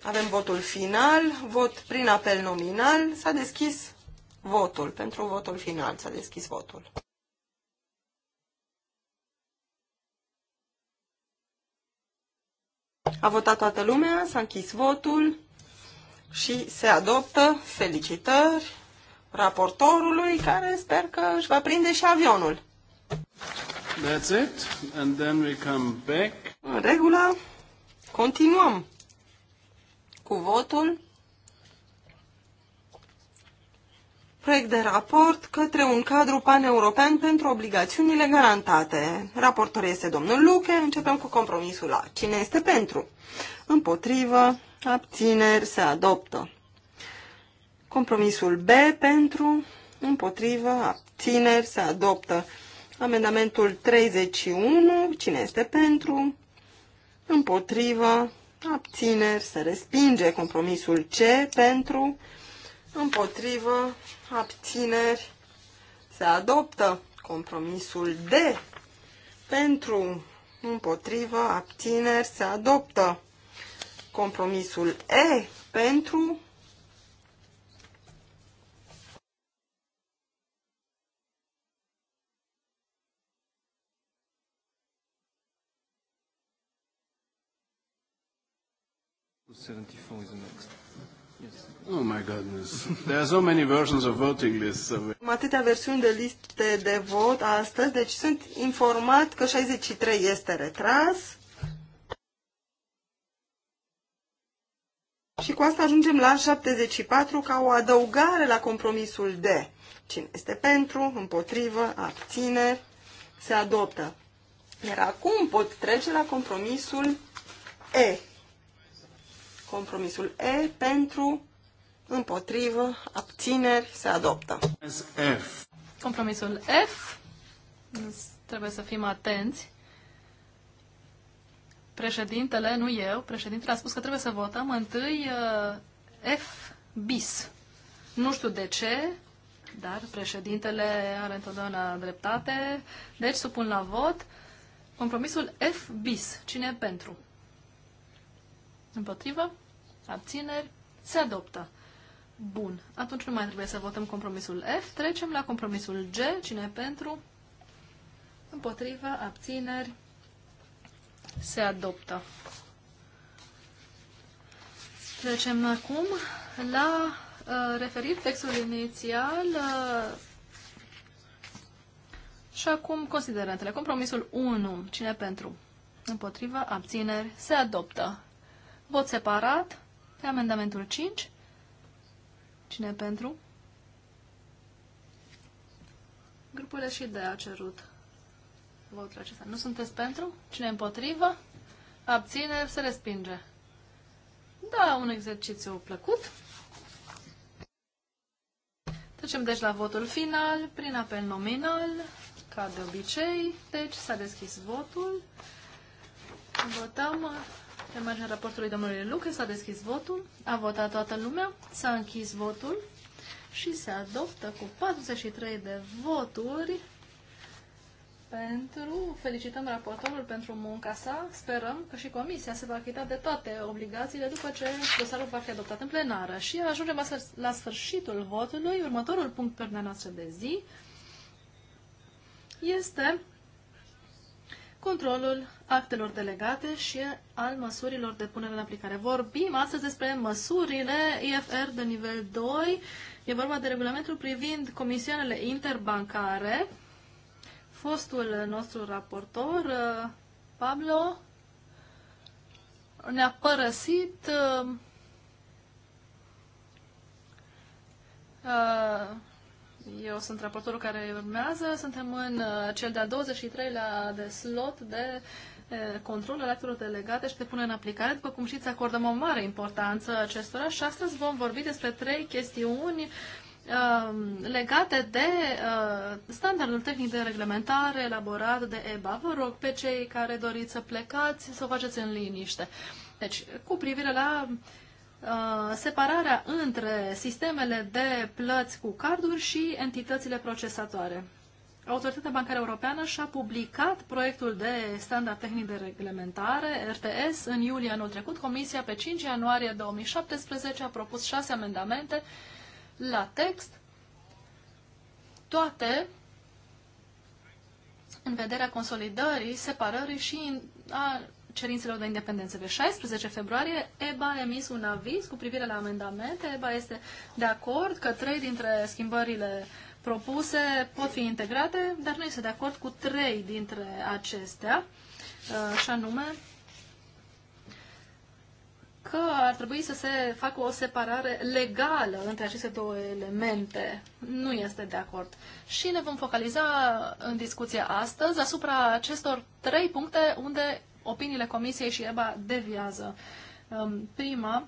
avem votul final, vot prin apel nominal, s-a deschis votul, pentru votul final s-a deschis votul. A votat toată lumea, s-a închis votul și se adoptă felicitări raportorului care sper că își va prinde și avionul. That's it. And then we come back. În regulă, continuăm cu votul. Proiect de raport către un cadru paneuropean pentru obligațiunile garantate. Raportor este domnul Luche. Începem cu compromisul A. Cine este pentru? Împotrivă abțineri se adoptă. Compromisul B pentru, împotrivă, abțineri se adoptă. Amendamentul 31, cine este pentru, împotrivă, abțineri se respinge. Compromisul C pentru, împotrivă, abțineri se adoptă. Compromisul D pentru, împotrivă, abțineri se adoptă. Compromisul E pentru Oh my goodness. There are so many versions of voting lists. Am atâtea versiuni de liste de vot astăzi, deci sunt informat că 63 este retras. Și cu asta ajungem la 74 ca o adăugare la compromisul D. Cine este pentru, împotrivă, abține, se adoptă. Iar acum pot trece la compromisul E. Compromisul E pentru, împotrivă, abțineri, se adoptă. F. Compromisul F. Trebuie să fim atenți președintele, nu eu, președintele a spus că trebuie să votăm întâi uh, F bis. Nu știu de ce, dar președintele are întotdeauna dreptate. Deci supun la vot compromisul F bis. Cine e pentru? Împotrivă? Abțineri? Se adoptă. Bun. Atunci nu mai trebuie să votăm compromisul F. Trecem la compromisul G. Cine e pentru? Împotrivă? Abțineri? se adoptă. Trecem acum la uh, referit textul inițial uh, și acum considerentele. Compromisul 1. Cine pentru? Împotriva abțineri se adoptă. Vot separat pe amendamentul 5. Cine pentru? Grupul și de a cerut votul acesta. Nu sunteți pentru? Cine împotrivă? Abține, se respinge. Da, un exercițiu plăcut. Trecem deci la votul final, prin apel nominal, ca de obicei. Deci s-a deschis votul. Votăm pe marginea raportului domnului Lucă, s-a deschis votul, a votat toată lumea, s-a închis votul și se adoptă cu 43 de voturi pentru. Felicităm raportorul pentru munca sa. Sperăm că și Comisia se va achita de toate obligațiile după ce dosarul va fi adoptat în plenară. Și ajungem la sfârșitul votului. Următorul punct pe noastră de zi este controlul actelor delegate și al măsurilor de punere în aplicare. Vorbim astăzi despre măsurile IFR de nivel 2. E vorba de regulamentul privind comisioanele interbancare fostul nostru raportor, uh, Pablo, ne-a părăsit uh, uh, eu sunt raportorul care urmează. Suntem în cel de-a 23-lea de slot de control al actelor delegate și de pune în aplicare. După cum știți, acordăm o mare importanță acestora și astăzi vom vorbi despre trei chestiuni Um, legate de uh, standardul tehnic de reglementare elaborat de EBA. Vă rog pe cei care doriți să plecați să o faceți în liniște. Deci, cu privire la uh, separarea între sistemele de plăți cu carduri și entitățile procesatoare. Autoritatea Bancară Europeană și-a publicat proiectul de standard tehnic de reglementare, RTS, în iulie anul trecut. Comisia, pe 5 ianuarie 2017, a propus șase amendamente uh, la text, toate în vederea consolidării, separării și a cerințelor de independență. Pe 16 februarie, EBA a emis un aviz cu privire la amendamente. EBA este de acord că trei dintre schimbările propuse pot fi integrate, dar nu este de acord cu trei dintre acestea, uh, și anume că ar trebui să se facă o separare legală între aceste două elemente. Nu este de acord. Și ne vom focaliza în discuție astăzi asupra acestor trei puncte unde opiniile Comisiei și EBA deviază. Um, prima,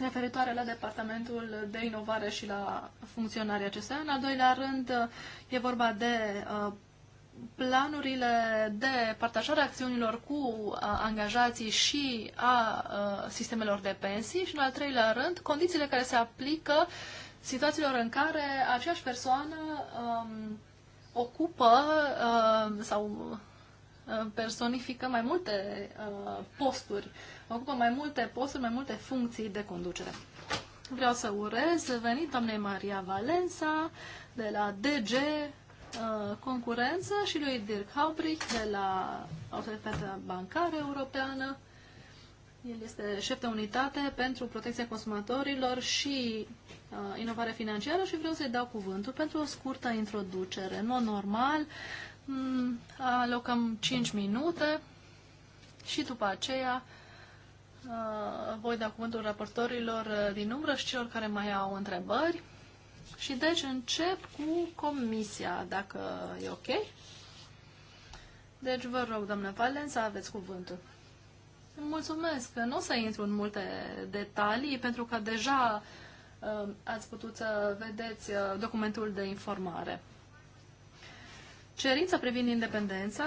referitoare la Departamentul de Inovare și la funcționarea acestuia. În al doilea rând, e vorba de uh, planurile de partajare a acțiunilor cu uh, angajații și a uh, sistemelor de pensii și, în al treilea rând, condițiile care se aplică situațiilor în care aceeași persoană um, ocupă uh, sau uh, personifică mai multe uh, posturi, ocupă mai multe posturi, mai multe funcții de conducere. Vreau să urez venit doamnei Maria Valența de la DG Uh, concurență și lui Dirk Haubrich de la Autoritatea Bancară Europeană. El este șef de unitate pentru protecția consumatorilor și uh, inovare financiară și vreau să-i dau cuvântul pentru o scurtă introducere. În mod normal, m- alocăm 5 minute și după aceea uh, voi da cuvântul raportorilor uh, din umbră și celor care mai au întrebări și deci încep cu comisia, dacă e ok. Deci vă rog, doamne Valența, aveți cuvântul. Mulțumesc. Nu o să intru în multe detalii, pentru că deja uh, ați putut să vedeți uh, documentul de informare. Cerința privind independența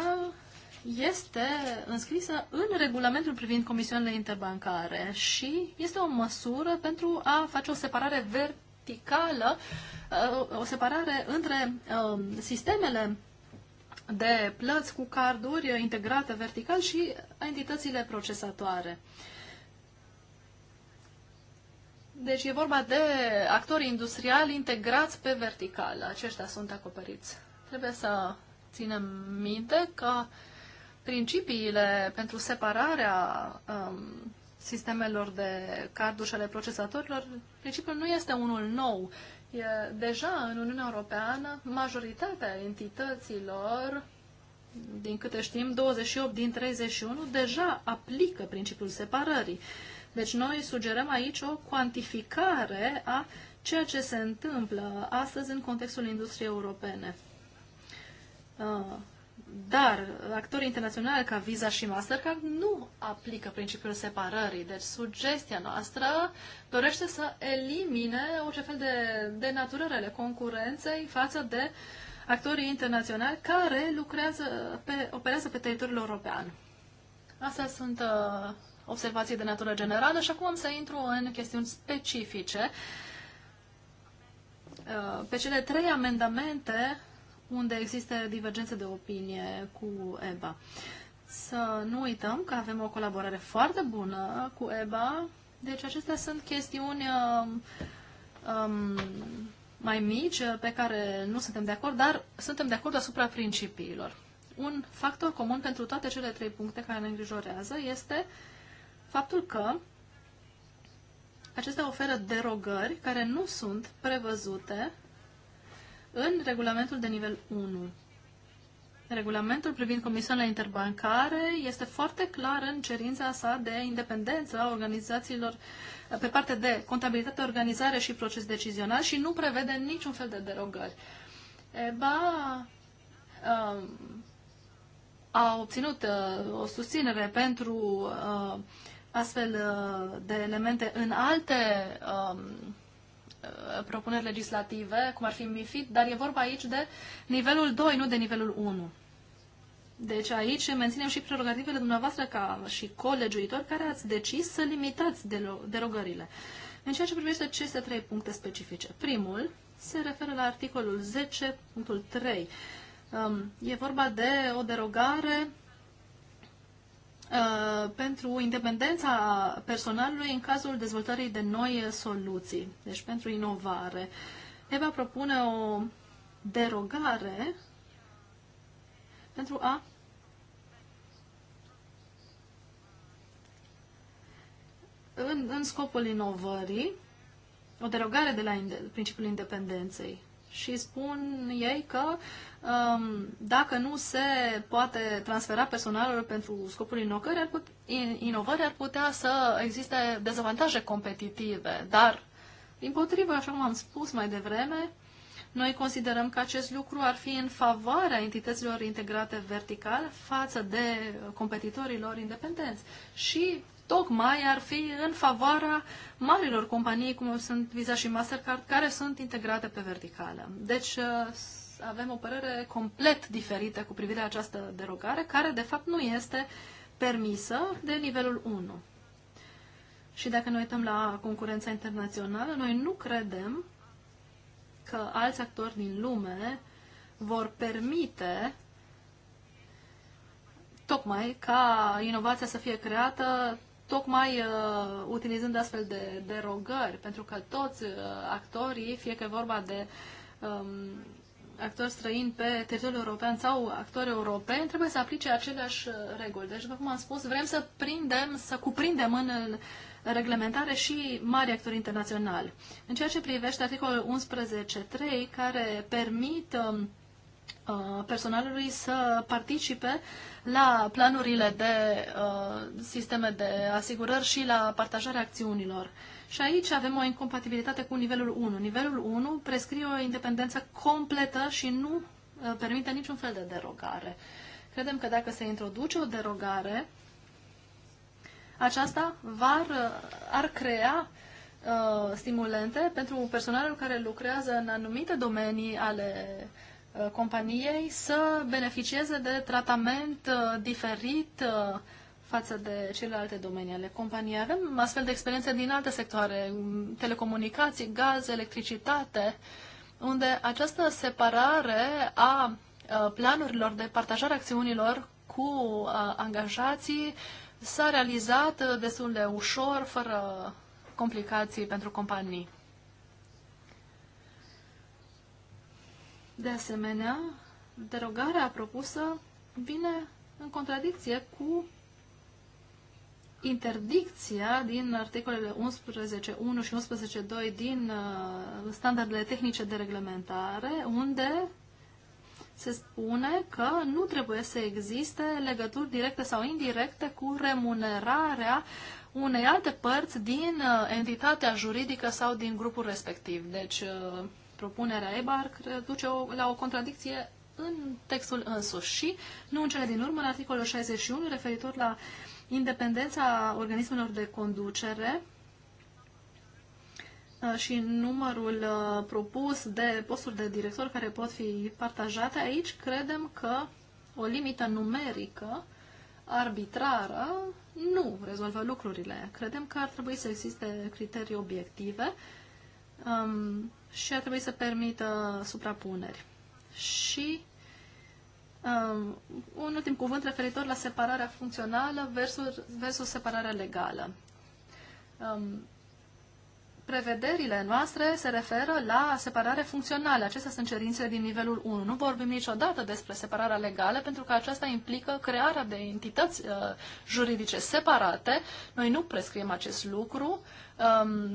este înscrisă în regulamentul privind comisiunile interbancare și este o măsură pentru a face o separare ver- verticală, uh, o separare între um, sistemele de plăți cu carduri integrate vertical și entitățile procesatoare. Deci e vorba de actori industriali integrați pe verticală. Aceștia sunt acoperiți. Trebuie să ținem minte că principiile pentru separarea um, sistemelor de carduri și ale procesatorilor, principiul nu este unul nou. E, deja în Uniunea Europeană, majoritatea entităților, din câte știm, 28 din 31, deja aplică principiul separării. Deci noi sugerăm aici o cuantificare a ceea ce se întâmplă astăzi în contextul industriei europene. Ah. Dar actorii internaționali ca Visa și Mastercard nu aplică principiul separării. Deci sugestia noastră dorește să elimine orice fel de denaturări ale concurenței față de actorii internaționali care lucrează pe, operează pe teritoriul european. Astea sunt uh, observații de natură generală și acum am să intru în chestiuni specifice. Uh, pe cele trei amendamente unde există divergențe de opinie cu EBA. Să nu uităm că avem o colaborare foarte bună cu EBA, deci acestea sunt chestiuni um, um, mai mici pe care nu suntem de acord, dar suntem de acord asupra principiilor. Un factor comun pentru toate cele trei puncte care ne îngrijorează este faptul că acestea oferă derogări care nu sunt prevăzute în regulamentul de nivel 1. Regulamentul privind comisiunile interbancare este foarte clar în cerința sa de independență a organizațiilor pe parte de contabilitate, organizare și proces decizional și nu prevede niciun fel de derogări. EBA um, a obținut uh, o susținere pentru uh, astfel uh, de elemente în alte um, Uh, propuneri legislative, cum ar fi MIFID, dar e vorba aici de nivelul 2, nu de nivelul 1. Deci aici menținem și prerogativele dumneavoastră ca și colegiuitori care ați decis să limitați derogările. În ceea ce privește aceste trei puncte specifice. Primul se referă la articolul 10.3. Um, e vorba de o derogare Uh, pentru independența personalului în cazul dezvoltării de noi soluții, deci pentru inovare. EVA propune o derogare pentru a în, în scopul inovării, o derogare de la inde, principiul independenței. Și spun ei că dacă nu se poate transfera personalul pentru scopul inovării, ar putea, inovări, ar putea să existe dezavantaje competitive. Dar, din potrivă, așa cum am spus mai devreme, noi considerăm că acest lucru ar fi în favoarea entităților integrate vertical față de competitorilor independenți și tocmai ar fi în favoarea marilor companii, cum sunt Visa și Mastercard, care sunt integrate pe verticală. Deci avem o părere complet diferită cu privire la această derogare, care de fapt nu este permisă de nivelul 1. Și dacă ne uităm la concurența internațională, noi nu credem că alți actori din lume vor permite tocmai ca inovația să fie creată tocmai uh, utilizând astfel de derogări, pentru că toți uh, actorii, fie că e vorba de um, actori străini pe teritoriul european sau actori europeni, trebuie să aplice aceleași uh, reguli. Deci, după cum am spus, vrem să prindem, să cuprindem în uh, reglementare și mari actori internaționali. În ceea ce privește articolul 11.3, care permit um, uh, personalului să participe la planurile de uh, sisteme de asigurări și la partajarea acțiunilor. Și aici avem o incompatibilitate cu nivelul 1. Nivelul 1 prescrie o independență completă și nu uh, permite niciun fel de derogare. Credem că dacă se introduce o derogare, aceasta var, uh, ar crea uh, stimulente pentru personalul care lucrează în anumite domenii ale uh, companiei să beneficieze de tratament uh, diferit uh, față de celelalte domenii ale companiei. Avem astfel de experiențe din alte sectoare, telecomunicații, gaz, electricitate, unde această separare a planurilor de partajare acțiunilor cu angajații s-a realizat uh, destul de ușor, fără complicații pentru companii. De asemenea, derogarea propusă vine în contradicție cu interdicția din articolele 11.1 și 11.2 din uh, standardele tehnice de reglementare, unde se spune că nu trebuie să existe legături directe sau indirecte cu remunerarea unei alte părți din uh, entitatea juridică sau din grupul respectiv. Deci, uh, propunerea EBAR duce o, la o contradicție în textul însuși și, nu în cele din urmă, în articolul 61 referitor la uh, independența organismelor de conducere uh, și numărul uh, propus de posturi de director care pot fi partajate, aici credem că o limită numerică arbitrară nu rezolvă lucrurile. Credem că ar trebui să existe criterii obiective um, și ar trebui să permită suprapuneri. Și Um, un ultim cuvânt referitor la separarea funcțională versus, versus separarea legală. Um, prevederile noastre se referă la separare funcțională. Acestea sunt cerințele din nivelul 1. Nu vorbim niciodată despre separarea legală, pentru că aceasta implică crearea de entități uh, juridice separate. Noi nu prescriem acest lucru. Um,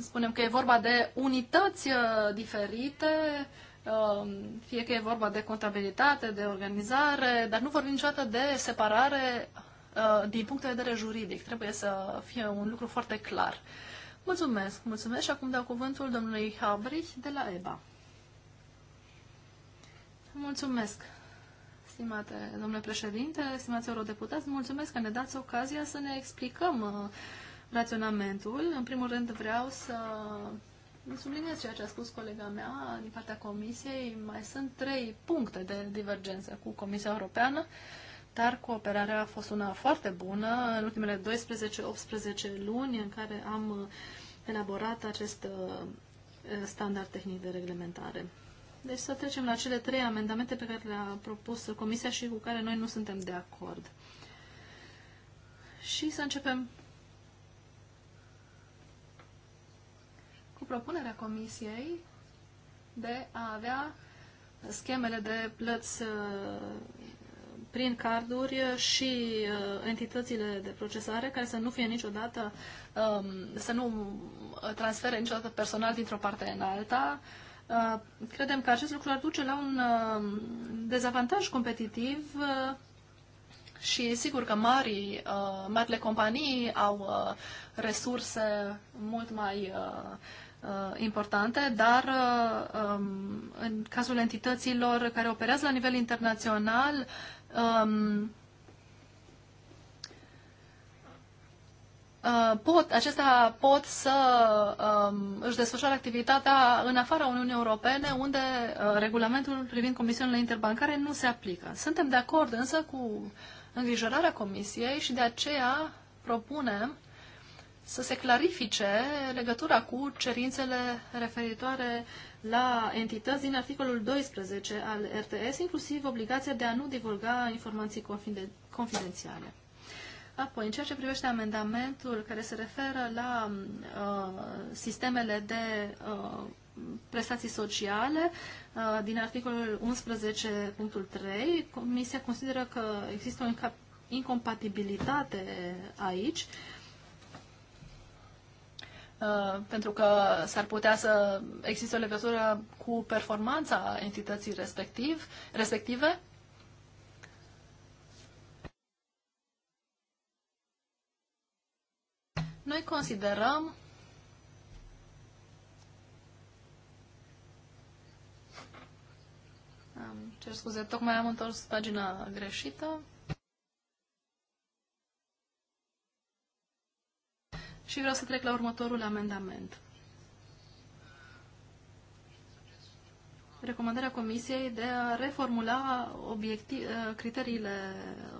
spunem că e vorba de unități uh, diferite, uh, Um, fie că e vorba de contabilitate, de organizare, dar nu vorbim niciodată de separare uh, din punct de vedere juridic. Trebuie să fie un lucru foarte clar. Mulțumesc, mulțumesc și acum dau cuvântul domnului Habrich de la EBA. Mulțumesc, stimate domnule președinte, stimați eurodeputați, mulțumesc că ne dați ocazia să ne explicăm uh, raționamentul. În primul rând vreau să subliniez ceea ce a spus colega mea din partea Comisiei. Mai sunt trei puncte de divergență cu Comisia Europeană, dar cooperarea a fost una foarte bună în ultimele 12-18 luni în care am elaborat acest uh, standard tehnic de reglementare. Deci să trecem la cele trei amendamente pe care le-a propus Comisia și cu care noi nu suntem de acord. Și să începem propunerea Comisiei de a avea schemele de plăți uh, prin carduri și uh, entitățile de procesare care să nu fie niciodată, um, să nu uh, transfere niciodată personal dintr-o parte în alta. Credem că acest lucru ar duce la un um, dezavantaj competitiv și sigur că mari, marile companii au resurse mult mai uh, Uh, importante, dar uh, um, în cazul entităților care operează la nivel internațional, um, uh, pot, acestea pot să um, își desfășoare activitatea în afara Uniunii Europene, unde uh, regulamentul privind comisiunile interbancare nu se aplică. Suntem de acord însă cu îngrijorarea Comisiei și de aceea propunem uh, să se clarifice legătura cu cerințele referitoare la entități din articolul 12 al RTS, inclusiv obligația de a nu divulga informații confiden confidențiale. Apoi, în ceea ce privește amendamentul care se referă la uh, sistemele de uh, prestații sociale, uh, din articolul 11.3, Comisia consideră că există o incompatibilitate aici uh, Uh, pentru că s-ar putea să existe o legătură cu performanța entității respectiv, respective. Noi considerăm cer scuze, tocmai am întors pagina greșită. Și vreau să trec la următorul amendament. Recomandarea Comisiei de a reformula obiecti criteriile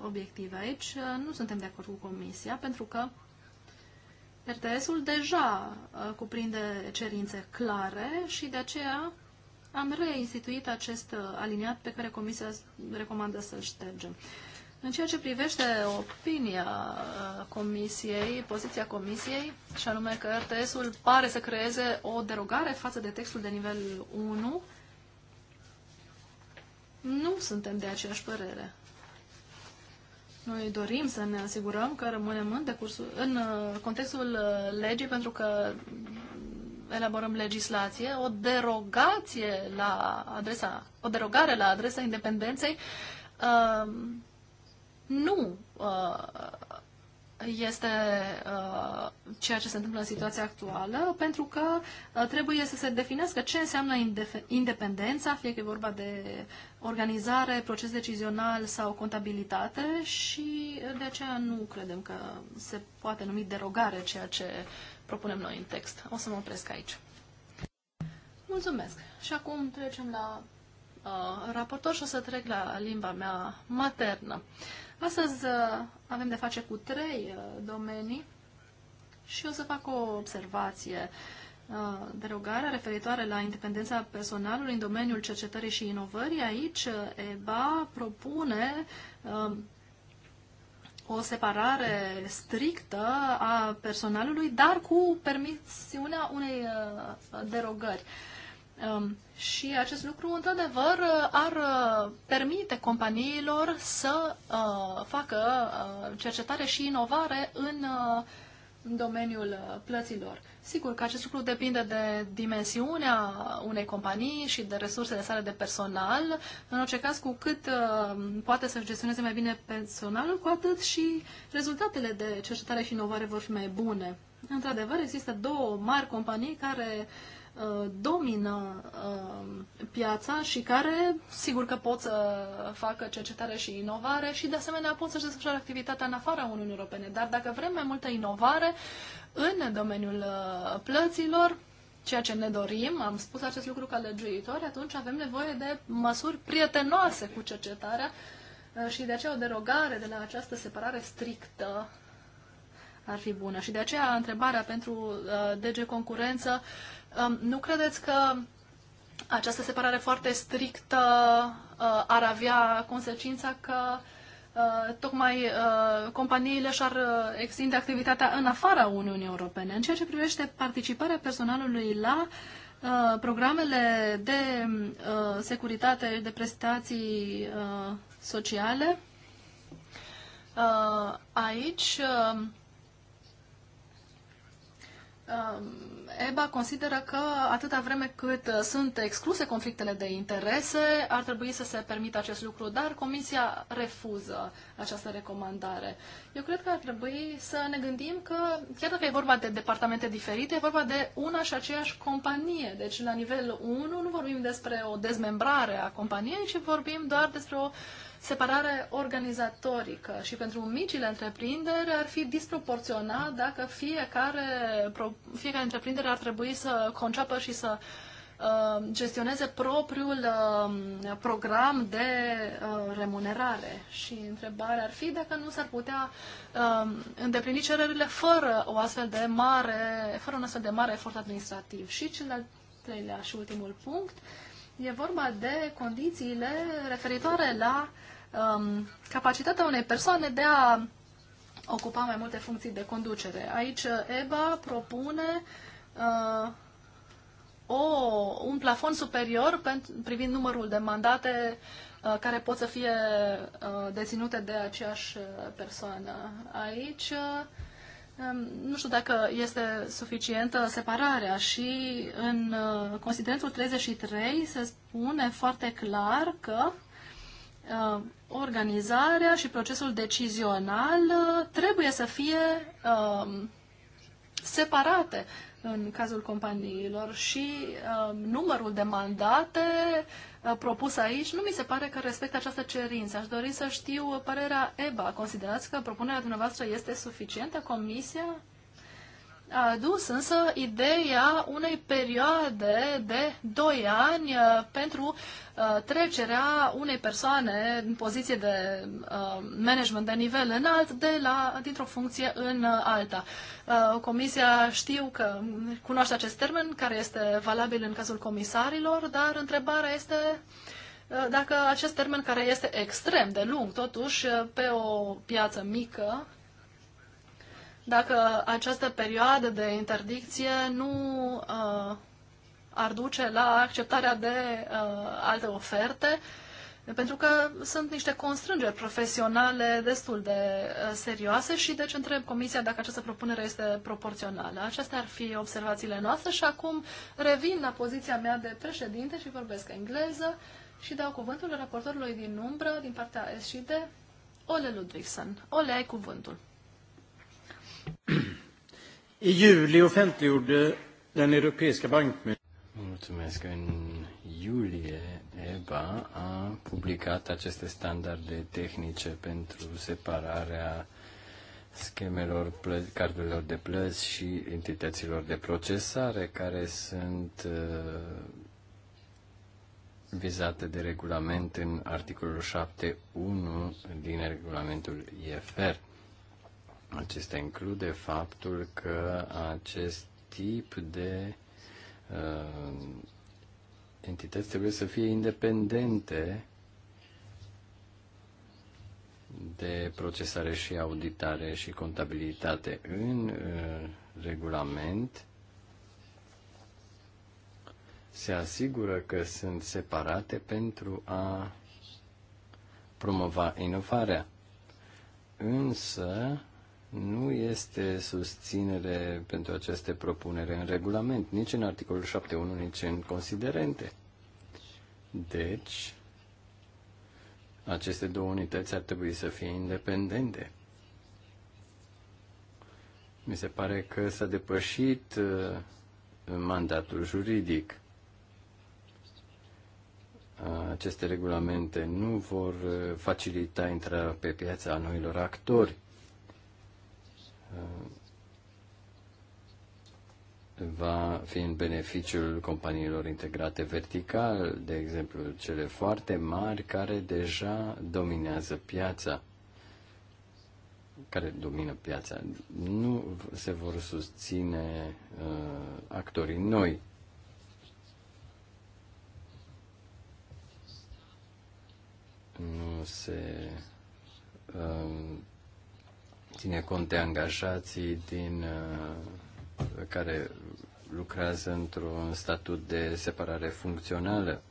obiective. Aici uh, nu suntem de acord cu Comisia, pentru că RTS-ul deja uh, cuprinde cerințe clare și de aceea am reinstituit acest uh, aliniat pe care Comisia recomandă să-l ștergem. În ceea ce privește opinia uh, comisiei, poziția comisiei, și anume că RTS-ul pare să creeze o derogare față de textul de nivel 1, nu suntem de aceeași părere. Noi dorim să ne asigurăm că rămânem în, decursul, în uh, contextul uh, legii, pentru că elaborăm legislație, o derogație la adresa, o derogare la adresa independenței uh, nu uh, este uh, ceea ce se întâmplă în situația actuală, pentru că uh, trebuie să se definească ce înseamnă independența, fie că e vorba de organizare, proces decizional sau contabilitate și de aceea nu credem că se poate numi derogare ceea ce propunem noi în text. O să mă opresc aici. Mulțumesc! Și acum trecem la uh, raportor și o să trec la limba mea maternă. Uh, Astăzi uh, avem de face cu trei uh, domenii și o să fac o observație uh, derogare referitoare la independența personalului în domeniul cercetării și inovării. Aici EBA propune um, o separare strictă a personalului, dar cu permisiunea unei derogări. Um, și acest lucru, într-adevăr, ar uh, permite companiilor să uh, facă uh, cercetare și inovare în, uh, în domeniul uh, plăților. Sigur că acest lucru depinde de dimensiunea unei companii și de resursele sale de personal. În orice caz, cu cât uh, poate să gestioneze mai bine personalul, cu atât și rezultatele de cercetare și inovare vor fi mai bune. Într-adevăr, există două mari companii care uh, Uh, domină uh, piața și care, sigur că pot să facă cercetare și inovare și, de asemenea, pot să-și desfășoare activitatea în afara Uniunii Europene. Dar dacă vrem mai multă inovare în domeniul uh, plăților, ceea ce ne dorim, am spus acest lucru ca legiuitori, atunci avem nevoie de măsuri prietenoase cu cercetarea și de aceea o derogare de la această separare strictă ar fi bună. Și de aceea întrebarea pentru DG Concurență Um, nu credeți că această separare foarte strictă uh, ar avea consecința că uh, tocmai uh, companiile și-ar extinde activitatea în afara Uniunii Europene. În ceea ce privește participarea personalului la programele de securitate, de prestații sociale, aici Um, EBA consideră că atâta vreme cât uh, sunt excluse conflictele de interese, ar trebui să se permită acest lucru, dar Comisia refuză această recomandare. Eu cred că ar trebui să ne gândim că, chiar dacă e vorba de departamente diferite, e vorba de una și aceeași companie. Deci, la nivel 1, nu vorbim despre o dezmembrare a companiei, ci vorbim doar despre o uh, separare organizatorică și pentru micile întreprinderi ar fi disproporționat dacă fiecare, fiecare întreprindere ar trebui să conceapă și să uh, gestioneze propriul uh, program de uh, remunerare. Și întrebarea ar fi dacă nu s-ar putea îndeplini cererile fără o astfel de mare, fără un astfel de mare efort administrativ. Și cel de-al treilea și ultimul punct, E vorba de condițiile referitoare la um, capacitatea unei persoane de a ocupa mai multe funcții de conducere. Aici uh, EBA propune uh, o, un plafon superior pentru, privind numărul de mandate uh, care pot să fie uh, deținute de aceeași uh, persoană. Aici uh, um, nu știu dacă este suficientă separarea și în uh, considerentul 33 se spune foarte clar că Uh, organizarea și procesul decizional uh, trebuie să fie um, separate în cazul companiilor și uh, numărul de mandate uh, propus aici nu mi se pare că respectă această cerință. Aș dori să știu părerea EBA. Considerați că propunerea dumneavoastră este suficientă? Comisia a adus însă ideea unei perioade de 2 ani uh, pentru uh, trecerea unei persoane în poziție de uh, management de nivel înalt de la, dintr-o funcție în alta. Comisia știu că cunoaște acest termen care este valabil în cazul comisarilor, dar întrebarea este dacă acest termen care este extrem de lung, totuși, pe o piață mică, dacă această perioadă de interdicție nu uh, ar duce la acceptarea de uh, alte oferte, pentru că sunt niște constrângeri profesionale destul de uh, serioase și deci întreb Comisia dacă această propunere este proporțională. Acestea ar fi observațiile noastre și acum revin la poziția mea de președinte și vorbesc engleză și dau cuvântul raportorului din umbră, din partea SID, Ole Ludvigsen. Ole, ai cuvântul. I juli offentliggjorde den europeiska bankmyndigheten Mulțumesc. În iulie, EBA a publicat aceste standarde tehnice pentru separarea schemelor plă- cardurilor de plăți și entităților de procesare care sunt uh, vizate de regulament în articolul 7.1 din regulamentul IFR. Acesta include faptul că acest tip de uh, entități trebuie să fie independente de procesare și auditare și contabilitate. În uh, regulament se asigură că sunt separate pentru a promova inovarea. Însă, nu este susținere pentru aceste propunere în regulament, nici în articolul 7.1, nici în considerente. Deci, aceste două unități ar trebui să fie independente. Mi se pare că s-a depășit uh, mandatul juridic. Aceste regulamente nu vor uh, facilita intrarea pe piața noilor actori va fi în beneficiul companiilor integrate vertical, de exemplu, cele foarte mari care deja dominează piața, care domină piața. Nu se vor susține uh, actorii noi. Nu se uh, ține cont de angajații din, uh, care lucrează într-un statut de separare funcțională.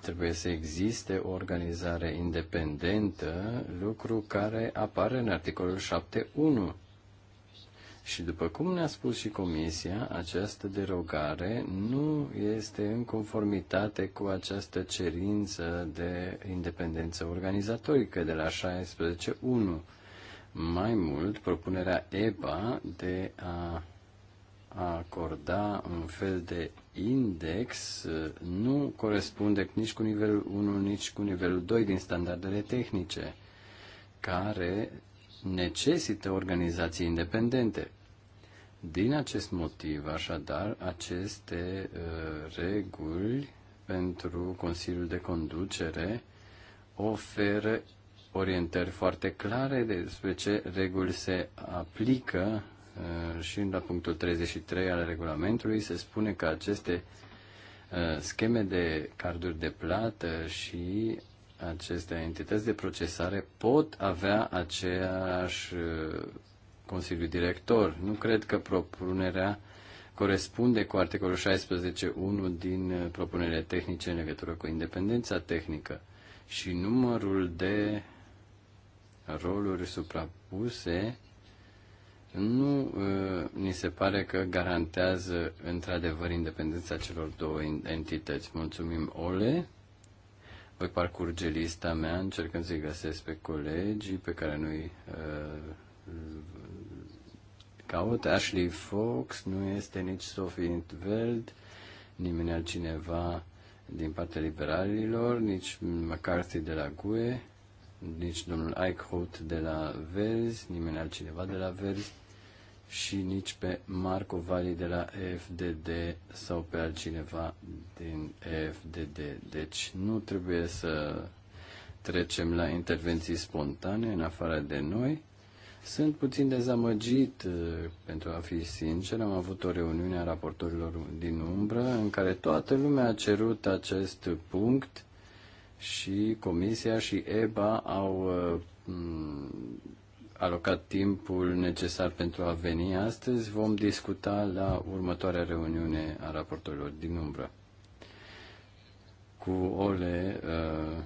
Trebuie să existe o organizare independentă, lucru care apare în articolul 7.1 și după cum ne-a spus și Comisia, această derogare nu este în conformitate cu această cerință de independență organizatorică de la 16.1. Mai mult, propunerea EBA de a acorda un fel de index nu corespunde nici cu nivelul 1, nici cu nivelul 2 din standardele tehnice, care necesită organizații independente. Din acest motiv, așadar, aceste uh, reguli pentru Consiliul de Conducere oferă orientări foarte clare despre ce reguli se aplică uh, și la punctul 33 al regulamentului se spune că aceste uh, scheme de carduri de plată și aceste entități de procesare pot avea aceeași uh, Consiliul Director. Nu cred că propunerea corespunde cu articolul 16.1 din uh, propunerea tehnice în legătură cu independența tehnică și numărul de roluri suprapuse nu uh, ni se pare că garantează într-adevăr independența celor două entități. Mulțumim, Ole. Voi parcurge lista mea încercând să-i găsesc pe colegii pe care nu-i uh, Caut Ashley Fox, nu este nici Sophie Intveld, nimeni altcineva din partea liberalilor, nici McCarthy de la GUE, nici domnul Eichhout de la Verzi, nimeni altcineva de la Verzi și nici pe Marco Vali de la FDD sau pe altcineva din FDD. Deci nu trebuie să trecem la intervenții spontane în afară de noi. Sunt puțin dezamăgit, uh, pentru a fi sincer, am avut o reuniune a raportorilor din umbră în care toată lumea a cerut acest punct și Comisia și EBA au uh, alocat timpul necesar pentru a veni astăzi. Vom discuta la următoarea reuniune a raportorilor din umbră cu Ole, uh,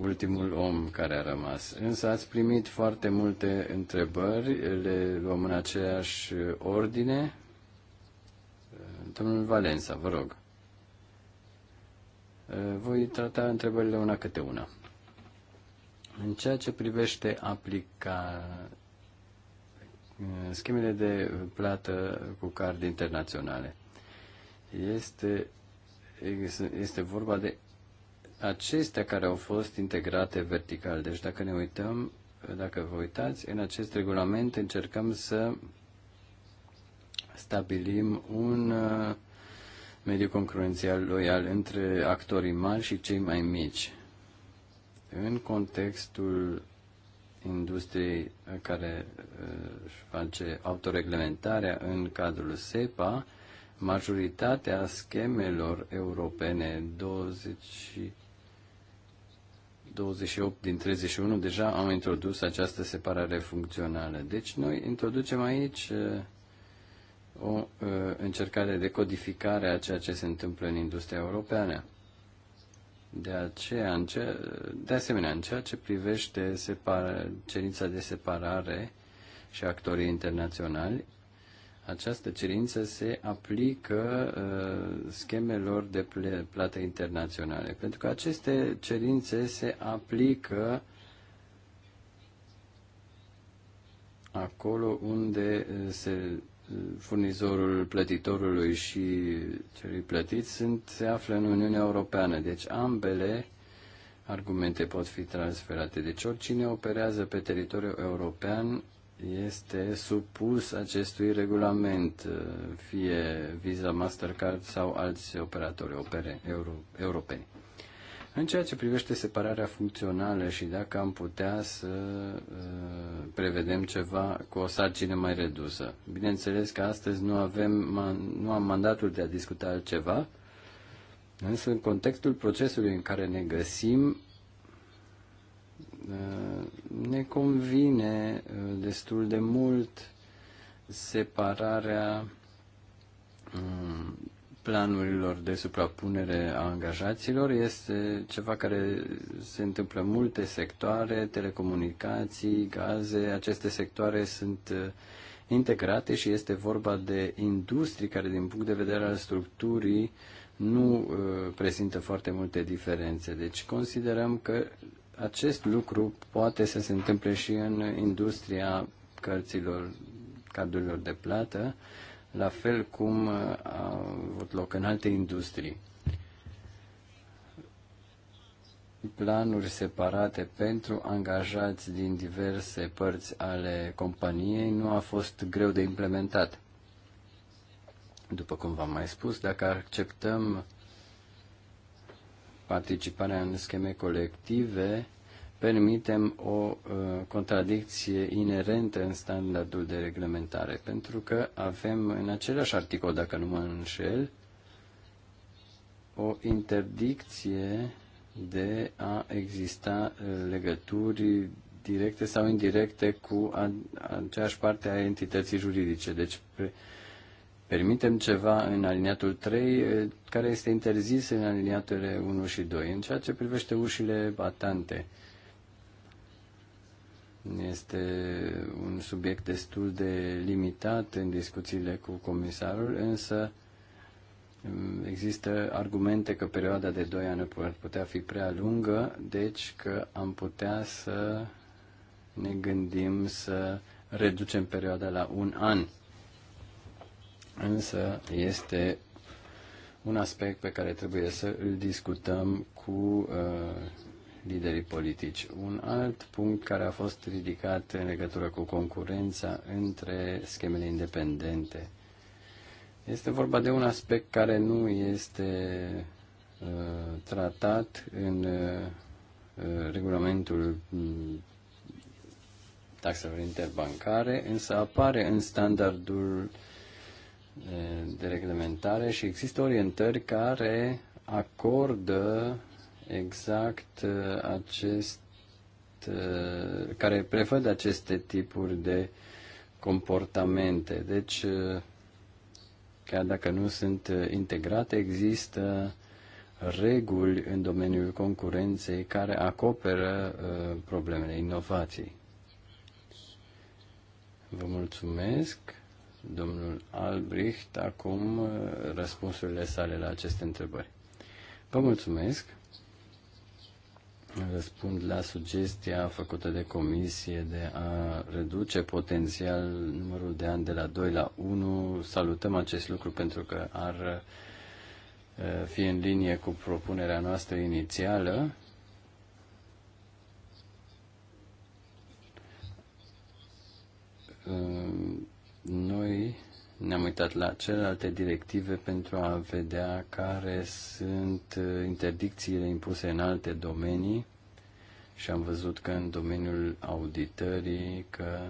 ultimul om care a rămas. Însă ați primit foarte multe întrebări, le luăm în aceeași ordine. Uh, domnul Valența, vă rog. Uh, voi trata întrebările una câte una. În ceea ce privește aplica schemele de plată cu card internaționale, este, este vorba de acestea care au fost integrate vertical. Deci dacă ne uităm, dacă vă uitați, în acest regulament încercăm să stabilim un uh, mediu concurențial loial între actorii mari și cei mai mici. În contextul industriei care uh, își face autoreglementarea în cadrul SEPA, majoritatea schemelor europene, 20 28 din 31 deja am introdus această separare funcțională. Deci noi introducem aici uh, o uh, încercare de codificare a ceea ce se întâmplă în industria europeană. De, aceea, de asemenea, în ceea ce privește separa, cerința de separare și actorii internaționali, această cerință se aplică uh, schemelor de plată internaționale, pentru că aceste cerințe se aplică acolo unde uh, se uh, furnizorul plătitorului și celui plătit sunt, se află în Uniunea Europeană. Deci ambele argumente pot fi transferate. Deci oricine operează pe teritoriul european este supus acestui regulament, fie Visa, Mastercard sau alți operatori opere, euro, europeni. În ceea ce privește separarea funcțională și dacă am putea să uh, prevedem ceva cu o sarcină mai redusă. Bineînțeles că astăzi nu, avem, nu am mandatul de a discuta altceva, însă în contextul procesului în care ne găsim, ne convine uh, destul de mult separarea um, planurilor de suprapunere a angajaților este ceva care se întâmplă în multe sectoare, telecomunicații, gaze, aceste sectoare sunt uh, integrate și este vorba de industrii care din punct de vedere al structurii nu uh, prezintă foarte multe diferențe. Deci considerăm că acest lucru poate să se întâmple și în industria cărților, cardurilor de plată, la fel cum uh, a avut loc în alte industrii. Planuri separate pentru angajați din diverse părți ale companiei nu a fost greu de implementat. După cum v-am mai spus, dacă acceptăm participarea în scheme colective, permitem o uh, contradicție inerentă în standardul de reglementare, pentru că avem în același articol, dacă nu mă înșel, o interdicție de a exista uh, legături directe sau indirecte cu aceeași parte a entității juridice. Deci, pre- permitem ceva în aliniatul 3 eh, care este interzis în aliniatele 1 și 2, în ceea ce privește ușile batante. Este un subiect destul de limitat în discuțiile cu comisarul, însă mm, există argumente că perioada de 2 ani ar putea fi prea lungă, deci că am putea să ne gândim să reducem perioada la un an însă este un aspect pe care trebuie să îl discutăm cu uh, liderii politici. Un alt punct care a fost ridicat în legătură cu concurența între schemele independente. Este vorba de un aspect care nu este uh, tratat în uh, uh regulamentul mm, taxelor interbancare, însă apare în standardul uh, de reglementare și există orientări care acordă exact acest care prevăd aceste tipuri de comportamente. Deci, chiar dacă nu sunt integrate, există reguli în domeniul concurenței care acoperă problemele inovației. Vă mulțumesc domnul Albrecht acum uh, răspunsurile sale la aceste întrebări. Vă mulțumesc. Răspund la sugestia făcută de comisie de a reduce potențial numărul de ani de la 2 la 1. Salutăm acest lucru pentru că ar uh, fi în linie cu propunerea noastră inițială. Um, noi ne-am uitat la celelalte directive pentru a vedea care sunt uh, interdicțiile impuse în alte domenii și am văzut că în domeniul auditării că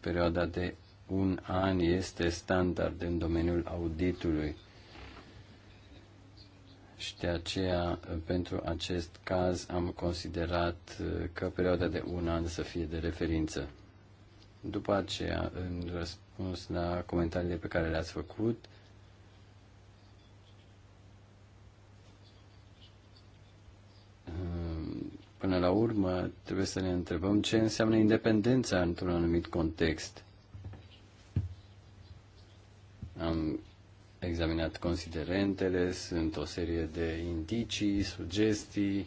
perioada de un an este standard în domeniul auditului. Și de aceea, pentru acest caz, am considerat uh, că perioada de un an să fie de referință. După aceea, în răspuns la comentariile pe care le-ați făcut, um, până la urmă trebuie să ne întrebăm ce înseamnă independența într-un anumit context. Am examinat considerentele, sunt o serie de indicii, sugestii,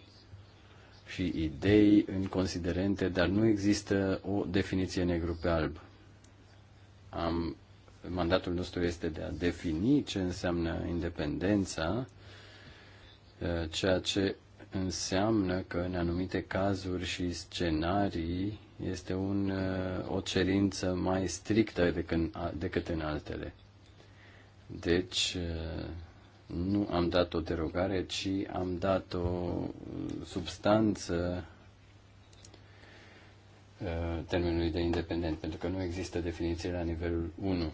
și idei în considerente, dar nu există o definiție negru pe alb. Am, mandatul nostru este de a defini ce înseamnă independența, ă, ceea ce înseamnă că în anumite cazuri și scenarii este un, ă, o cerință mai strictă decât, decât în altele. Deci, ă, nu am dat o derogare, ci am dat o uh, substanță uh, termenului de independent, pentru că nu există definiție la nivelul 1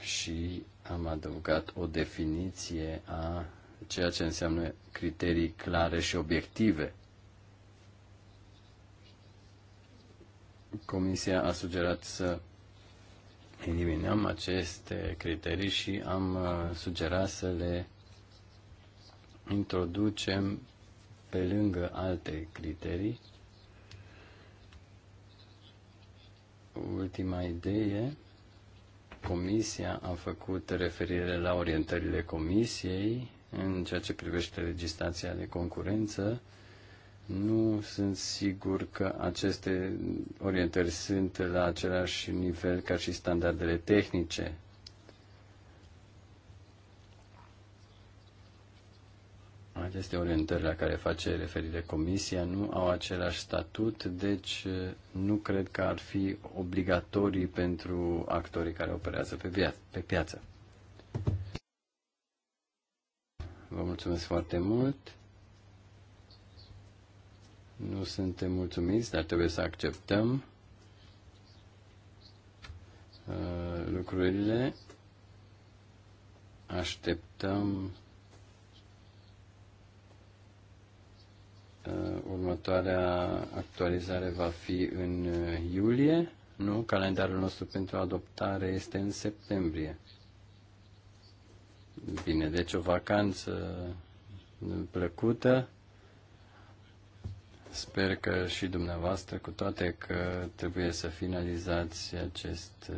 și am adăugat o definiție a ceea ce înseamnă criterii clare și obiective. Comisia a sugerat să eliminăm aceste criterii și am uh, sugerat să le introducem pe lângă alte criterii. Ultima idee, Comisia a făcut referire la orientările Comisiei în ceea ce privește legislația de concurență. Nu sunt sigur că aceste orientări sunt la același nivel ca și standardele tehnice Aceste orientări la care face referire Comisia nu au același statut, deci eh, nu cred că ar fi obligatorii pentru actorii care operează pe, via- pe piață. Vă mulțumesc foarte mult. Nu suntem mulțumiți, dar trebuie să acceptăm eh, lucrurile. Așteptăm Uh, următoarea actualizare va fi în uh, iulie. Nu, calendarul nostru pentru adoptare este în septembrie. Bine, deci o vacanță plăcută. Sper că și dumneavoastră, cu toate că trebuie să finalizați acest uh,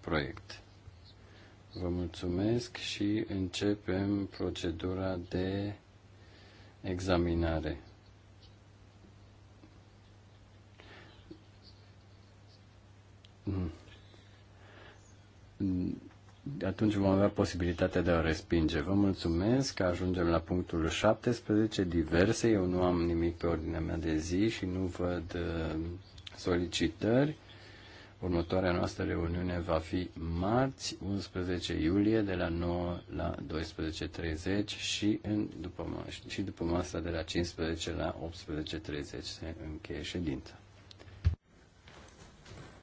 proiect. Vă mulțumesc și începem procedura de examinare. Atunci vom avea posibilitatea de a o respinge. Vă mulțumesc că ajungem la punctul 17, diverse. Eu nu am nimic pe ordinea mea de zi și nu văd uh, solicitări. Următoarea noastră reuniune va fi marți, 11 iulie, de la 9 la 12.30 și, în, după, și după masa de la 15 la 18.30 se încheie ședința.